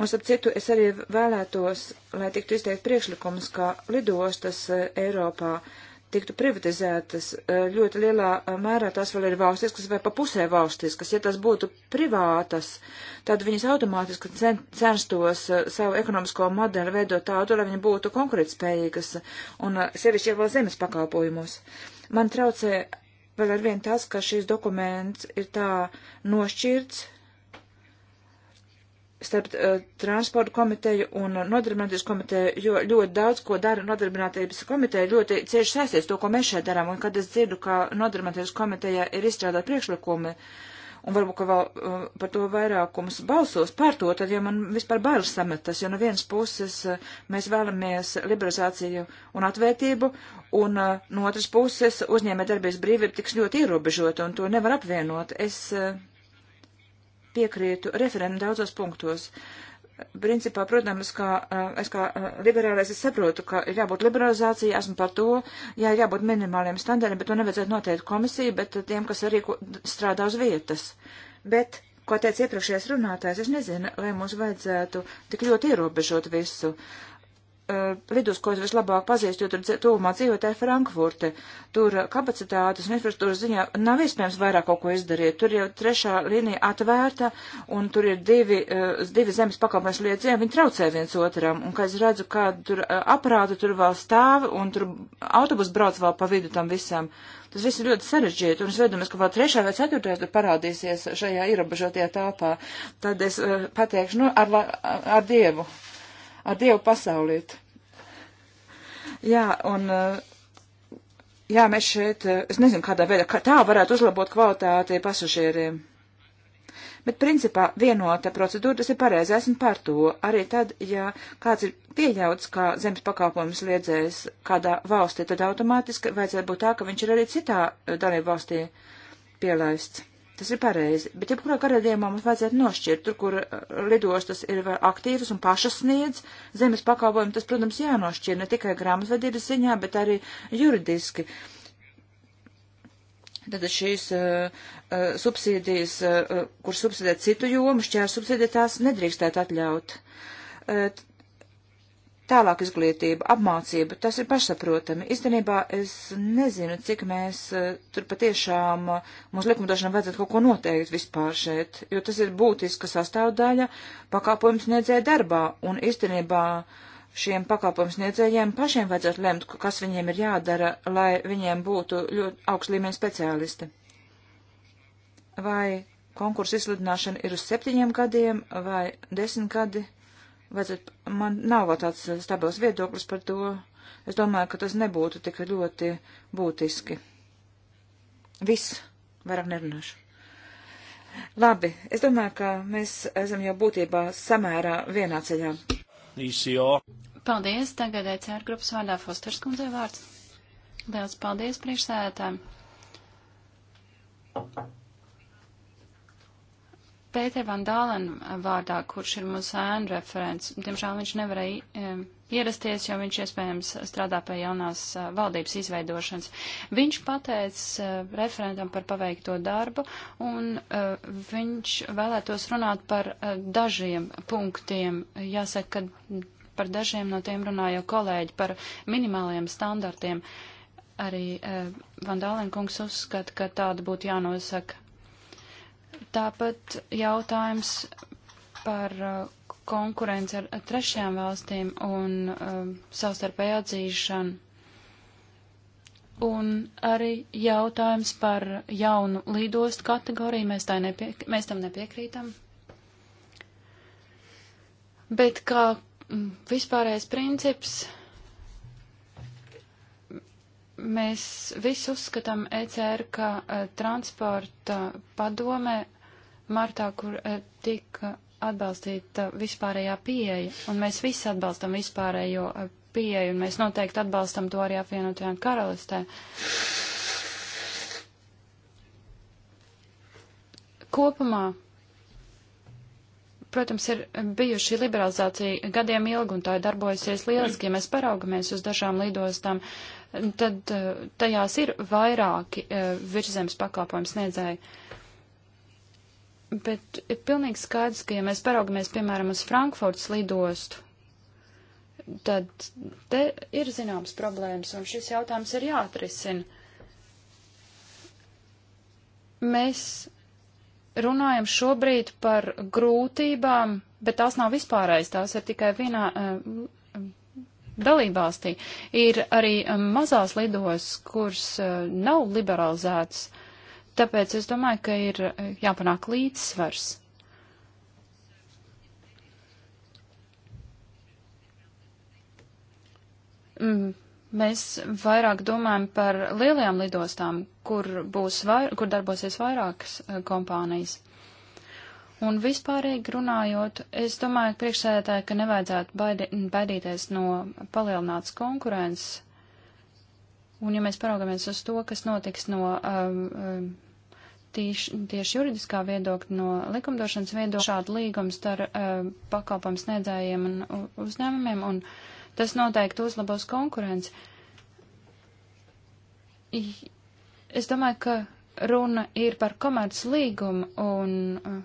Un, starp citu, es arī vēlētos, lai tiktu izteikt priekšlikums, ka lidostas Eiropā uh, tiktu privatizētas, e, ļoti lielā e, mērā tās vēl ir valstiskas vai pa pusē valstiskas. Ja tas būtu privātas, tad viņas automātiski censtos e, savu ekonomisko modeli veidot tādu, lai viņi būtu konkurētspējīgas un sevišķi jau vēl zemes pakalpojumos. Man traucē vēl ar vien tas, ka šīs dokuments ir tā nošķirts starp uh, eh, transportu komiteju un nodarbinātības komiteju, jo ļoti daudz, ko dara nodarbinātības komiteja, ļoti cieši saistīts to, ko mēs šeit darām. Un kad es dzirdu, ka nodarbinātības komiteja ir izstrādāt priekšlikumi, un varbūt, ka vēl uh, par to vairākums balsos par to, tad jau man vispār bailes sametas, jo no vienas puses uh, mēs vēlamies liberalizāciju un atvērtību, un no otras puses uzņēmē darbības brīvība tiks ļoti ierobežota, un to nevar apvienot. Es, uh, piekrītu referendumu daudzos punktos. Principā, protams, kā es kā liberālais es saprotu, ka ir jābūt liberalizācijai, esmu par to, jā, ir jābūt minimāliem standartiem, bet to nevajadzētu noteikt komisiju, bet tiem, kas arī strādā uz vietas. Bet ko teica iepriekšējais runātājs, es nezinu, vai mums vajadzētu tik ļoti ierobežot visu. Uh, vidus, ko es vislabāk pazīstu, jo tur tuvumā dzīvotāja Frankfurte. Tur uh, kapacitātes un infrastruktūras ziņā nav iespējams vairāk kaut ko izdarīt. Tur jau trešā līnija atvērta un tur ir divi, uh, divi zemes pakalpojums liedziem, viņi traucē viens otram. Un, kā es redzu, kā tur aprāta tur vēl stāv un tur autobus brauc vēl pa vidu tam visam. Tas viss ir ļoti sarežģīti, un es vedomies, ka vēl trešā vai ceturtais tur parādīsies šajā ierobežotajā tāpā. Tad es pateikšu, nu, ar, ar Dievu ar Dievu pasaulīt. Jā, un eh, jā, mēs šeit, eh, es nezinu, kādā veidā, kā tā varētu uzlabot kvalitāti pasažieriem. Bet, principā, vienota procedūra, tas ir pareizi, esmu par to. Arī tad, ja kāds ir pieļauts kā zemes pakalpojums liedzējs kādā valstī, tad automātiski vajadzētu būt tā, ka viņš ir arī citā eh, dalību valstī pielaists. Tas ir pareizi, bet jebkurā gadījumā mums vajadzētu nošķirt, tur, kur uh, lidostas ir aktīvas un pašas sniedz zemes pakalpojumu, tas, protams, jānošķir ne tikai grāmatvedības ziņā, bet arī juridiski. Tad šīs uh, uh, subsīdijas, uh, uh kur subsidēt citu jomu, šķērs subsidēt tās nedrīkstētu atļaut. Uh, Tālāk izglītība, apmācība, tas ir pašsaprotami. Īstenībā es nezinu, cik mēs eh, tur patiešām eh, mums likumdošanā vajadzētu kaut ko noteikt vispār šeit, jo tas ir būtiska sastāvdaļa pakāpojums sniedzēja darbā, un īstenībā šiem pakāpojums sniedzējiem pašiem vajadzētu lemt, kas viņiem ir jādara, lai viņiem būtu ļoti augsts līmeņa speciālisti. Vai konkursu izsludināšana ir uz septiņiem gadiem vai desmit gadi? vajadzētu, man nav tāds stabils viedoklis par to. Es domāju, ka tas nebūtu tik ļoti būtiski. Viss, vairāk nerunāšu. Labi, es domāju, ka mēs esam jau būtībā samērā vienā ceļā. Īsijā. Paldies, tagad ECR grupas vārdā Fosters kundzei vārds. Liels paldies priekšsēdētājiem. Pēter Van Dālen vārdā, kurš ir mūsu ēnu referents. Diemžēl viņš nevarēja ierasties, jo viņš iespējams strādā pie jaunās valdības izveidošanas. Viņš pateica referentam par paveikto darbu, un viņš vēlētos runāt par dažiem punktiem. Jāsaka, ka par dažiem no tiem runāja kolēģi par minimāliem standartiem. Arī Vandālenkungs uzskata, ka tāda būtu jānosaka Tāpat jautājums par uh, konkurenci ar trešajām valstīm un um, savstarpēju atzīšanu. Un arī jautājums par jaunu lidostu kategoriju, mēs, nepie, mēs tam nepiekrītam. Bet kā mm, vispārējais princips Mēs visi uzskatām ECR, ka uh, e, transporta padomē martā, kur uh, tika atbalstīta vispārējā pieeja, un mēs visi atbalstam vispārējo uh, pieeju, un mēs noteikti atbalstam to arī apvienotajā karalistē. Kopumā protams, ir bijuši liberalizācija gadiem ilgi, un tā ir darbojusies lieliski. Ja mēs paraugamies uz dažām lidostām, tad eh, tajās ir vairāki eh, virszemes pakalpojums sniedzēji. Bet ir pilnīgi skaidrs, ka ja mēs paraugamies, piemēram, uz Frankfurtas lidostu, tad te ir zināms problēmas, un šis jautājums ir jāatrisina. Mēs runājam šobrīd par grūtībām, bet tās nav vispārējais, tās ir tikai vienā uh, dalībvalstī. Ir arī um, mazās lidos, kuras uh, nav liberalizētas, tāpēc es domāju, ka ir uh, jāpanāk līdzsvars. Mm, mēs vairāk domājam par lielajām lidostām, kur, būs, vai, kur darbosies vairākas uh, kompānijas. Un vispārīgi runājot, es domāju, priekšsēdētāji, ka nevajadzētu baidi, baidīties no palielinātas konkurences. Un ja mēs paraugamies uz to, kas notiks no um, um tīš, tieši juridiskā viedokļa, no likumdošanas viedokļa, šāda līgums starp um, pakalpams nedzējiem un uzņēmumiem, un tas noteikti uzlabos konkurenci. Es domāju, ka runa ir par komerc līgumu un. Uh,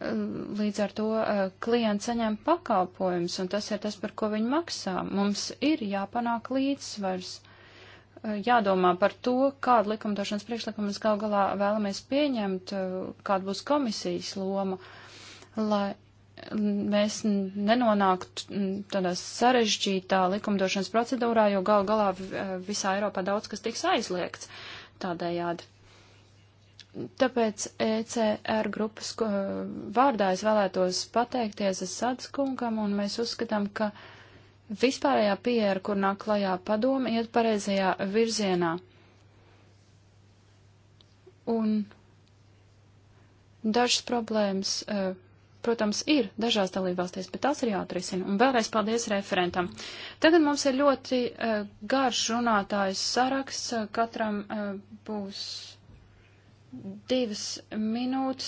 Līdz ar to eh, klients saņem pakalpojums, un tas ir tas, par ko viņi maksā. Mums ir jāpanāk līdzsvars, eh, jādomā par to, kādu likumdošanas priekšlikumu mēs gal galā vēlamies pieņemt, eh, kāda būs komisijas loma, lai mēs nenonāktu tādā sarežģītā likumdošanas procedūrā, jo gal galā visā Eiropā daudz kas tiks aizliegts tādējādi. Tāpēc ECR grupas vārdā es vēlētos pateikties Sads kungam, un mēs uzskatām, ka vispārējā pieeja, kur nāk klajā padoma, iet pareizajā virzienā. Un dažas problēmas, e, protams, ir dažās dalībvalstīs, bet tās ir jāatrisina. Un vēlreiz paldies referentam. Tagad mums ir ļoti e, garš runātājs saraksts, katram e, būs divas minūtes,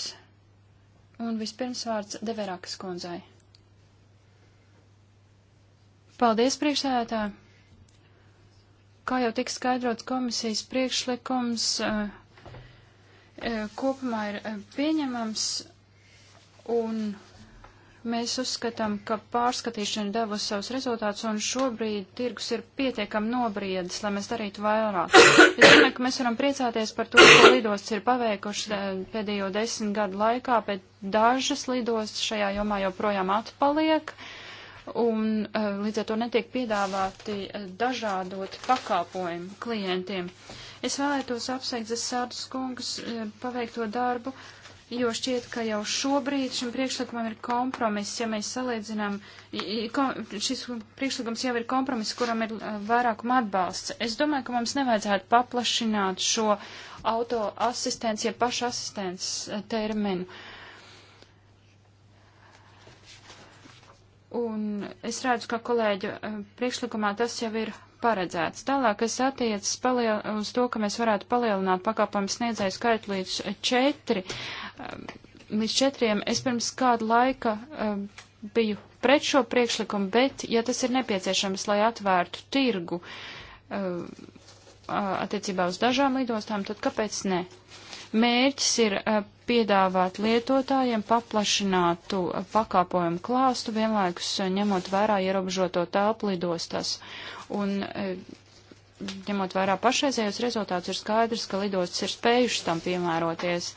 un vispirms vārds Deverakas kundzai. Paldies, priekšsēdētāji! Kā jau tika skaidrots, komisijas priekšlikums uh, kopumā ir eh, pieņemams, un Mēs uzskatām, ka pārskatīšana devusi savus rezultātus, un šobrīd tirgus ir pietiekami nobriedis, lai mēs darītu vairāk. Es domāju, ka mēs varam priecāties par to, ko lidosts ir paveikuši eh, pēdējo desmit gadu laikā, bet dažas lidostas šajā jomā joprojām atpaliek, un eh, līdz ar to netiek piedāvāti eh, dažādot pakāpojumi klientiem. Es vēlētos apsveikt Zesārdus kungus paveikto darbu jo šķiet, ka jau šobrīd šim priekšlikumam ir kompromiss, ja mēs salīdzinām, šis priekšlikums jau ir kompromiss, kuram ir eh, vairākuma atbalsts. Es domāju, ka mums nevajadzētu paplašināt šo auto asistents, ja paša asistents eh, terminu. Un es redzu, ka kolēģu eh, priekšlikumā tas jau ir paredzēts. Tālāk, kas attiecas uz to, ka mēs varētu palielināt pakalpojumu sniedzēju skaitu līdz četri, um, līdz četriem, es pirms kādu laika um, biju pret šo priekšlikumu, bet, ja tas ir nepieciešams, lai atvērtu tirgu um, attiecībā uz dažām lidostām, tad kāpēc ne? Uh, Mērķis ir eh, piedāvāt lietotājiem paplašinātu eh, pakāpojumu klāstu, vienlaikus eh, ņemot vērā ierobežoto telpu lidostas. Un, ņemot vērā pašreizējos rezultātus, ir skaidrs, ka lidostas ir spējušas tam piemēroties.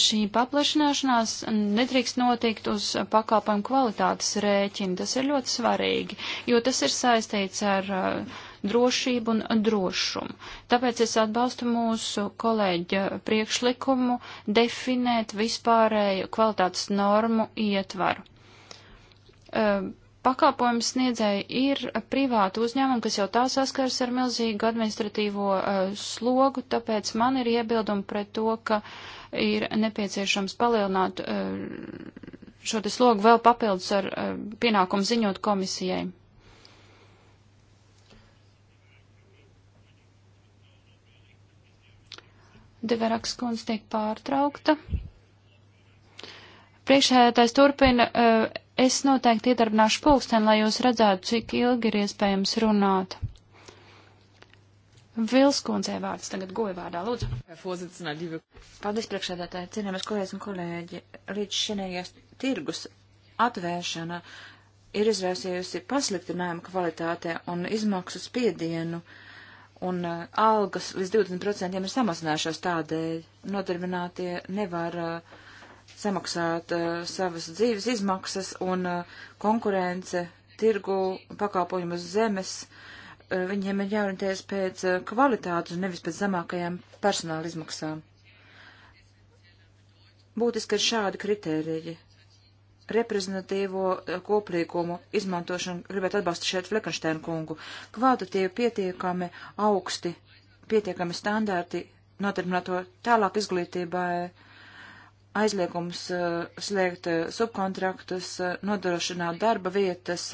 Šī paplašināšanās nedrīkst notikt uz pakalpojumu kvalitātes rēķina. Tas ir ļoti svarīgi, jo tas ir saistīts ar uh, drošību un drošumu. Tāpēc es atbalstu mūsu kolēģa priekšlikumu definēt vispārēju kvalitātes normu ietvaru. Pakāpojums sniedzēji ir privāti uzņēmumi, kas jau tā saskars ar milzīgu administratīvo uh, slogu, tāpēc man ir iebildumi pret to, ka ir nepieciešams palielināt uh, šo te slogu vēl papildus ar uh, pienākumu ziņot komisijai. Deveraks kundze tiek pārtraukta. Priekšsēdētājs turpina, es noteikti iedarbināšu pulksteni, lai jūs redzētu, cik ilgi ir iespējams runāt. Vilskundzei vārds tagad goja vārdā, lūdzu. Paldies, priekšsēdētāji, cienījamies kolēģis un kolēģi. Līdz šinējās tirgus atvēršana ir izraisījusi pasliktinājumu kvalitātē un izmaksu spiedienu. Uh, un uh, algas līdz 20% ir samazinājušās tādēļ. Nodarbinātie nevar uh, samaksāt uh, savas dzīves izmaksas un uh, konkurence tirgu pakalpojumu uz zemes. Uh, viņiem ir jāorientējas pēc uh, kvalitātes un nevis pēc zemākajām personāla izmaksām. Būtiski ir šādi kritēriji reprezentatīvo eh, koplīkumu izmantošanu gribētu atbalstīt šeit Flekenšteinu kungu. Kvalitatīvi pietiekami augsti, pietiekami standarti notarpināto tālāk izglītībai aizliegums eh, slēgt eh, subkontraktus, nodrošināt darba vietas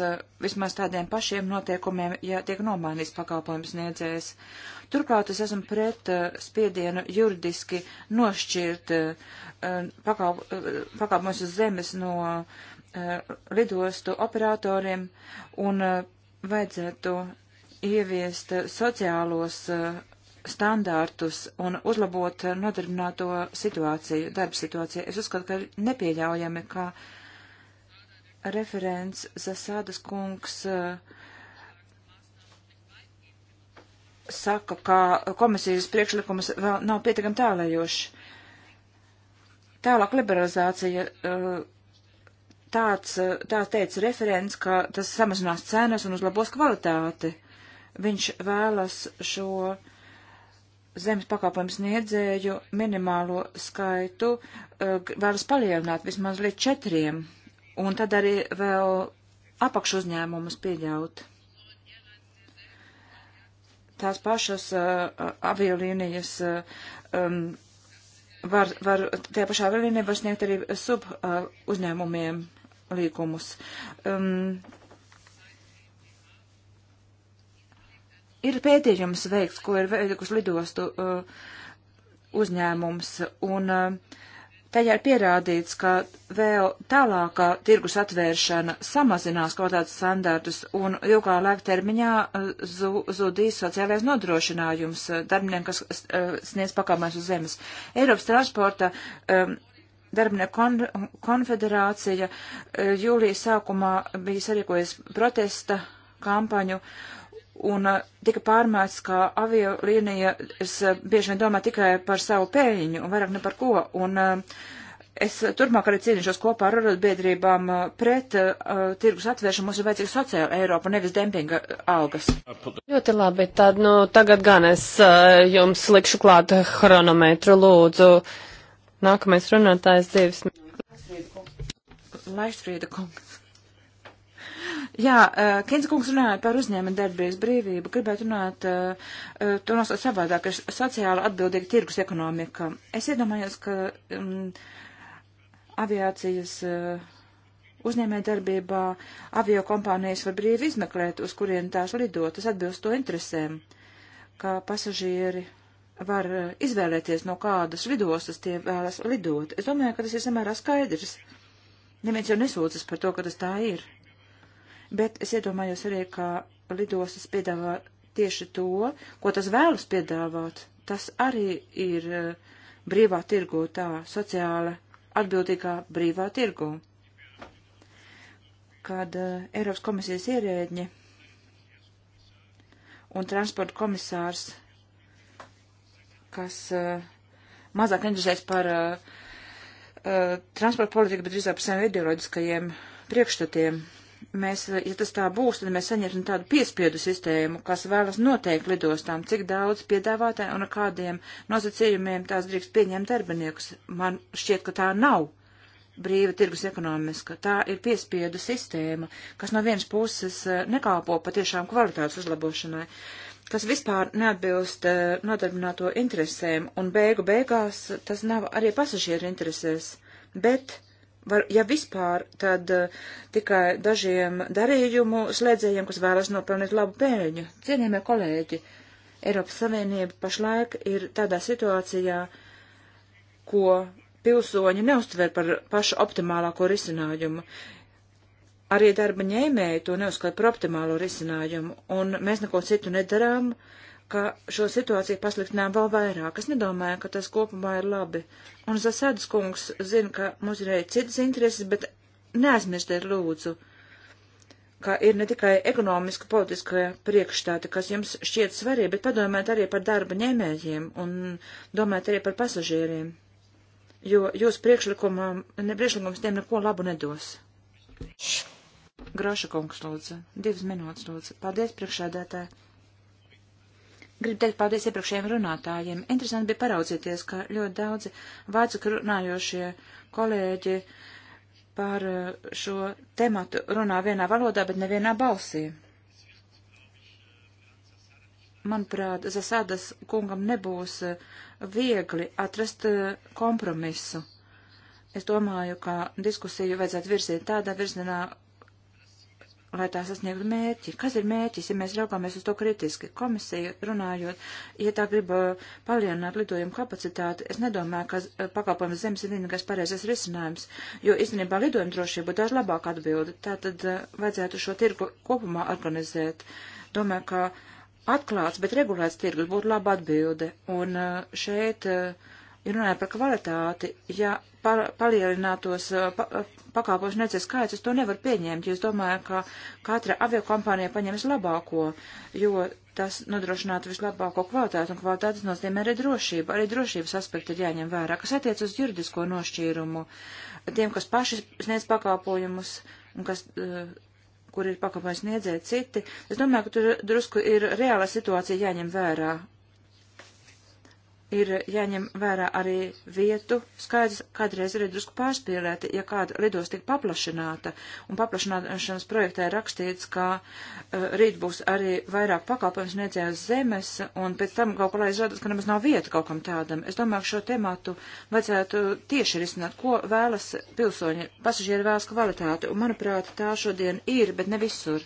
vismaz tādiem pašiem noteikumiem, ja tiek nomainīts pakalpojums niedzējs. Turklāt es esmu pret uh, spiedienu juridiski nošķirt uh, eh, pakāpumus eh, uz zemes no uh, lidostu operatoriem un vajadzētu ieviest sociālos standārtus un uzlabot nodarbināto situāciju, darba situāciju. Es uzskatu, ka ir nepieļaujami, ka referents Zasādas kungs uh, saka, ka komisijas priekšlikums vēl nav pietiekami tālējoši. Tālāk liberalizācija. Eh, tāds, eh, tāds teica referents, ka tas samazinās cenas un uzlabos kvalitāti. Viņš vēlas šo zemes pakāpojumu sniedzēju minimālo skaitu eh, vēlas palielināt vismaz līdz četriem, un tad arī vēl apakšuzņēmumus pieļaut tās pašas uh, aviolīnijas uh, um, var, var, tajā pašā aviolīnijā var sniegt arī sub uh, uzņēmumiem līkumus. Um, ir pētījums veikts, ko ir veikusi lidostu uh, uzņēmums, un uh, Tajā ir pierādīts, ka vēl tālākā tirgus atvēršana samazinās kvalitātes standartus un ilgā laika termiņā eh, zudīs sociālais nodrošinājums eh, darbiniekiem, kas eh, sniedz pakāpienas uz zemes. Eiropas transporta um, darbinieku kon konfederācija jūlijas sākumā bija sarīkojusi protesta kampaņu. Uh, un eh, tika pārmērts, ka aviolīnijas eh, bieži vien domā tikai par savu pēļņu un vairāk ne par ko. Un eh, es turpmāk arī cīnīšos kopā ar arotbiedrībām pret uh, tirgus atvēršanu. Mums ir vajadzīga sociāla Eiropa, nevis dempinga algas. Ļoti labi, tad nu, tagad gan es uh, jums likšu klāt chronometru lūdzu. Nākamais runātājs dzīves. Laisfrīda kungs. Jā, uh, eh, Kinskungs runāja par uzņēmuma darbības brīvību. Gribētu runāt, uh, uh, to nosaukt savādāk, ka sociāli atbildīga tirgus ekonomika. Es iedomājos, ka um, aviācijas uh, uzņēmē darbībā avio kompānijas var brīvi izmeklēt, uz kurien tās lido. Tas atbilst to interesēm, kā pasažieri var uh, izvēlēties, no kādas lidostas tie vēlas lidot. Es domāju, ka tas ir samērā skaidrs. Neviens jau nesūcas par to, ka tas tā ir bet es iedomājos arī, ka lidostas piedāvā tieši to, ko tas vēlas piedāvāt. Tas arī ir eh, brīvā tirgu, tā sociāla atbildīgā brīvā tirgu. Kad eh, Eiropas komisijas ierēģi un transporta komisārs, kas eh, mazāk interesēs par uh, transporta politiku, bet drīzāk par saviem ideoloģiskajiem priekšstatiem mēs, ja tas tā būs, tad mēs saņemsim tādu piespiedu sistēmu, kas vēlas noteikt lidostām, cik daudz piedāvātāji un ar kādiem nosacījumiem tās drīkst pieņemt darbiniekus. Man šķiet, ka tā nav brīva tirgus ekonomiska. Tā ir piespiedu sistēma, kas no vienas puses eh, nekāpo patiešām kvalitātes uzlabošanai, kas vispār neatbilst eh, nodarbināto interesēm, un beigu beigās tas nav arī pasažieru interesēs, bet var, ja vispār, tad uh, tikai dažiem darījumu slēdzējiem, kas vēlas nopelnīt labu pēļņu. Cienījamie kolēģi, Eiropas Savienība pašlaik ir tādā situācijā, ko pilsoņi neuztver par pašu optimālāko risinājumu. Arī darba ņēmēji to neuzskata par optimālo risinājumu, un mēs neko citu nedarām, uh, ka šo situāciju pasliktinām vēl vairāk. Es nedomāju, ka tas kopumā ir labi. Un Zasēdas kungs zina, ka mums ir arī citas intereses, bet neaizmirstiet lūdzu, ka ir ne tikai ekonomiska, politiska priekšstāti, kas jums šķiet svarīgi, bet padomājiet arī par darba ņēmējiem un domājiet arī par pasažieriem, jo jūs priekšlikums tiem neko labu nedos. Groša kungs lūdzu, divas minūtes lūdzu. Paldies priekšsēdētāji. Gribu teikt paldies iepriekšējiem runātājiem. Interesanti bija paraudzīties, ka ļoti daudzi vācu runājošie kolēģi par eh, šo tematu runā vienā valodā, bet nevienā balsī. Manuprāt, Zasādas kungam nebūs eh, viegli atrast eh, kompromisu. Es domāju, ka diskusiju vajadzētu virzīt tādā virzienā, lai tā sasniegtu mērķi. Kas ir mērķis, ja mēs raugāmies uz to kritiski? Komisija runājot, ja tā grib uh, palielināt lidojumu kapacitāti, es nedomāju, ka uh, pakalpojums zemes ir vienīgais pareizais risinājums, jo īstenībā lidojuma drošība būtu daudz labāka atbilde. Tā tad uh, vajadzētu šo tirgu kopumā organizēt. Domāju, ka atklāts, bet regulēts tirgus būtu laba atbilde. Un šeit. Ja runājam par kvalitāti, ja Uh, pa, palielinātos uh, pa, pakāpošu nedzēs skaits, es to nevaru pieņemt, jo es domāju, ka katra aviokompānija paņems labāko, jo tas nodrošinātu vislabāko kvalitāti, un kvalitātes nozīmē arī drošību. Arī drošības aspekti ir jāņem vērā, kas attiec uz juridisko nošķīrumu. Tiem, kas paši sniedz pakāpojumus un kas uh, kur ir pakalpojums sniedzēji citi. Es domāju, ka tur drusku ir reāla situācija jāņem vērā, ir jāņem vērā arī vietu skaidrs, kādreiz ir drusku pārspīlēti, ja kāda lidos tik paplašināta, un paplašināšanas projektā ir rakstīts, ka uh, rīt būs arī vairāk pakalpojums niedzējas zemes, un pēc tam kaut kā izrādās, ka nemaz nav vieta kaut kam tādam. Es domāju, ka šo tematu vajadzētu tieši risināt, ko vēlas pilsoņi, pasažieri vēlas kvalitāti, un manuprāt, tā šodien ir, bet ne visur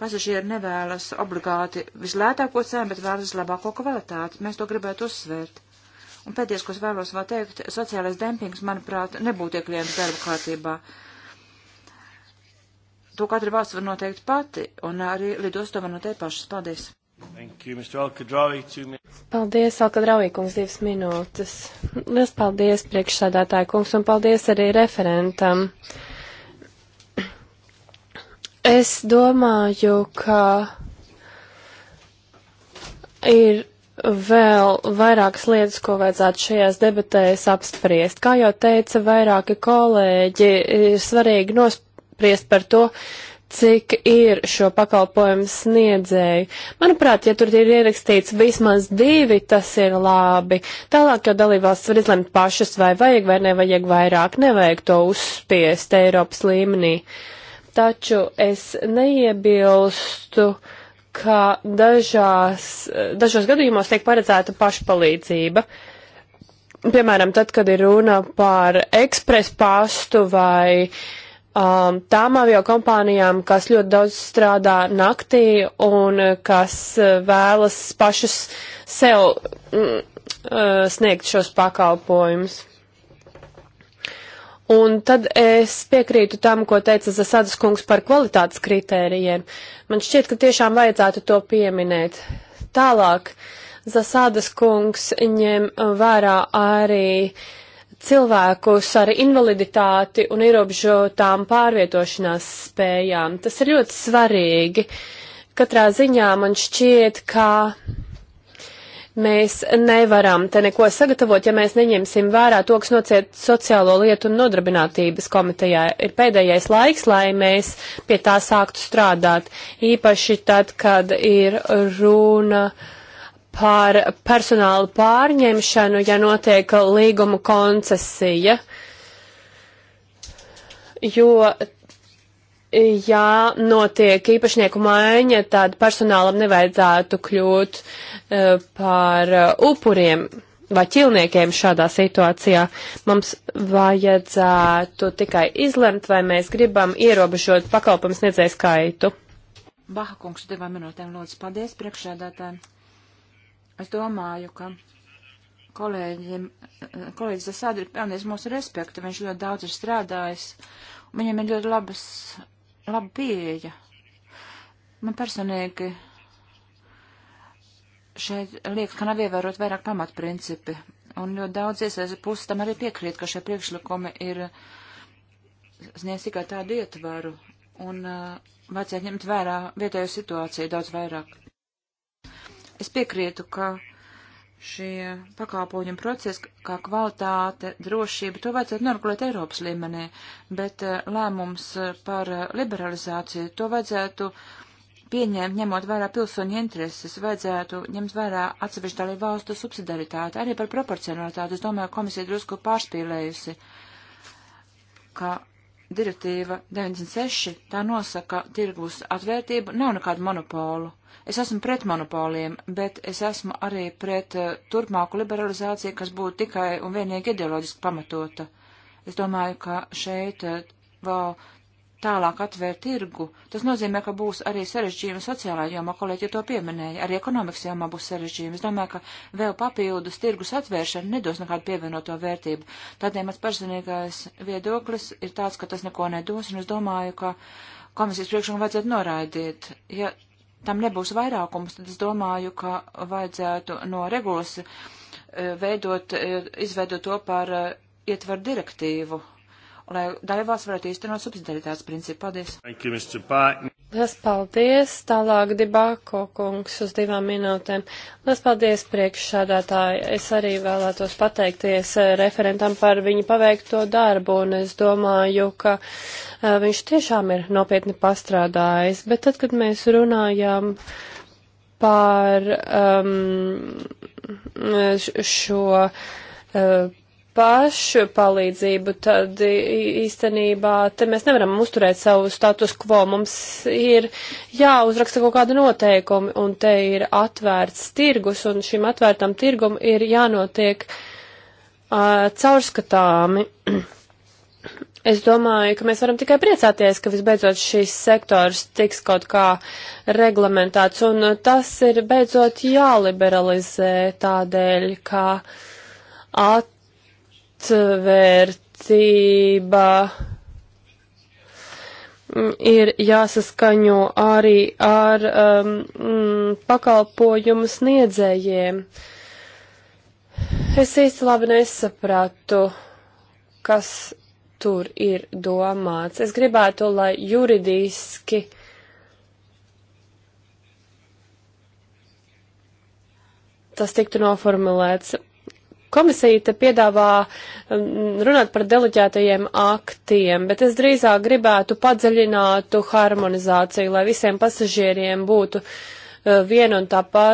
pasažieri nevēlas obligāti vislētāko cenu, bet vēlas labāko kvalitāti. Mēs to gribētu uzsvērt. Un pēdējais, ko es vēlos vēl teikt, sociālais dempings, manuprāt, nebūtu iekļauts darba kārtībā. To katra valsts var noteikt pati, un arī lidostu var noteikt pašas. Paldies! You, Alkadravi, paldies, Alkadravi, kungs, divas minūtes. Liels paldies, priekšsādātāja kungs, un paldies arī referentam. Um, Es domāju, ka ir vēl vairākas lietas, ko vajadzētu šajās debatēs apspriest. Kā jau teica vairāki kolēģi, ir svarīgi nospriest par to, cik ir šo pakalpojumu sniedzēju. Manuprāt, ja tur ir ierakstīts vismaz divi, tas ir labi. Tālāk jau dalībvalsts var izlemt pašas, vai vajag vai nevajag vairāk, nevajag to uzspiest Eiropas līmenī. Uh, Taču es neiebilstu, ka dažās, dažos gadījumos tiek paredzēta pašpalīdzība. Piemēram, tad, kad ir runa par ekspresu pastu vai um, tām avio kompānijām, kas ļoti daudz strādā naktī un kas uh, vēlas pašas sev mm, uh, sniegt šos pakalpojumus. Un tad es piekrītu tam, ko teica Zasadas kungs par kvalitātes kritērijiem. Man šķiet, ka tiešām vajadzētu to pieminēt. Tālāk, Zasadas kungs ņem vērā arī cilvēkus ar invaliditāti un ierobežotām pārvietošanās spējām. Tas ir ļoti svarīgi. Katrā ziņā man šķiet, ka Mēs nevaram te neko sagatavot, ja mēs neņemsim vērā to, kas nociet sociālo lietu un nodarbinātības komitejā. Ir pēdējais laiks, lai mēs pie tā sāktu strādāt. Īpaši tad, kad ir runa par personālu pārņemšanu, ja notiek līguma koncesija. Jo ja notiek īpašnieku maiņa, tad personālam nevajadzētu kļūt uh, par eh, upuriem vai ķilniekiem šādā situācijā. Mums vajadzētu tikai izlemt, vai mēs gribam ierobežot pakalpums niedzēju skaitu. Bahakungs, divām minūtēm lūdzu, paldies priekšēdētājiem. Es domāju, ka kolēģiem, kolēģis Zasādri pelnījis mūsu respektu, viņš ļoti daudz ir strādājis, viņam ir ļoti labas laba pieeja. Man personīgi šeit liekas, ka nav ievērot vairāk pamatprincipi. Un ļoti daudz iesaistīts puses tam arī piekrīt, ka šie priekšlikumi ir sniedz tikai tādu ietvaru. Un uh, vajadzētu ņemt vērā vietējo situāciju daudz vairāk. Es piekrītu, ka šie pakalpoņu procesi, kā kvalitāte, drošība, to vajadzētu noregulēt Eiropas līmenī, bet eh, lēmums eh, par eh, liberalizāciju to vajadzētu pieņemt, ņemot vērā pilsoņu intereses, vajadzētu ņemt vērā atsevišķi dalību valstu subsidaritāti, arī par proporcionalitāti. Es domāju, komisija drusku pārspīlējusi, ka direktīva 96, tā nosaka tirgus atvērtību, nav nekādu monopolu. Es esmu pret monopoliem, bet es esmu arī pret uh, turpmāku liberalizāciju, kas būtu tikai un vienīgi ideoloģiski pamatota. Es domāju, ka šeit uh, vēl tālāk atvērt tirgu. Tas nozīmē, ka būs arī sarežģījumi sociālā jomā, kolēģi to pieminēja, arī ekonomikas jomā būs sarežģījumi. Es domāju, ka vēl papildus tirgus atvēršana nedos nekādu pievienoto vērtību. Tādēļ mans personīgais viedoklis ir tāds, ka tas neko nedos, un es domāju, ka komisijas priekšlikumu vajadzētu noraidīt. Ja tam nebūs vairākums, tad es domāju, ka vajadzētu no regulas eh, veidot, eh, izveidot to par eh, ietvaru direktīvu lai dalībās varētu īstenot subsidiaritātes principu. Paldies! Thank you, Mr. Pār. Lielas paldies! Tālāk Dibāko kungs uz divām minūtēm. Lielas paldies priekšsādātāji! Es arī vēlētos pateikties eh, referentam par viņu paveikto darbu, un es domāju, ka eh, viņš tiešām ir nopietni pastrādājis. Bet tad, kad mēs runājām par um, šo. Uh, pašu palīdzību, tad īstenībā te mēs nevaram uzturēt savu status quo. Mums ir jāuzraksta kaut kāda noteikumi, un te ir atvērts tirgus, un šim atvērtam tirgum ir jānotiek uh, caurskatāmi. Es domāju, ka mēs varam tikai priecāties, ka visbeidzot šīs sektors tiks kaut kā reglamentēts, un tas ir beidzot jāliberalizē tādēļ, ka at vērtība mm, ir jāsaskaņo arī ar um, mm, pakalpojumu sniedzējiem. Es īsti labi nesapratu, kas tur ir domāts. Es gribētu, lai juridiski tas tiktu noformulēts. Komisija te piedāvā um, runāt par deleģētajiem aktiem, bet es drīzāk gribētu padziļinātu harmonizāciju, lai visiem pasažieriem būtu uh, vien un tā pa,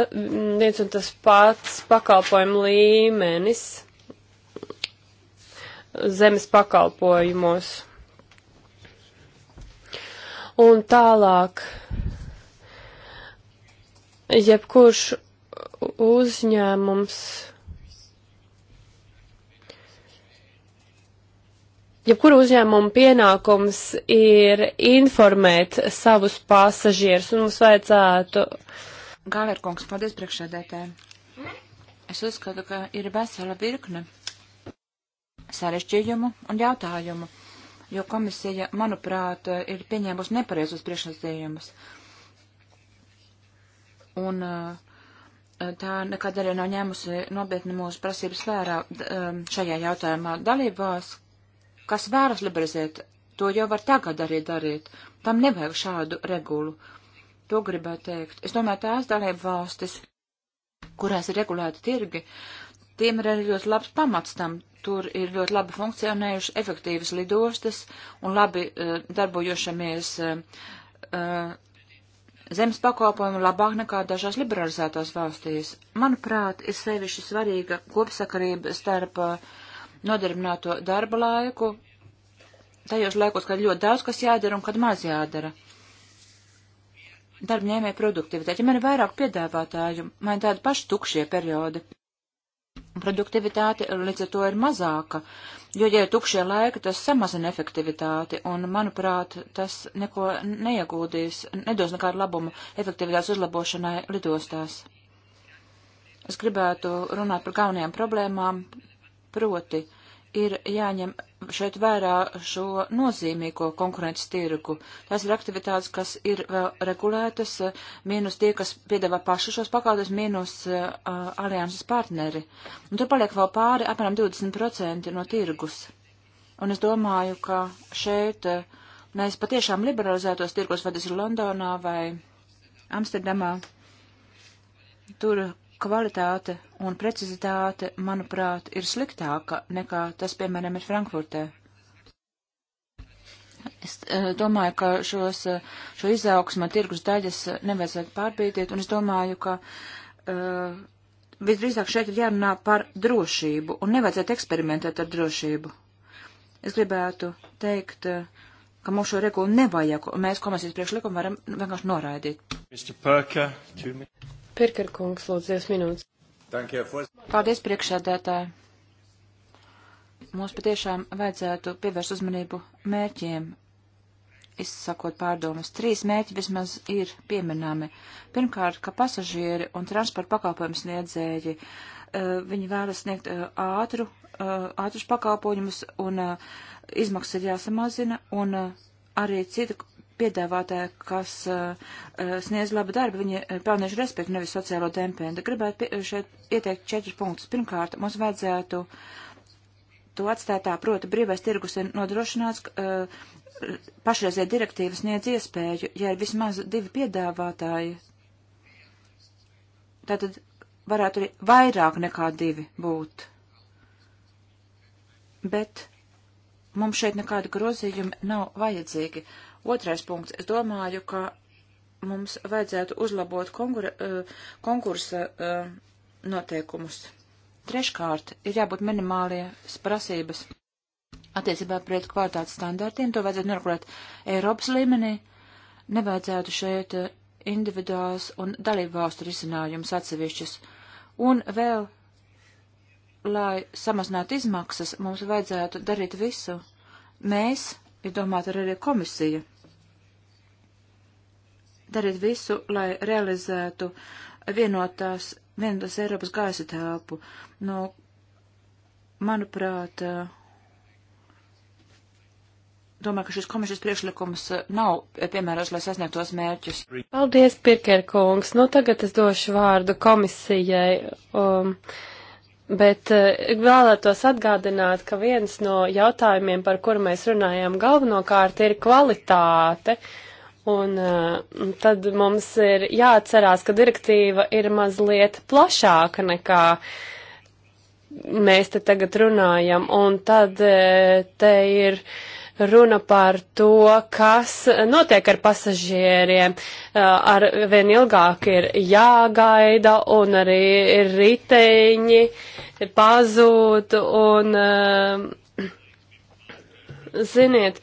viens un tas pats pakalpojumu līmenis zemes pakalpojumos. Un tālāk, jebkurš uzņēmums jebkura uzņēmuma pienākums ir informēt savus pasažierus, un mums vajadzētu. Gāvērkungs, paldies priekšsēdētājiem. Es uzskatu, ka ir vesela virkne sarešķījumu un jautājumu, jo komisija, manuprāt, ir pieņēmusi nepareizus priekšnosacījumus. Un eh, tā nekad arī nav ņēmusi nopietni mūsu prasības vērā eh, šajā jautājumā dalībās, Kas vēlas liberalizēt, to jau var tagad arī darīt. Tam nevajag šādu regulu. To gribētu teikt. Es domāju, tās dalība valstis, kurās ir regulēti tirgi, tiem ir arī ļoti labs pamats tam. Tur ir ļoti labi funkcionējuši efektīvas lidostas un labi uh, darbojošamies uh, uh, zemes pakalpojumu labāk nekā dažās liberalizētās valstīs. Manuprāt, ir sevišķi svarīga kopsakarība starp uh, nodarbināto darba laiku tajos laikos, kad ļoti daudz kas jādara un kad maz jādara. Darbņēmē produktivitāte. Ja man ir vairāk piedāvātāju, man tādi paši tukšie periodi. Produktivitāte līdz ar to ir mazāka, jo, ja ir tukšie laika, tas samazina efektivitāti, un, manuprāt, tas neko neiegūdīs, nedos nekādu labumu efektivitātes uzlabošanai lidostās. Es gribētu runāt par galvenajām problēmām, Proti, ir jāņem šeit vērā šo nozīmīgo konkurences tirgu. Tās ir aktivitātes, kas ir vēl regulētas, mīnus tie, kas piedāvā paši šos pakalpojumus, mīnus uh, alianses partneri. Un tur paliek vēl pāri apmēram 20% no tirgus. Un es domāju, ka šeit uh, mēs patiešām liberalizētos tirgus, vai tas ir Londonā vai Amsterdamā. Tur kvalitāte un precizitāte, manuprāt, ir sliktāka nekā tas, piemēram, ir Frankfurtē. Es uh, domāju, ka šos, eh, šo izaugsmu tirgus daļas eh, nevajadzētu pārbīdīt, un es domāju, ka uh, visdrīzāk šeit ir jārunā par drošību, un nevajadzētu eksperimentēt ar drošību. Es gribētu teikt, uh, ka mums šo regulu nevajag, un mēs komisijas priekšlikumu varam vienkārši noraidīt. Mr. Perker, Pirker kungs, lūdzu, divas minūtes. Paldies, priekšsēdētāji. Mums patiešām vajadzētu pievērst uzmanību mērķiem, izsakot pārdomas. Trīs mērķi vismaz ir pieminami. Pirmkārt, ka pasažieri un transporta pakalpojumu sniedzēji, eh, viņi vēlas sniegt eh, ātru, eh, ātrus pakalpojumus un izmaksas ir jāsamazina un arī citu piedāvātāji, kas uh, sniedz labu darbu, viņi eh, pelnieši respektu, nevis sociālo dempingu. Gribētu pie, šeit ieteikt četrus punktus. Pirmkārt, mums vajadzētu to atstāt tā, proti brīvais tirgus ir nodrošināts, uh, pašreizie direktīvas sniedz iespēju, ja ir vismaz divi piedāvātāji, tātad varētu arī vairāk nekā divi būt. Bet mums šeit nekāda grozījuma nav vajadzīgi. Uh, Otrais punkts. Es domāju, ka mums vajadzētu uzlabot konkur eh, konkursa eh, noteikumus. Treškārt, ir jābūt minimālijas prasības attiecībā pret kvalitātes standartiem. To vajadzētu noregulēt Eiropas līmenī. Nevajadzētu šeit eh, individuāls un dalību valstu risinājums atsevišķas. Un vēl, lai samazinātu izmaksas, mums vajadzētu darīt visu. Mēs, ir domāta arī komisija, darīt visu, lai realizētu vienotās, vienotās Eiropas gaisa telpu. Nu, manuprāt, eh, domāju, ka šis komisijas priekšlikums eh, nav piemērots, lai sasniegtu tos mērķus. Paldies, Pirker kungs. Nu, tagad es došu vārdu komisijai. Um, Bet eh, vēlētos atgādināt, ka viens no jautājumiem, par kuru mēs runājām galvenokārt, ir kvalitāte. Uh, Un uh, tad mums ir jāatcerās, ka direktīva ir mazliet plašāka nekā mēs te tagad runājam. Un tad uh, te ir runa par to, kas notiek ar pasažieriem. Uh, ar vien ilgāk ir jāgaida un arī ir riteņi pazūt un, uh, ziniet,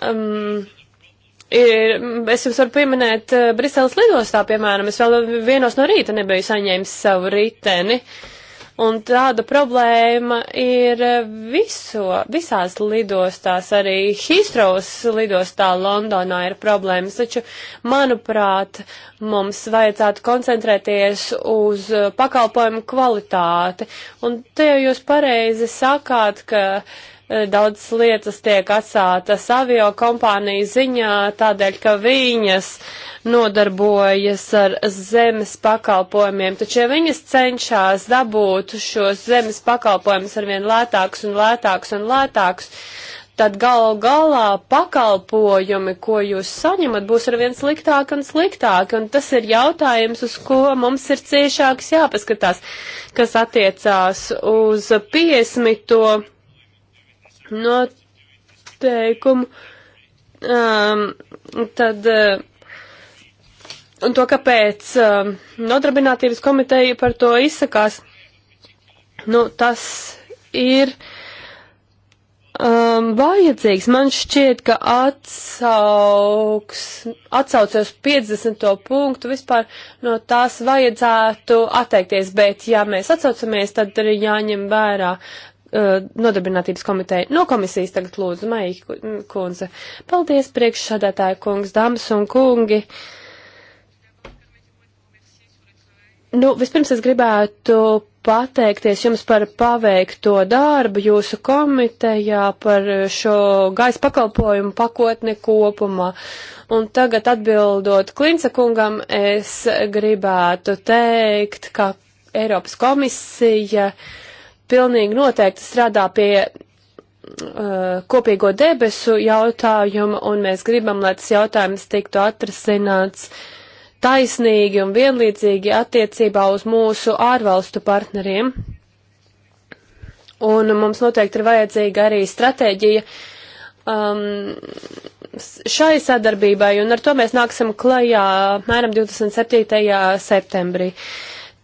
um, Ir, es jums varu pieminēt eh, Briseles lidostā, piemēram, es vēl vienos no rīta nebiju saņēmis savu riteni. Un tāda problēma ir eh, viso, visās lidostās, arī Hīstrovas lidostā Londonā ir problēmas, taču, manuprāt, mums vajadzētu koncentrēties uz eh, pakalpojumu kvalitāti. Un te jūs pareizi sakāt, ka uh, Eh, Daudz lietas tiek atstātas avio kompāniju ziņā, tādēļ, ka viņas nodarbojas ar zemes pakalpojumiem. Taču, ja viņas cenšas dabūt šos zemes pakalpojumus arvien lētāks un lētāks un lētāks, tad galu galā pakalpojumi, ko jūs saņemat, būs arvien sliktāk un sliktāk. Un tas ir jautājums, uz ko mums ir ciešāks jāpaskatās, kas attiecās uz 50 noteikumu, um, tad. Uh, un to, kāpēc uh, nodarbinātības komiteja par to izsakās, nu, tas ir um, vajadzīgs. Man šķiet, ka atsauks, atsaucies 50. punktu vispār no tās vajadzētu atteikties, bet ja mēs atsaucamies, tad ir jāņem vērā Eh, nodarbinātības komiteja. No komisijas tagad lūdzu, Maija kundze. Paldies, priekšsādātāja kungs, dāmas un kungi. Nu, vispirms es gribētu pateikties jums par paveikto darbu jūsu komitejā, par šo gaisa pakalpojumu pakotni kopumā. Un tagad atbildot Klinca kungam, es gribētu teikt, ka Eiropas komisija uh, pilnīgi noteikti strādā pie uh, kopīgo debesu jautājumu, un mēs gribam, lai tas jautājums tiktu atrasināts taisnīgi un vienlīdzīgi attiecībā uz mūsu ārvalstu partneriem. Un mums noteikti ir vajadzīga arī stratēģija um, šai sadarbībai, un ar to mēs nāksim klajā mēram 27. septembrī. Uh,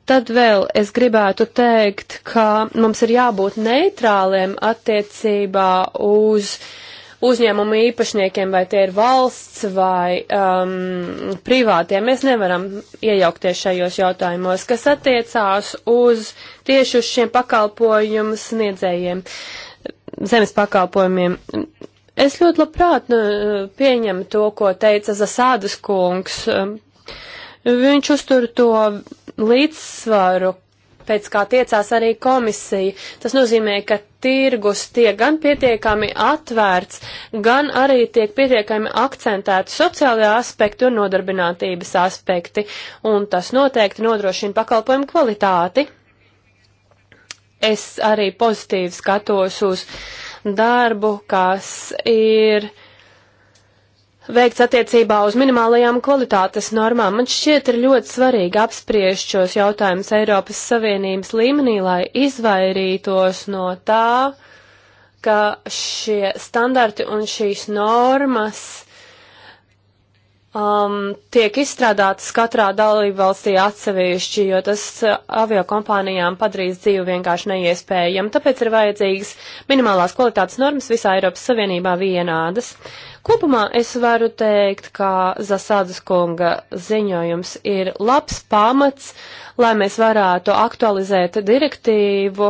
Tad vēl es gribētu teikt, ka mums ir jābūt neitrāliem attiecībā uz uzņēmumu īpašniekiem, vai tie ir valsts vai um, privātie. Mēs nevaram iejaukties šajos jautājumos, kas attiecās uz tieši uz šiem pakalpojumu sniedzējiem, zemes pakalpojumiem. Es ļoti labprāt nu, pieņemu to, ko teica Zasādas kungs. Um, viņš uztur to līdzsvaru, pēc kā tiecās arī komisija. Tas nozīmē, ka tirgus tiek gan pietiekami atvērts, gan arī tiek pietiekami akcentēti sociālajā aspekti un nodarbinātības aspekti, un tas noteikti nodrošina pakalpojumu kvalitāti. Es arī pozitīvi skatos uz darbu, kas ir uh, veikts attiecībā uz minimālajām kvalitātes normām. Man šķiet ir ļoti svarīgi apspriest šos jautājumus Eiropas Savienības līmenī, lai izvairītos no tā, ka šie standarti un šīs normas um, tiek izstrādātas katrā dalībvalstī atsevišķi, jo tas uh, aviokompānijām padarīs dzīvi vienkārši neiespējami. Tāpēc ir vajadzīgas minimālās kvalitātes normas visā Eiropas Savienībā vienādas. Kopumā es varu teikt, ka Zasādas kunga ziņojums ir labs pamats, lai mēs varētu aktualizēt direktīvu.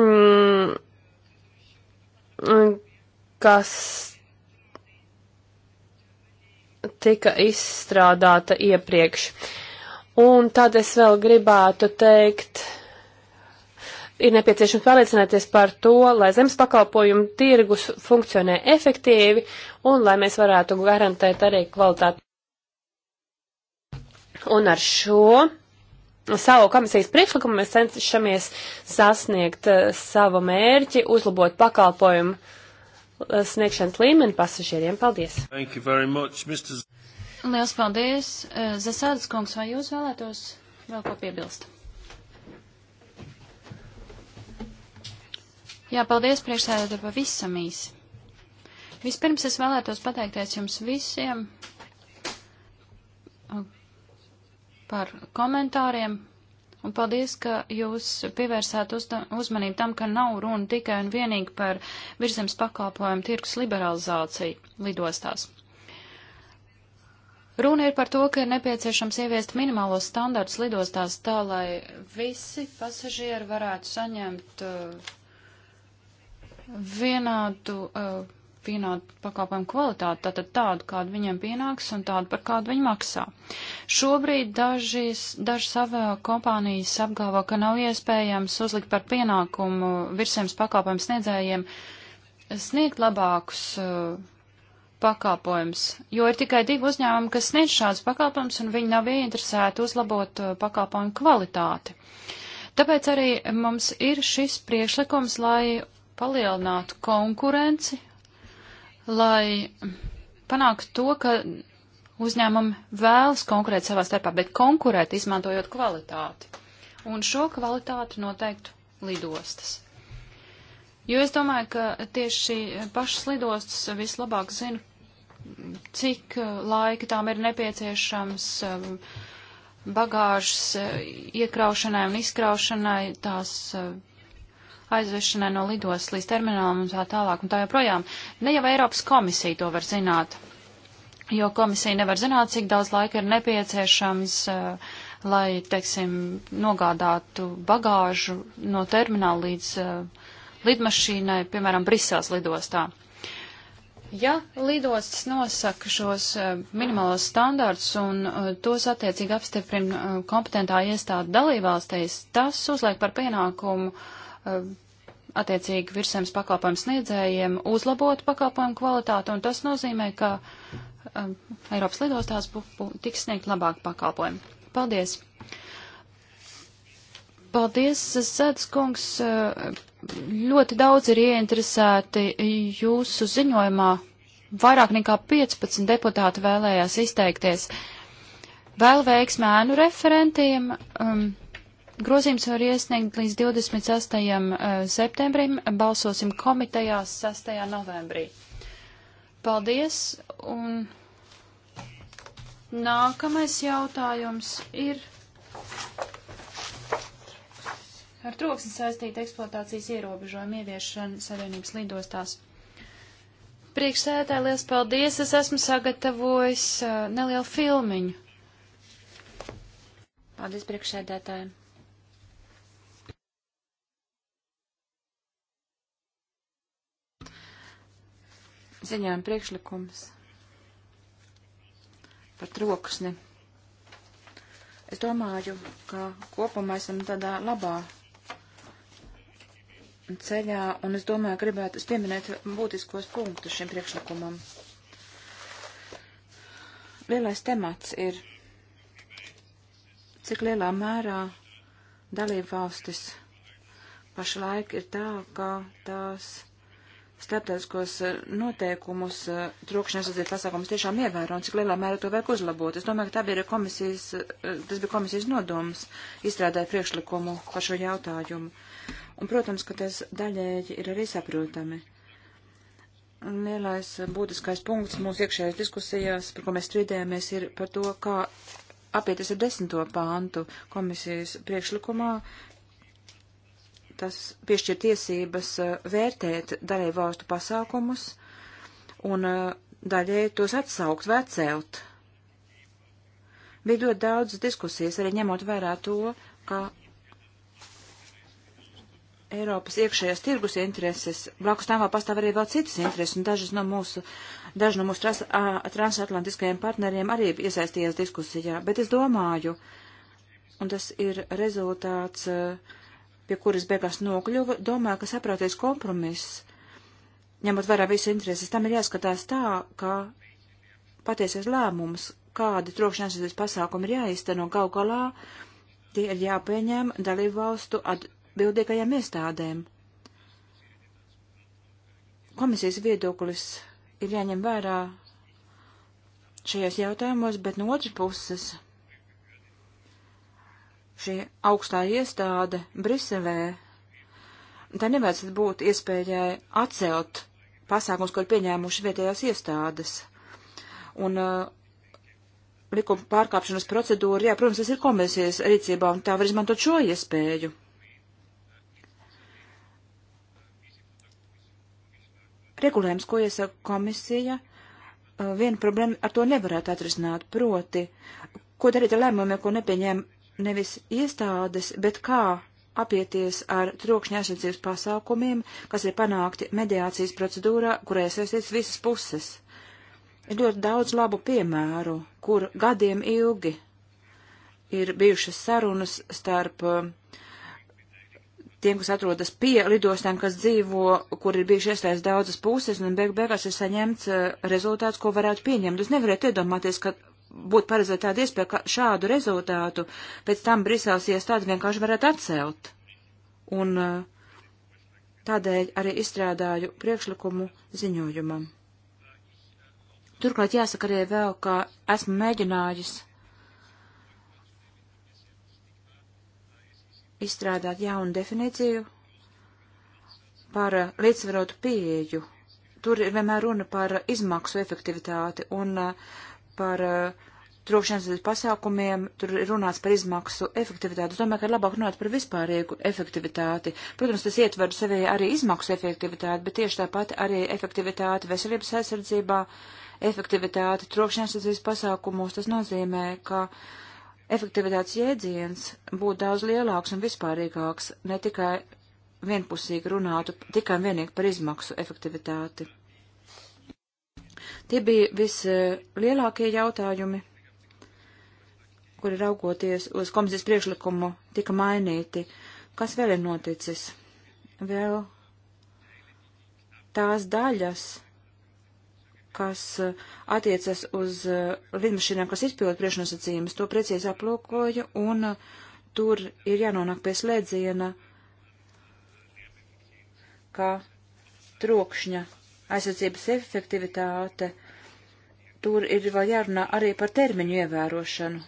Mm, kas tika izstrādāta iepriekš. Un tad es vēl gribētu teikt, uh, ir nepieciešams pārliecināties par to, lai zemes pakalpojumu tirgus funkcionē efektīvi un lai mēs varētu garantēt arī kvalitāti. Un ar šo savu komisijas priekšlikumu mēs cenšamies sasniegt uh, savu mērķi, uzlabot pakalpojumu uh, sniegšanas līmeni pasažieriem. Paldies! Much, Liels paldies! Eh, Zesādas kungs, vai jūs vēlētos vēl ko piebilst? Jā, paldies priekšsēdētāji pavisam īsi. Vispirms es vēlētos pateikties jums visiem uh, par komentāriem. Un paldies, ka jūs pievērsāt uzmanību tam, ka nav runa tikai un vienīgi par virzemes pakalpojumu tirkus liberalizāciju lidostās. Runa ir par to, ka ir nepieciešams ieviest minimālos standartus lidostās tā, lai visi pasažieri varētu saņemt uh, vienādu, uh, vienādu pakalpojumu kvalitāti, tātad tādu, kādu viņiem pienāks un tādu, par kādu viņi maksā. Šobrīd dažas, dažas avio kompānijas apgalvo, ka nav iespējams uzlikt par pienākumu virsiems pakalpojumu sniedzējiem sniegt labākus uh, pakalpojums, jo ir tikai divi uzņēmumi, kas sniedz šāds pakalpojums, un viņi nav ieinteresēti uzlabot uh, pakalpojumu kvalitāti. Tāpēc arī mums ir šis priekšlikums, lai palielinātu konkurenci, lai panāktu to, ka uzņēmumi vēlas konkurēt savā starpā, bet konkurēt izmantojot kvalitāti. Un šo kvalitāti noteiktu lidostas. Jo es domāju, ka tieši pašas lidostas vislabāk zina, cik uh, laika tām ir nepieciešams um, bagāžas uh, iekraušanai un izkraušanai, tās uh, aizvešanai no lidos līdz terminālam un tā tālāk un tā joprojām. Ne jau Eiropas komisija to var zināt, jo komisija nevar zināt, cik daudz laika ir nepieciešams, eh, lai, teiksim, nogādātu bagāžu no termināla līdz eh, lidmašīnai, piemēram, Briseles lidostā. Ja lidostas nosaka šos eh, minimālos standārts un tos attiecīgi apstiprina kompetentā iestāde dalībvalstīs, tas uzliek par pienākumu uh, Um, attiecīgi virsēms pakalpojumu sniedzējiem uzlabot pakalpojumu kvalitāti, un tas nozīmē, ka um, Eiropas lidostās tiks sniegt labāk pakalpojumu. Paldies! Paldies, Sēdz kungs! Uh, ļoti daudz ir ieinteresēti jūsu ziņojumā. Vairāk nekā 15 deputāti vēlējās izteikties. Vēl veiksmēnu referentiem. Um, Grozījums var iesniegt līdz 28. Eh, septembrim, balsosim komitejās 6. novembrī. Paldies, un nākamais jautājums ir ar troksni saistīta eksploatācijas ierobežojuma ieviešana savienības lidostās. Priekšsēdētāji, liels paldies! Es esmu sagatavojis eh, nelielu filmiņu. Paldies priekšsēdētājiem! ziņojuma priekšlikums par troksni. Es domāju, ka kopumā esam tādā labā ceļā, un es domāju, gribētu es pieminēt būtiskos punktus šim priekšlikumam. Lielais temats ir, cik lielā mērā dalību valstis pašlaik ir tā, ka tās starptautiskos eh, noteikumus eh, trokšņas atzīt pasākumus tiešām ievēro un cik lielā mērā to vajag uzlabot. Es domāju, ka tā bija komisijas, eh, tas bija komisijas nodoms izstrādāt priekšlikumu par šo jautājumu. Un, protams, ka tas daļēji ir arī saprotami. Lielais būtiskais punkts mūsu iekšējās diskusijās, par ko mēs strīdējāmies, ir par to, kā apieties ar desmito pāntu komisijas priekšlikumā, tas piešķir tiesības eh, vērtēt daļai valstu pasākumus un eh, daļai tos atsaukt vai atcelt. Bija ļoti daudz diskusijas, arī ņemot vērā to, ka Eiropas iekšējās tirgus intereses, blakus tam vēl pastāv arī vēl citas intereses, un dažas no mūsu, daži no mūsu trans, transatlantiskajiem partneriem arī iesaistījās diskusijā, bet es domāju, un tas ir rezultāts uh, pie kuras beigās nokļuva, domāju, ka saproties kompromiss, ņemot vērā visu intereses, tam ir jāskatās tā, ka patiesais lēmums, kādi trokšņāsies pasākumi ir jāizteno gal galā, tie ir jāpieņem dalību valstu atbildīgajām iestādēm. Komisijas viedoklis ir jāņem vērā šajos jautājumos, bet no otras puses šī augstā iestāde Briselē, tā nevajadzētu būt iespējai atcelt pasākums, ko ir pieņēmuši vietējās iestādes. Un uh, likuma pārkāpšanas procedūra, jā, protams, tas ir komisijas rīcībā, un tā var izmantot šo iespēju. Regulējums, ko iesaka komisija, uh, viena problēma ar to nevarētu atrisināt, proti, ko darīt ar lēmumiem, ko nepieņēma nevis iestādes, bet kā apieties ar trokšņa aizsardzības pasākumiem, kas ir panākti mediācijas procedūrā, kurā iesaistīts visas puses. Ir ļoti daudz labu piemēru, kur gadiem ilgi ir bijušas sarunas starp eh, tiem, kas atrodas pie lidostēm, kas dzīvo, kur ir bijuši iesaistīts daudzas puses, un beig beigās ir saņemts eh, rezultāts, ko varētu pieņemt. Es nevarētu iedomāties, ka būtu paredzēta tāda iespēja, ka šādu rezultātu pēc tam Briseles iestāde vienkārši varētu atcelt. Un uh, tādēļ arī izstrādāju priekšlikumu ziņojumam. Turklāt jāsaka arī vēl, ka esmu mēģinājis izstrādāt jaunu definīciju par uh, līdzsvarotu pieeju. Tur ir vienmēr runa par izmaksu efektivitāti, un uh, par uh, eh, trokšanas pasākumiem, tur ir runāts par izmaksu efektivitāti. Es domāju, ka ir labāk runāt par vispārīgu efektivitāti. Protams, tas ietver sevī arī izmaksu efektivitāti, bet tieši tāpat arī efektivitāti veselības aizsardzībā, efektivitāti trokšanas pasākumos. Tas nozīmē, ka efektivitātes jēdziens būtu daudz lielāks un vispārīgāks, ne tikai vienpusīgi runātu tikai un vienīgi par izmaksu efektivitāti. Tie bija vislielākie jautājumi, kuri raugoties uz komisijas priekšlikumu tika mainīti. Kas vēl ir noticis? Vēl tās daļas, kas attiecas uz uh, lidmašīnām, kas izpilda priekšnosacījumus, to precīzi aplūkoja, un uh, tur ir jānonāk pie slēdziena, kā trokšņa aizsardzības efektivitāte, tur ir vēl jārunā arī par termiņu ievērošanu.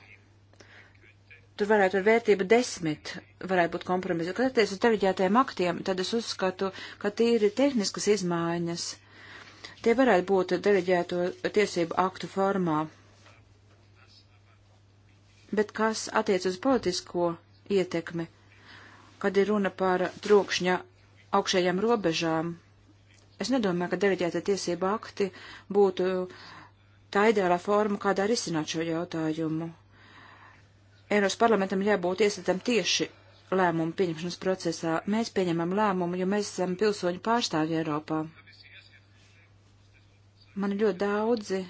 Tur varētu ar vērtību desmit, varētu būt kompromisi. Kad attiecas uz deleģētajiem aktiem, tad es uzskatu, ka tīri tehniskas izmaiņas. Tie varētu būt deleģēto tiesību aktu formā. Bet kas attiec uz politisko ietekmi, kad ir runa par trokšņa augšējām robežām? Es nedomāju, ka deleģēta tiesība akti būtu tā ideālā forma, kādā risināt šo jautājumu. Eiros parlamentam jābūt iesaistam tieši lēmumu pieņemšanas procesā. Mēs pieņemam lēmumu, jo mēs esam pilsoņu pārstāvji Eiropā. Man ir ļoti daudzi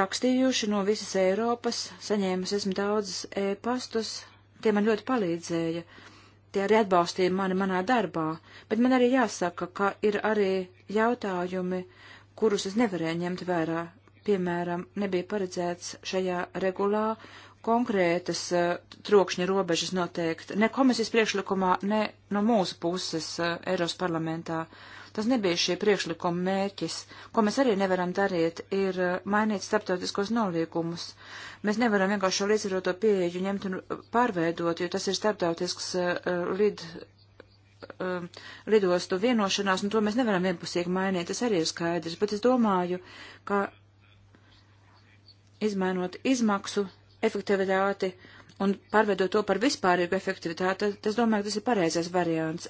rakstījuši no visas Eiropas, saņēmusi esmu daudzas e-pastus, tie man ļoti palīdzēja. Uh, tie arī atbalstīja mani manā darbā, bet man arī jāsaka, ka ir arī jautājumi, kurus es nevarēju ņemt vērā. Piemēram, nebija paredzēts šajā regulā konkrētas uh, trokšņa robežas noteikti, ne komisijas priekšlikumā, ne no mūsu puses uh, eh, Eiros parlamentā. Uh, Tas nebija šī priekšlikuma mērķis. Ko mēs arī nevaram darīt, ir uh, mainīt starptautiskos nolīgumus. Mēs nevaram vienkārši šo līdzsvaroto pieeju ņemt un pārveidot, jo tas ir starptautisks uh, uh lid, uh, lidostu vienošanās, un to mēs nevaram vienpusīgi mainīt. Tas arī ir skaidrs, bet es domāju, ka izmainot izmaksu efektivitāti, un pārveidot to par vispārīgu efektivitāti, tas, domāju, tas ir pareizais variants.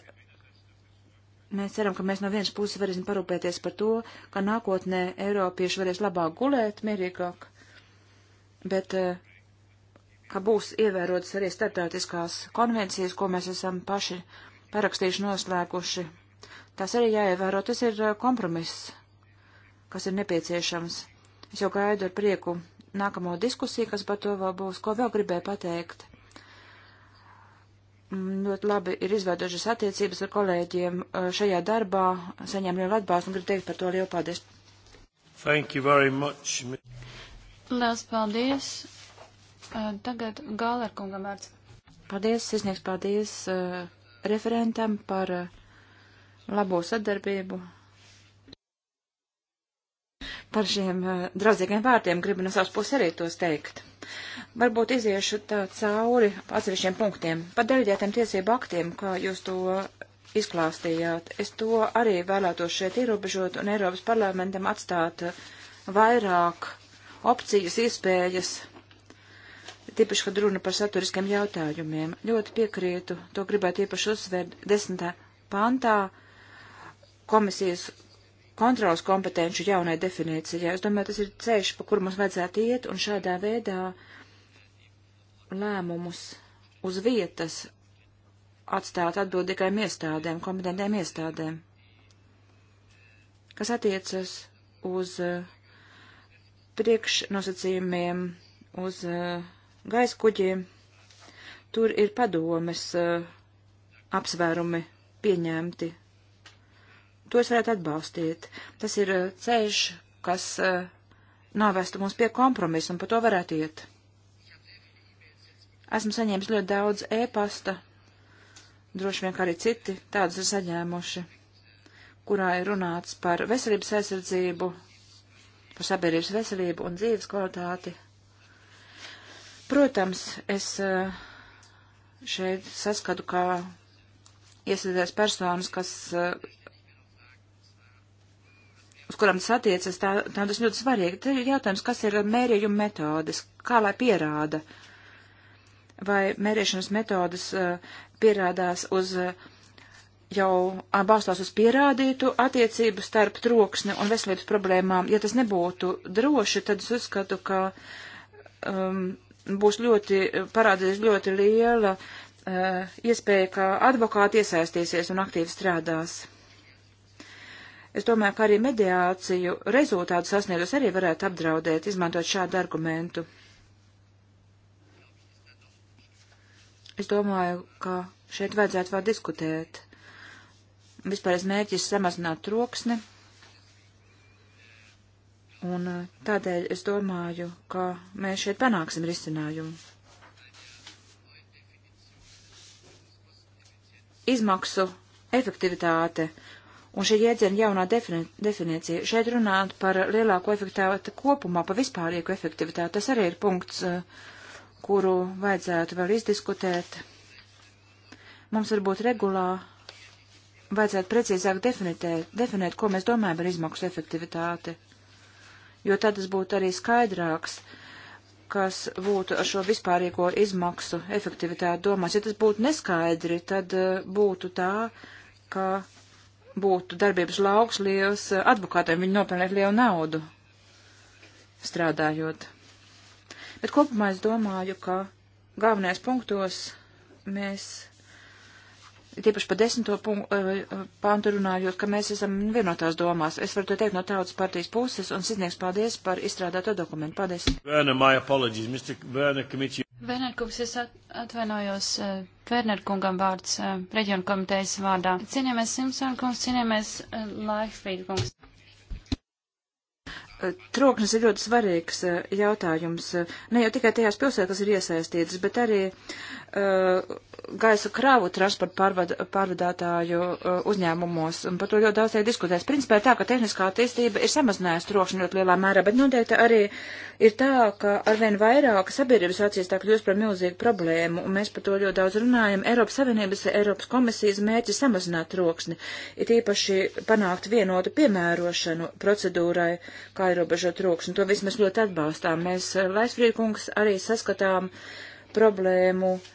Mēs ceram, ka mēs no vienas puses varēsim parūpēties par to, ka nākotnē Eiropieši varēs labāk gulēt, mierīgāk, bet eh, ka būs ievērotas arī starptautiskās konvencijas, ko mēs esam paši parakstījuši noslēguši. Tas arī jāievēro, tas ir eh, kompromiss, kas ir nepieciešams. Es jau gaidu ar prieku nākamo diskusiju, kas par to vēl būs, ko vēl gribēju pateikt. Mm, ļoti labi ir izveidojušas attiecības ar kolēģiem uh, šajā darbā, saņēma lielu atbalstu un gribu teikt par to lielu paldies. Thank you very much. Liels paldies. Uh, tagad Gālerkungam vārds. Paldies, izniegs paldies uh, referentam par labo sadarbību Par šiem eh, draudzīgiem vārdiem gribu no savas puses arī tos teikt. Varbūt iziešu tā cauri atsevišķiem punktiem. Par deleģētiem tiesību aktiem, kā jūs to izklāstījāt, es to arī vēlētos šeit ierobežot un Eiropas parlamentam atstāt vairāk opcijas, iespējas, tīpaši, kad runa par saturiskiem jautājumiem. Ļoti piekrītu, to gribētu īpaši uzsvērt desmitā pantā komisijas kontrolas kompetenci jaunai definīcijai. Es domāju, tas ir ceļš, pa kuru mums vajadzētu iet, un šādā veidā lēmumus uz vietas atstāt atbildīgajām iestādēm, kompetentiem iestādēm. Kas attiecas uz uh, priekšnosacījumiem, uz uh, gaisa kuģiem, tur ir padomes uh, apsvērumi pieņemti to es varētu atbalstīt. Tas ir eh, ceļš, kas uh, eh, novestu mums pie kompromisa, un pa to varētu iet. Esmu saņēmis ļoti daudz ēpasta, e droši vien kā arī citi tādus ir saņēmuši, kurā ir runāts par veselības aizsardzību, par sabiedrības veselību un dzīves kvalitāti. Protams, es uh, šeit saskatu, kā iesaistās personas, kas uh, uz kurām tas attiecas, tā, tā tas ļoti svarīgi. Tad ir jautājums, kas ir mērījuma metodas, kā lai pierāda, vai mērīšanas metodas uh, pierādās uz, uh, jau balstās uz pierādītu attiecību starp troksni un veselības problēmām. Ja tas nebūtu droši, tad es uzskatu, ka um, būs ļoti, parādīsies ļoti liela uh, iespēja, ka advokāti iesaistīsies un aktīvi strādās. Es domāju, ka arī mediāciju rezultātu sasniedus arī varētu apdraudēt, izmantot šādu argumentu. Es domāju, ka šeit vajadzētu vēl diskutēt. Vispārējais mērķis samazināt troksni. Un eh, tādēļ es domāju, ka mēs šeit panāksim risinājumu. Izmaksu efektivitāte. Uh, un šī jēdziena jaunā definīcija. Šeit runāt par lielāko efektivitāti kopumā, par vispārīgu efektivitāti, tas arī ir punkts, eh, kuru vajadzētu vēl izdiskutēt. Mums varbūt regulā vajadzētu precīzāk definitēt, definēt, ko mēs domājam par izmaksu efektivitāti, jo tad tas būtu arī skaidrāks kas būtu ar šo vispārīgo izmaksu efektivitāti domās. Ja tas būtu neskaidri, tad eh, būtu tā, ka būtu darbības lauks liels eh, advokātiem, viņi nopelniet lielu naudu strādājot. Bet kopumā es domāju, ka galvenais punktos mēs tiepaši par desmito pāntu eh, runājot, ka mēs esam vienotās domās. Es varu to teikt no tautas partijas puses, un Sidnieks, paldies par izstrādāto dokumentu. Paldies. Werner, my apologies, Mr. Werner, committee. Werner kungs, es atvainojos eh, Werner kungam vārds eh, reģionu komitejas vārdā. Cienījamies Simpson kungs, cienījamies Laihfrīd kungs. Troknis ir ļoti svarīgs jautājums, ne jau tikai tajās pilsētās, kas ir iesaistītas, bet arī uh, gaisa kravu transporta pārvad, pārvadātāju uh, uzņēmumos, un par to ļoti daudz tiek diskutēts. Principā tā, ka tehniskā attīstība ir samazinājusi trokšņu ļoti lielā mērā, bet noteikti arī ir tā, ka arvien vairāk sabiedrības acīs tā kļūst par milzīgu problēmu, un mēs par to ļoti daudz runājam. Eiropas Savienības, Eiropas komisijas mērķi samazināt troksni, ir īpaši panākt vienotu piemērošanu procedūrai, kā ierobežo troksni. To visu mēs ļoti atbalstām. Mēs, Laisfrīkungs, arī saskatām problēmu. Uh,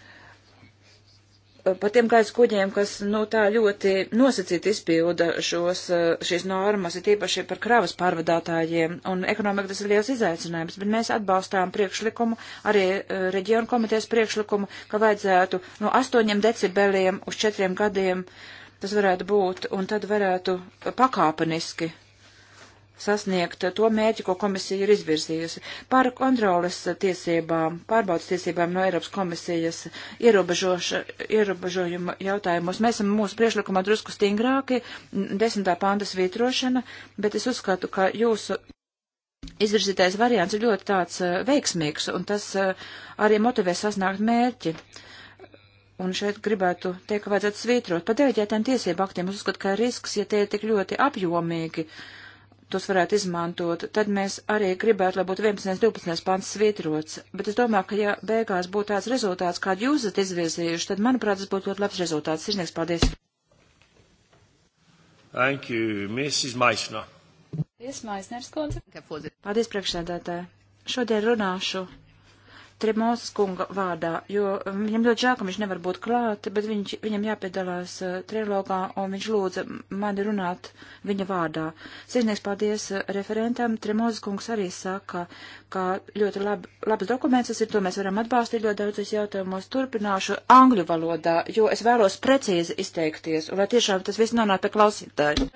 Eh, par tiem gaisa kuģiem, kas nu, tā ļoti nosacīti izpilda šos, eh, šīs normas, ir tīpaši par kravas pārvadātājiem, un ekonomika tas ir liels izaicinājums, bet mēs atbalstām priekšlikumu, arī eh, reģionu komitejas priekšlikumu, ka vajadzētu no 8 decibeliem uz 4 gadiem tas varētu būt, un tad varētu pakāpeniski sasniegt to mērķi, ko komisija ir izvirzījusi. Par kontroles tiesībām, pārbaudas tiesībām no Eiropas komisijas ierobežojumu jautājumos. Mēs esam mūsu priešlikumā drusku stingrāki, desmitā pānta svītrošana, bet es uzskatu, ka jūsu izvirzītais variants ir ļoti tāds eh, veiksmīgs, un tas eh, arī motivē sasniegt mērķi. Un šeit gribētu teikt, ka vajadzētu svītrot. Par deleģētiem tiesību aktiem es uzskatu, ka risks, ja tie ir tik ļoti apjomīgi, uh, tos varētu izmantot, tad mēs arī gribētu, lai būtu 11. 12. pants svītrots. Bet es domāju, ka ja beigās būtu tāds rezultāts, kādu jūs esat izvirzījuši, tad, manuprāt, tas būtu ļoti labs rezultāts. Sirsnieks, paldies! Thank you, Mrs. Maisner. Paldies, Maisners, kundze. Paldies, priekšsēdētāji. Šodien runāšu Tremosas kunga vārdā, jo um, viņam ļoti žēl, ka viņš nevar būt klāt, bet viņš, viņam jāpiedalās uh, trilogā, un viņš lūdza mani runāt viņa vārdā. Sīdnieks paldies uh, referentam. Tremosas kungs arī saka, ka ļoti lab, labs dokuments tas ir, to mēs varam atbalstīt ļoti daudzos jautājumos. Turpināšu angļu valodā, jo es vēlos precīzi izteikties, un lai tiešām tas viss nonāk pie klausītāju.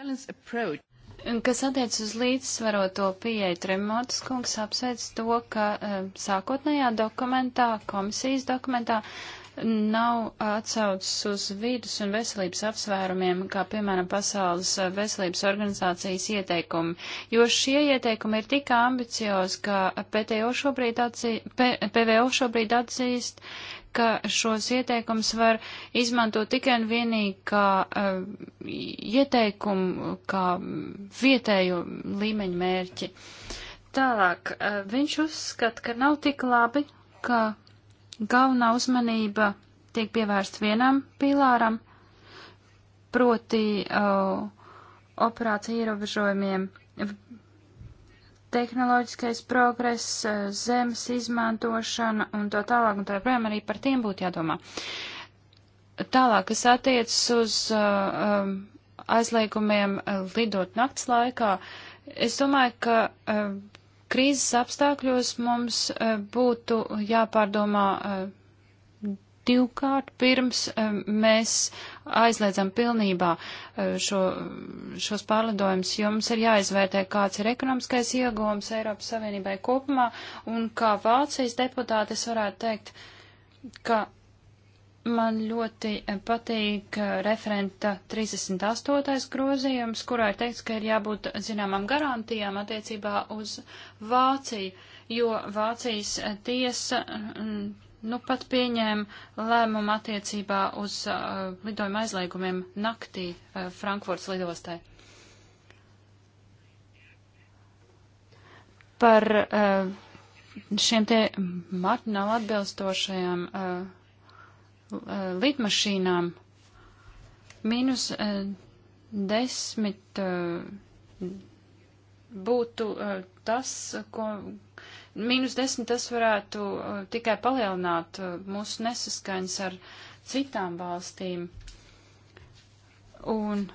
Kas attiec uz līdzsvaroto pieeju, Tremotas kungs apsveic to, ka eh, sākotnējā dokumentā, komisijas dokumentā, nav atsaucis uz vidus un veselības apsvērumiem, kā piemēram Pasaules veselības organizācijas ieteikumi, jo šie ieteikumi ir tik ambiciozi, ka PTO šobrīd atzī, P, PVO šobrīd atzīst, ka šos ieteikumus var izmantot tikai un vienīgi kā uh, ieteikumu, kā vietēju līmeņu mērķi. Tālāk, uh, viņš uzskata, ka nav tik labi, ka galvenā uzmanība tiek pievērst vienam pīlāram, proti uh, operācija ierobežojumiem tehnoloģiskais progress, eh, zemes izmantošana un tā tālāk, un tā joprojām arī par tiem būtu jādomā. Tālāk, kas attiecas uz uh, aizliegumiem eh, lidot nakts laikā, es domāju, ka uh, krīzes apstākļos mums uh, būtu jāpārdomā. Uh, divkārt pirms um, mēs aizliedzam pilnībā uh, šo, šos pārlidojumus, jo mums ir jāizvērtē, kāds ir ekonomiskais ieguvums Eiropas Savienībai kopumā, un kā Vācijas deputātes varētu teikt, ka man ļoti uh, patīk uh, referenta 38. grozījums, kurā ir teikts, ka ir jābūt zināmām garantijām attiecībā uz Vāciju, jo Vācijas tiesa. Mm, nu pat pieņēma lēmumu attiecībā uz uh, lidojuma aizliegumiem naktī uh, Frankfurts lidostai. Par uh, šiem te marķināli atbilstošajām uh, uh lidmašīnām mīnus uh, desmit. Uh, būtu eh, tas, ko mīnus desmit tas varētu eh, tikai palielināt eh, mūsu nesaskaņas ar citām valstīm. Un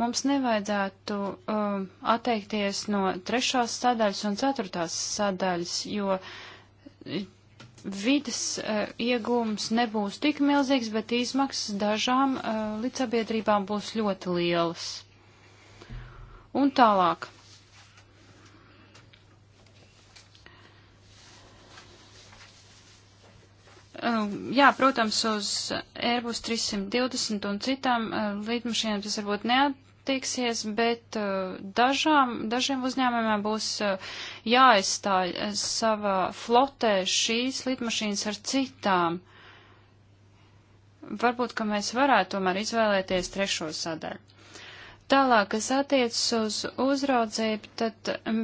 mums nevajadzētu um, atteikties no trešās sadaļas un ceturtās sadaļas, jo vidas uh, iegūms nebūs tik milzīgs, bet izmaksas dažām uh, līdz sabiedrībām būs ļoti lielas un tālāk. Um, jā, protams, uz Airbus 320 un citām uh, līdmašīnām tas varbūt neattieksies, bet uh, dažām, dažiem uzņēmumiem būs uh, jāaizstāj savā flotē šīs līdmašīnas ar citām. Varbūt, ka mēs varētu tomēr izvēlēties trešo sadaļu. Tālāk, kas attiecas uz uzraudzību, tad mm,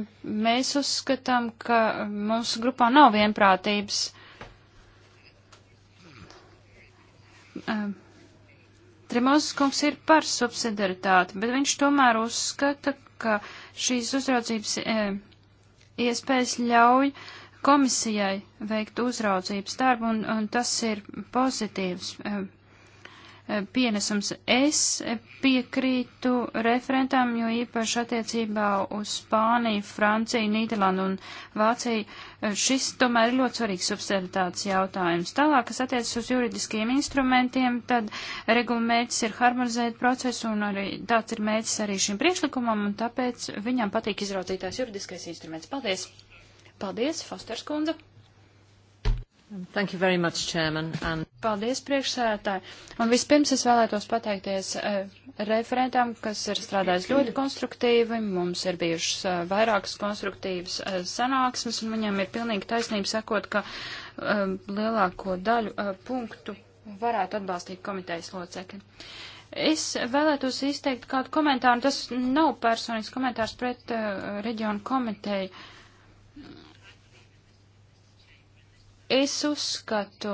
mēs uzskatām, ka mūsu grupā nav vienprātības. Ehm, Tremozes kungs ir par subsidaritāti, bet viņš tomēr uzskata, ka šīs uzraudzības ehm, iespējas ļauj komisijai veikt uzraudzības darbu, un, un tas ir pozitīvs ehm, pienesums. Es piekrītu referentam, jo īpaši attiecībā uz Spāniju, Franciju, Nīderlandu un Vāciju. Šis tomēr ir ļoti svarīgs subsidiaritātes jautājums. Tālāk, kas attiecas uz juridiskiem instrumentiem, tad regula mērķis ir harmonizēt procesu un arī tāds ir mērķis arī šim priekšlikumam un tāpēc viņam patīk izrautītās juridiskais instruments. Paldies! Paldies, Fosters kundze! Thank you very much, Chairman. And... Paldies, priekšsēdētāji. Un vispirms es vēlētos pateikties eh, referentam, kas ir strādājis ļoti konstruktīvi. Mums ir bijušas eh, vairākas konstruktīvas eh, sanāksmes, un viņam ir pilnīgi taisnība sakot, ka eh, lielāko daļu eh, punktu varētu atbalstīt komitejas locekļi. Es vēlētos izteikt kādu komentāru, tas nav personisks komentārs pret eh, reģionu komiteju. Uh, Es uzskatu,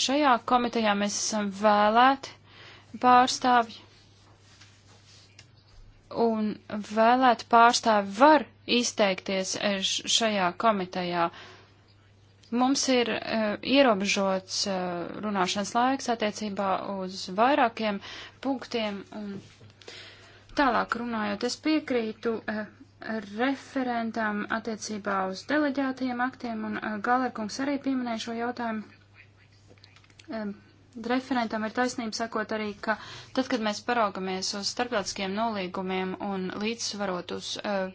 šajā komitejā mēs esam vēlēti pārstāvji, un vēlēti pārstāvi var izteikties šajā komitejā. Mums ir uh, ierobežots uh, runāšanas laiks attiecībā uz vairākiem punktiem, un tālāk runājot, es piekrītu uh, referentam attiecībā uz deleģētajiem aktiem, un eh, Galerkungs arī pieminēja šo jautājumu. Referentam ir taisnība sakot arī, ka tad, kad mēs paraugamies uz starptautiskiem nolīgumiem un līdzsvarot uz eh,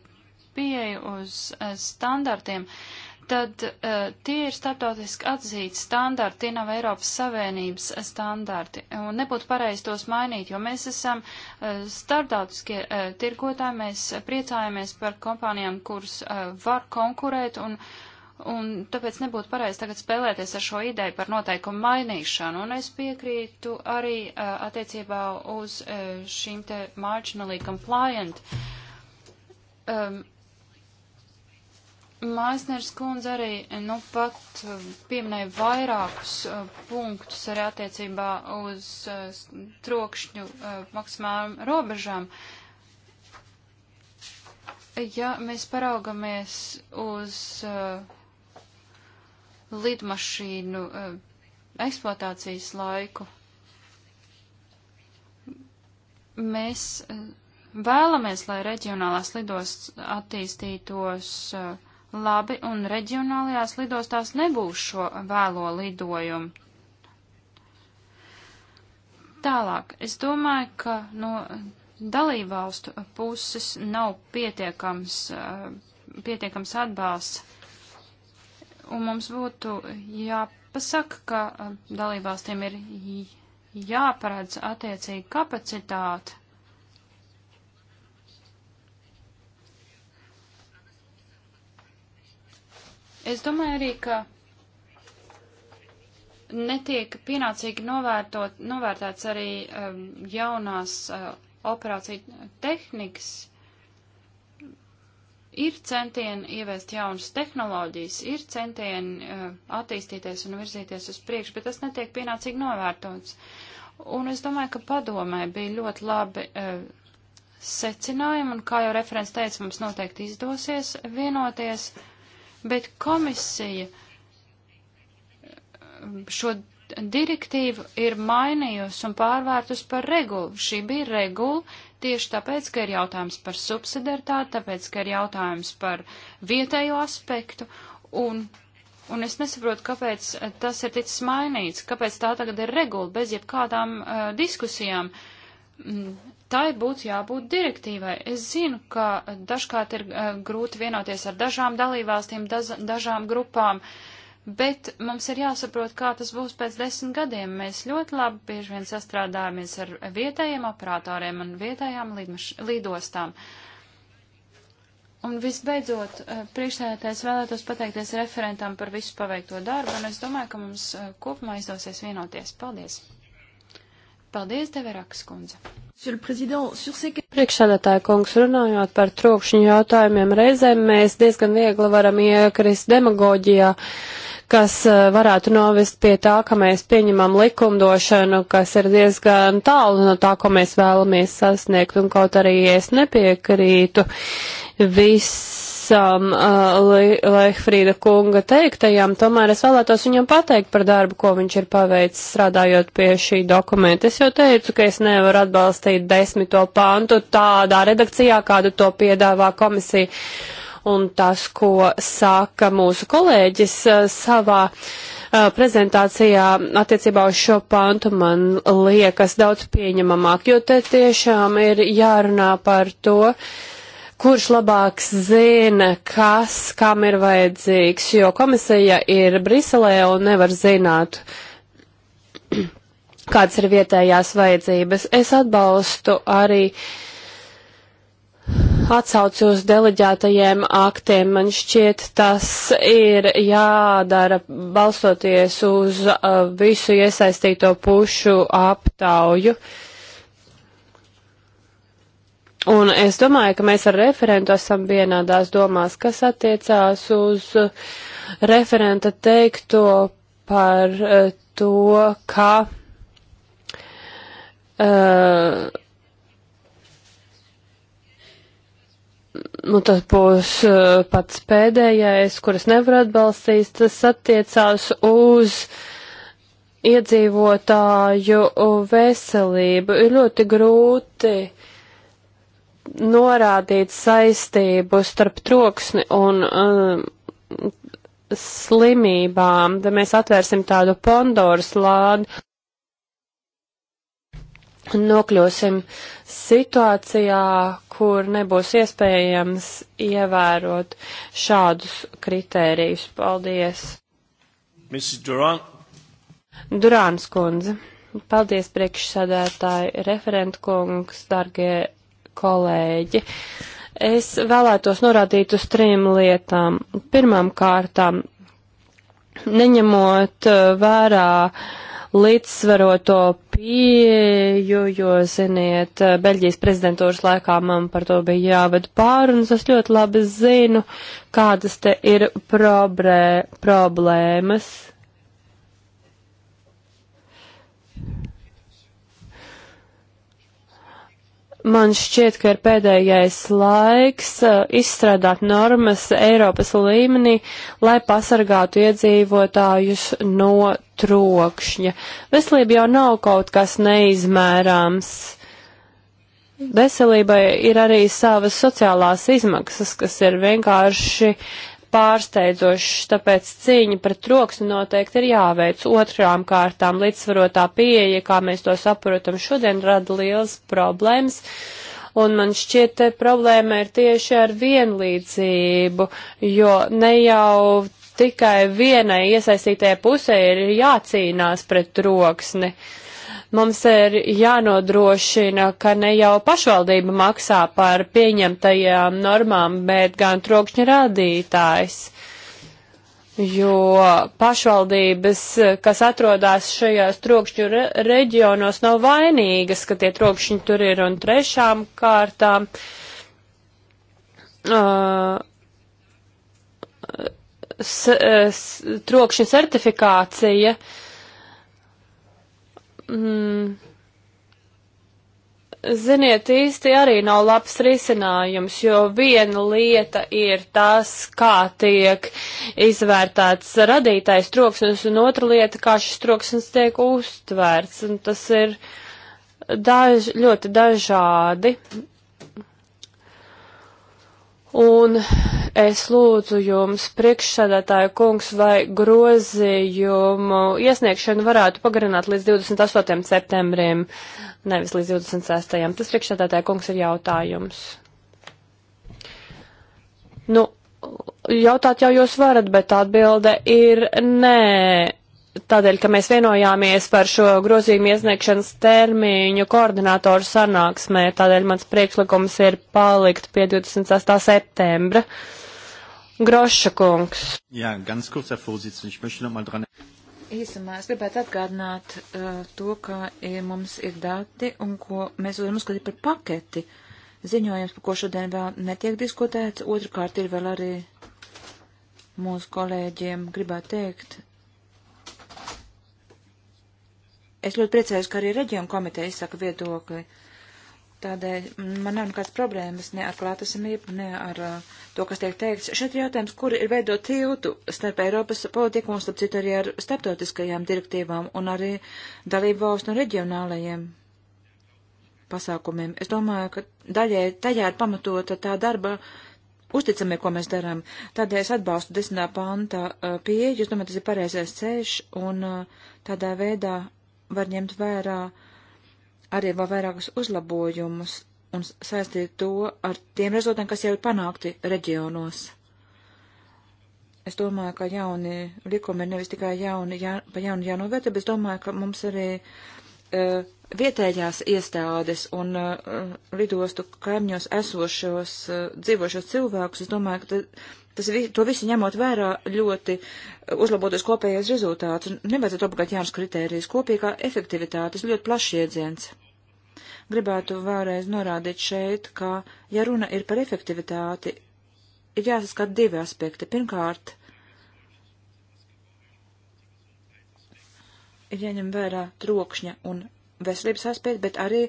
pieeju, uz eh, standartiem, uh, tad uh, tie ir starptautiski atzīti standarti, tie nav Eiropas Savienības standarti. Un nebūtu pareizi tos mainīt, jo mēs esam uh, starptautiskie uh, tirgotāji, mēs priecājamies par kompānijām, kuras uh, var konkurēt, un, un tāpēc nebūtu pareizi tagad spēlēties ar šo ideju par noteikumu mainīšanu. Un es piekrītu arī uh, attiecībā uz uh, šīm te marginally compliant. Um, Maisners kundze arī, nu, pat uh, pieminēja vairākus uh, punktus arī attiecībā uz uh, trokšņu uh, maksimālām robežām. Ja mēs paraugamies uz uh, lidmašīnu uh, eksploatācijas laiku, mēs vēlamies, lai reģionālās lidosts attīstītos uh, Labi, un reģionālajās lidostās nebūs šo vēlo lidojumu. Tālāk, es domāju, ka no dalībvalstu puses nav pietiekams, eh, pietiekams atbalsts, un mums būtu jāpasaka, ka eh, dalībvalstīm ir jāparedz attiecīgi kapacitāti Es domāju arī, ka netiek pienācīgi novērtot, novērtēts arī um, jaunās uh, operāciju tehnikas. Ir centieni ieviest jaunas tehnoloģijas, ir centieni uh, attīstīties un virzīties uz priekšu, bet tas netiek pienācīgi novērtots. Un es domāju, ka padomē bija ļoti labi uh, secinājumi, un kā jau referents teica, mums noteikti izdosies vienoties. Uh, bet komisija eh, šo direktīvu ir mainījusi un pārvērtus par regulu. Šī bija regula tieši tāpēc, ka ir jautājums par subsidiaritāti, tāpēc, ka ir jautājums par vietējo aspektu, un, un es nesaprotu, kāpēc eh, tas ir ticis mainīts, kāpēc tā tagad ir regula bez jebkādām uh, diskusijām. Uh, Mm, tai būtu jābūt direktīvai. Es zinu, ka dažkārt ir eh, grūti vienoties ar dažām dalībvalstīm, daž, dažām grupām, bet mums ir jāsaprot, kā tas būs pēc desmit gadiem. Mēs ļoti labi bieži vien sastrādājamies ar vietējiem operatoriem un vietējām lidostām. Un visbeidzot, eh, priekšsēdētājs vēlētos pateikties referentam par visu paveikto darbu, un es domāju, ka mums eh, kopumā izdosies vienoties. Paldies! Paldies, Deverakas kundze. Priekšsēdētāja kungs, runājot par trokšņu jautājumiem, reizēm mēs diezgan viegli varam iekrist demagoģijā, kas eh, varētu novest pie tā, ka mēs pieņemam likumdošanu, kas ir diezgan tālu no tā, ko mēs vēlamies sasniegt, un kaut arī es nepiekrītu viss visam uh, Leihfrīda kunga teiktajam, tomēr es vēlētos viņam pateikt par darbu, ko viņš ir paveicis strādājot pie šī dokumenta. Es jau teicu, ka es nevaru atbalstīt desmito pantu tādā redakcijā, kādu to piedāvā komisija. Un tas, ko saka mūsu kolēģis uh, savā uh, prezentācijā attiecībā uz šo pantu, man liekas daudz pieņemamāk, jo te tiešām ir jārunā par to, uh, kurš labāk zina, kas kam ir vajadzīgs, jo komisija ir Briselē un nevar zināt, kādas ir vietējās vajadzības. Es atbalstu arī atsauci uz deleģētajiem aktiem. Man šķiet, tas ir jādara balstoties uz uh, visu iesaistīto pušu aptauju. Uh, Un es domāju, ka mēs ar referentu esam vienādās domās, kas attiecās uz referenta teikto par eh, to, ka uh, nu, tas būs uh, pats pēdējais, kuras nevar atbalstīt, tas attiecās uz iedzīvotāju veselību. Ir ļoti grūti norādīt saistību starp troksni un um, slimībām, tad mēs atvērsim tādu Pandoras lādu un nokļūsim situācijā, kur nebūs iespējams ievērot šādus kritērijus. Paldies! Mrs. Durant. Durāns kundze. Paldies priekšsādētāji, referentkungs, dargie kolēģi. Es vēlētos norādīt uz trim lietām. Pirmām kārtām, neņemot eh, vērā līdzsvaroto pieju, jo, ziniet, Beļģijas prezidentūras laikā man par to bija jāved pārunas, es ļoti labi zinu, kādas te ir probrē, problēmas Man šķiet, ka ir pēdējais laiks uh, izstrādāt normas Eiropas līmenī, lai pasargātu iedzīvotājus no trokšņa. Veselība jau nav kaut kas neizmērāms. Veselībai ir arī savas sociālās izmaksas, kas ir vienkārši pārsteidzojšs, tāpēc cīņa pret troksni noteikti ir jāveic otrām kārtām. Līdzsvarotā pieeja, kā mēs to saprotam, šodien rada liels problēmas. Un man šķiet, te problēma ir tieši ar vienlīdzību, jo ne jau tikai vienai iesaistītajai pusē ir jācīnās pret troksni. Uh, Mums ir jānodrošina, ka ne jau pašvaldība maksā par pieņemtajām normām, bet gan trokšņa rādītājs. Jo pašvaldības, kas atrodas šajās trokšņu re reģionos, nav vainīgas, ka tie trokšņi tur ir un trešām kārtām. Uh, s, s, trokšņa certifikācija uh, mm, ziniet, īsti arī nav labs risinājums, jo viena lieta ir tas, kā tiek izvērtāts radītais troksnis, un otra lieta, kā šis troksnis tiek uztvērts, un tas ir daž, ļoti dažādi. Un es lūdzu jums, priekšsēdētāju kungs, vai grozījumu iesniegšanu varētu pagarināt līdz 28. septembrim, nevis līdz 26. Tas priekšsēdētāju kungs ir jautājums. Nu, jautāt jau jūs varat, bet atbilde ir nē tādēļ, ka mēs vienojāmies par šo grozījumu iesniegšanas termiņu koordinātoru sanāksmē, tādēļ mans priekšlikums ir palikt pie 28. septembra. Groša kungs. Jā, ganz kurz, Herr Vorsitzende, ich möchte nochmal dran. Īsumā es gribētu atgādināt uh, to, ka ir, e, mums ir dati un ko mēs varam uzskatīt par paketi. Ziņojums, par ko šodien vēl netiek diskutēts, otrkārt ir vēl arī mūsu kolēģiem gribētu teikt, Es ļoti priecājos, ka arī reģionu komiteja izsaka viedokli. Tādēļ man nav nekādas problēmas ne ar klātesamību, ne ar uh, to, kas tiek teikts. Šeit ir jautājums, kur ir veidot tiltu starp Eiropas politiku un starp citu arī ar starptautiskajām direktīvām un arī dalību valstu un reģionālajiem pasākumiem. Es domāju, ka daļai tajā ir pamatota tā darba uzticamie, ko mēs darām. Tādēļ es atbalstu desmitā panta uh, pieeju, es domāju, tas ir pareizais ceļš un uh, tādā veidā var ņemt vērā arī vēl vairākus uzlabojumus un saistīt to ar tiem rezultātiem, kas jau ir panākti reģionos. Es domāju, ka jauni likumi ir nevis tikai jauni, jā, pa jaunu jānovērtē, bet es domāju, ka mums arī uh, vietējās iestādes un uh, lidostu kaimiņos esošos uh, dzīvošos cilvēkus, es domāju, ka Tas, to visu ņemot vērā ļoti eh, uzlabotos kopējais rezultāts. Nevajadzētu obligāti jaunas kritērijas. Kopīgā efektivitāte, tas ļoti plašs iedziens. Gribētu vēlreiz norādīt šeit, ka, ja runa ir par efektivitāti, ir jāsaskat divi aspekti. Pirmkārt, ir jāņem vērā trokšņa un veselības aspekti, bet arī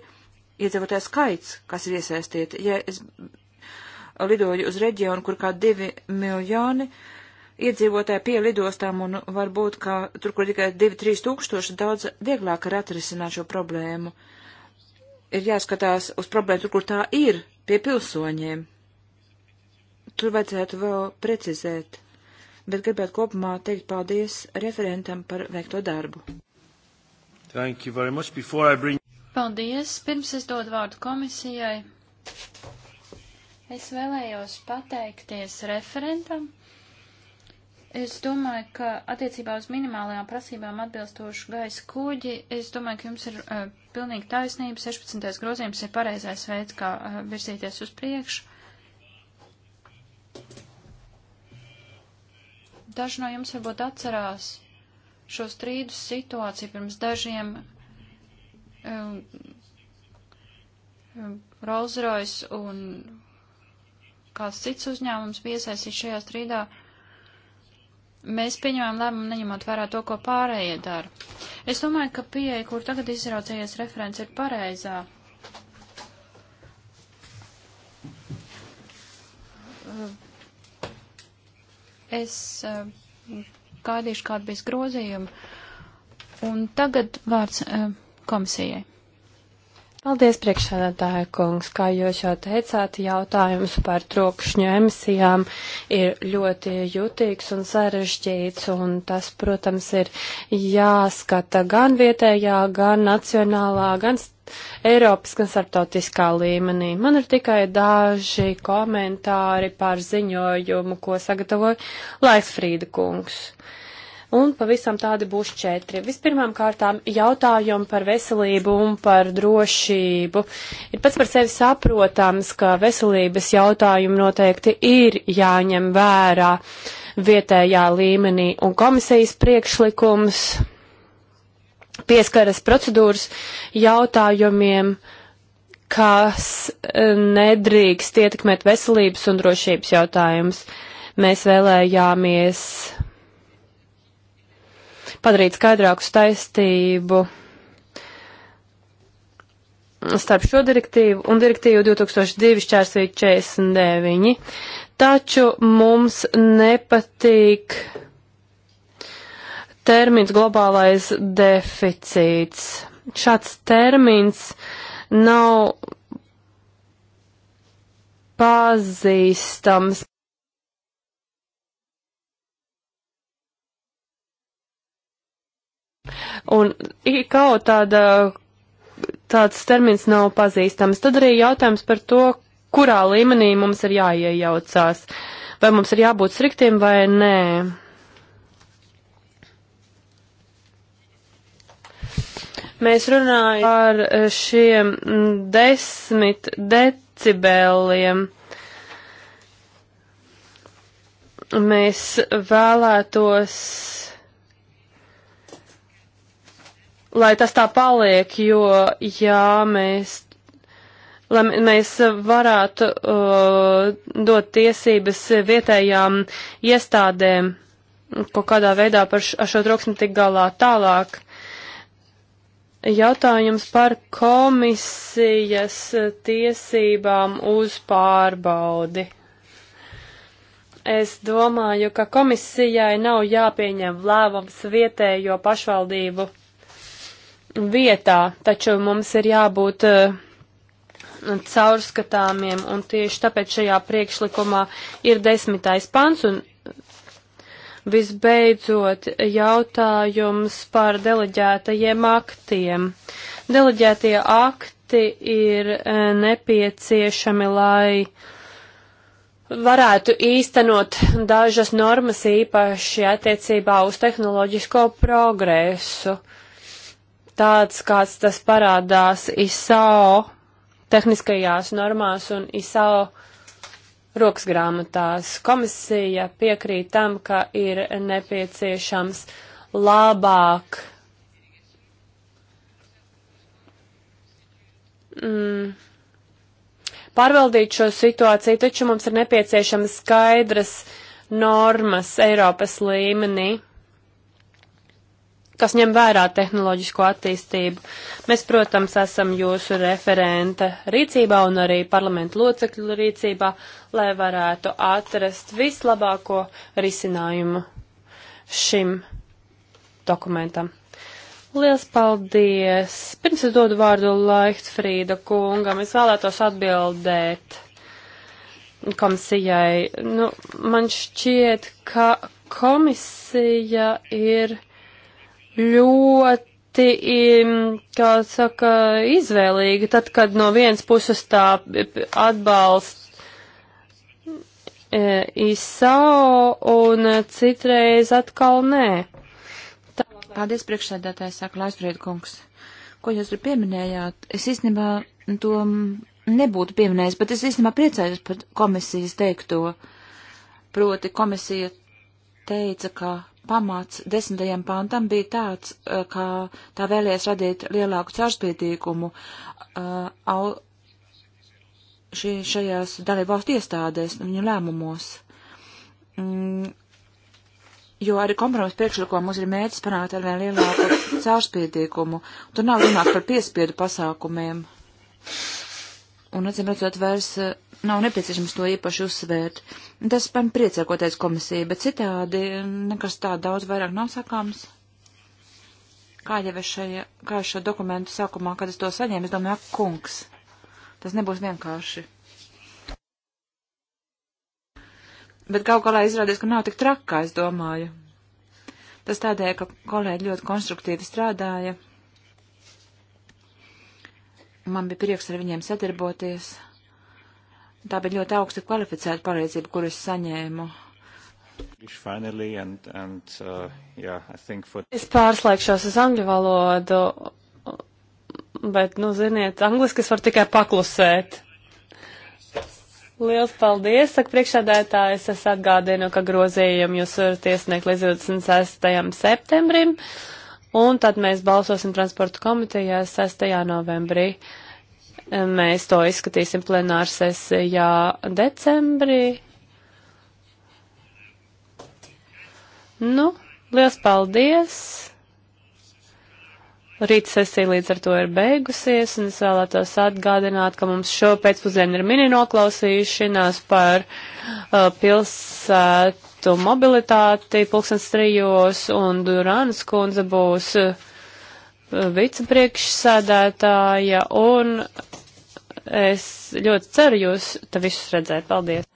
iedzīvotāju skaits, kas ir iesaistīti. Ja es lidoju uz reģionu, kur kā divi miljoni iedzīvotāji pie lidostām un varbūt, ka tur, kur tikai divi, trīs tūkstoši, daudz vieglāk ir atrisināt šo problēmu. Ir jāskatās uz problēmu tur, kur tā ir, pie pilsoņiem. Tur vajadzētu vēl precizēt, bet gribētu kopumā teikt paldies referentam par veikto darbu. Thank you very much. Before I bring... Paldies. Pirms es dodu vārdu komisijai. Es vēlējos pateikties referentam. Es domāju, ka attiecībā uz minimālajām prasībām atbilstošu gaisa kuģi, es domāju, ka jums ir uh, pilnīgi taisnība. 16. grozījums ir pareizais veids, kā uh, virzīties uz priekšu. Daži no jums varbūt atcerās šo strīdu situāciju pirms dažiem. Uh, um, um, Rolls Royce un kāds cits uzņēmums bija iesaistīts šajā strīdā, mēs pieņemām lēmumu neņemot vērā to, ko pārējie dara. Es domāju, ka pieeja, kur tagad izraucējies referents, ir pareizā. Es eh, gaidīšu, kāda bija grozījuma. Un tagad vārds eh, komisijai. Paldies, priekšsēdētāja kungs. Kā jūs jau teicāt, jautājums par trokšņu emisijām ir ļoti jutīgs un sarežģīts, un tas, protams, ir jāskata gan vietējā, gan nacionālā, gan Eiropas, gan starptautiskā līmenī. Man ir tikai daži komentāri par ziņojumu, ko sagatavoja Laisfrīda kungs. Uh, un pavisam tādi būs četri. Vispirmām kārtām jautājumi par veselību un par drošību. Ir pats par sevi saprotams, ka veselības jautājumi noteikti ir jāņem vērā vietējā līmenī un komisijas priekšlikums pieskaras procedūras jautājumiem kas eh, nedrīkst ietekmēt veselības un drošības jautājumus. Mēs vēlējāmies padarīt skaidrāku staistību starp šo direktīvu un direktīvu 2002-49. Taču mums nepatīk termins globālais deficīts. Šāds termins nav pazīstams. Un IKO tāda, tāds termins nav pazīstams. Tad arī jautājums par to, kurā līmenī mums ir jāiejaucās. Vai mums ir jābūt striktiem vai nē. Mēs runājam par šiem desmit decibeliem. Mēs vēlētos lai tas tā paliek, jo, jā, mēs, lai mēs varētu uh, dot tiesības vietējām iestādēm kaut kādā veidā par š, šo troksni tik galā tālāk. Jautājums par komisijas tiesībām uz pārbaudi. Es domāju, ka komisijai nav jāpieņem lēmums vietējo pašvaldību vietā, taču mums ir jābūt uh, caurskatāmiem, un tieši tāpēc šajā priekšlikumā ir desmitais pants, un visbeidzot jautājums par deleģētajiem aktiem. Deleģētie akti ir uh, nepieciešami, lai varētu īstenot dažas normas īpaši attiecībā uz tehnoloģisko progresu. Uh, tāds, kāds tas parādās ISAO tehniskajās normās un ISAO roksgrāmatās. Komisija piekrīt tam, ka ir nepieciešams labāk mm, pārvaldīt šo situāciju, taču mums ir nepieciešamas skaidras normas Eiropas līmenī kas ņem vērā tehnoloģisko attīstību. Mēs, protams, esam jūsu referenta rīcībā un arī parlamentu locekļu rīcībā, lai varētu atrast vislabāko risinājumu šim dokumentam. Liels paldies! Pirms es dodu vārdu Laichtfrīda kungam, es vēlētos atbildēt komisijai. Nu, man šķiet, ka komisija ir ļoti, kā saka, izvēlīgi, tad, kad no vienas puses tā atbalsts e, ISAO un citreiz atkal nē. Tā... Paldies priekšsēdētāji, saka Laispried kungs. Ko jūs tur pieminējāt? Es īstenībā to nebūtu pieminējis, bet es īstenībā priecājos par komisijas teikto. Proti komisija teica, ka pamats desmitajam pantam bija tāds, eh, ka tā vēlējies radīt lielāku caurspīdīgumu eh, šī, šajās dalībvalstu iestādēs un viņu lēmumos. Mm, jo arī kompromisu priekšlikumā mums ir mērķis panākt ar vien lielāku caurspīdīgumu. Tur nav runāts par piespiedu pasākumiem. Un, atcīm redzot, vairs eh, nav nepieciešams to īpaši uzsvērt. Tas man priecē, ko teica komisija, bet citādi nekas tā daudz vairāk nav sakāms. Kā jau es šajā, kā šo dokumentu sākumā, kad es to saņēmu, es domāju, ak, kungs, tas nebūs vienkārši. Bet kaut galā izrādās, ka nav tik traki, kā es domāju. Tas tādēļ, ka kolēģi ļoti konstruktīvi strādāja. Man bija prieks ar viņiem sadarboties. Tā bija ļoti augsta kvalificēta palīdzība, kuras saņēmu. And, and, uh, yeah, for... Es pārslēgšos uz angļu valodu, bet, nu, ziniet, angliski es varu tikai paklusēt. Liels paldies, saka priekšādētājs. Es atgādinu, ka grozījumu jūs varat iesniegt līdz 26. septembrim, un tad mēs balsosim transporta komitejā 6. novembrī. Mēs to izskatīsim plenāru sesijā decembrī. Nu, liels paldies! Rīta sesija līdz ar to ir beigusies, un es vēlētos atgādināt, ka mums šo pēcpusdienu ir mini noklausīšanās par uh, pilsētu mobilitāti pulkstens trijos, un Durānas kundze būs. Uh, vicepriekšsēdētāja, un es ļoti ceru jūs te visus redzēt. Paldies!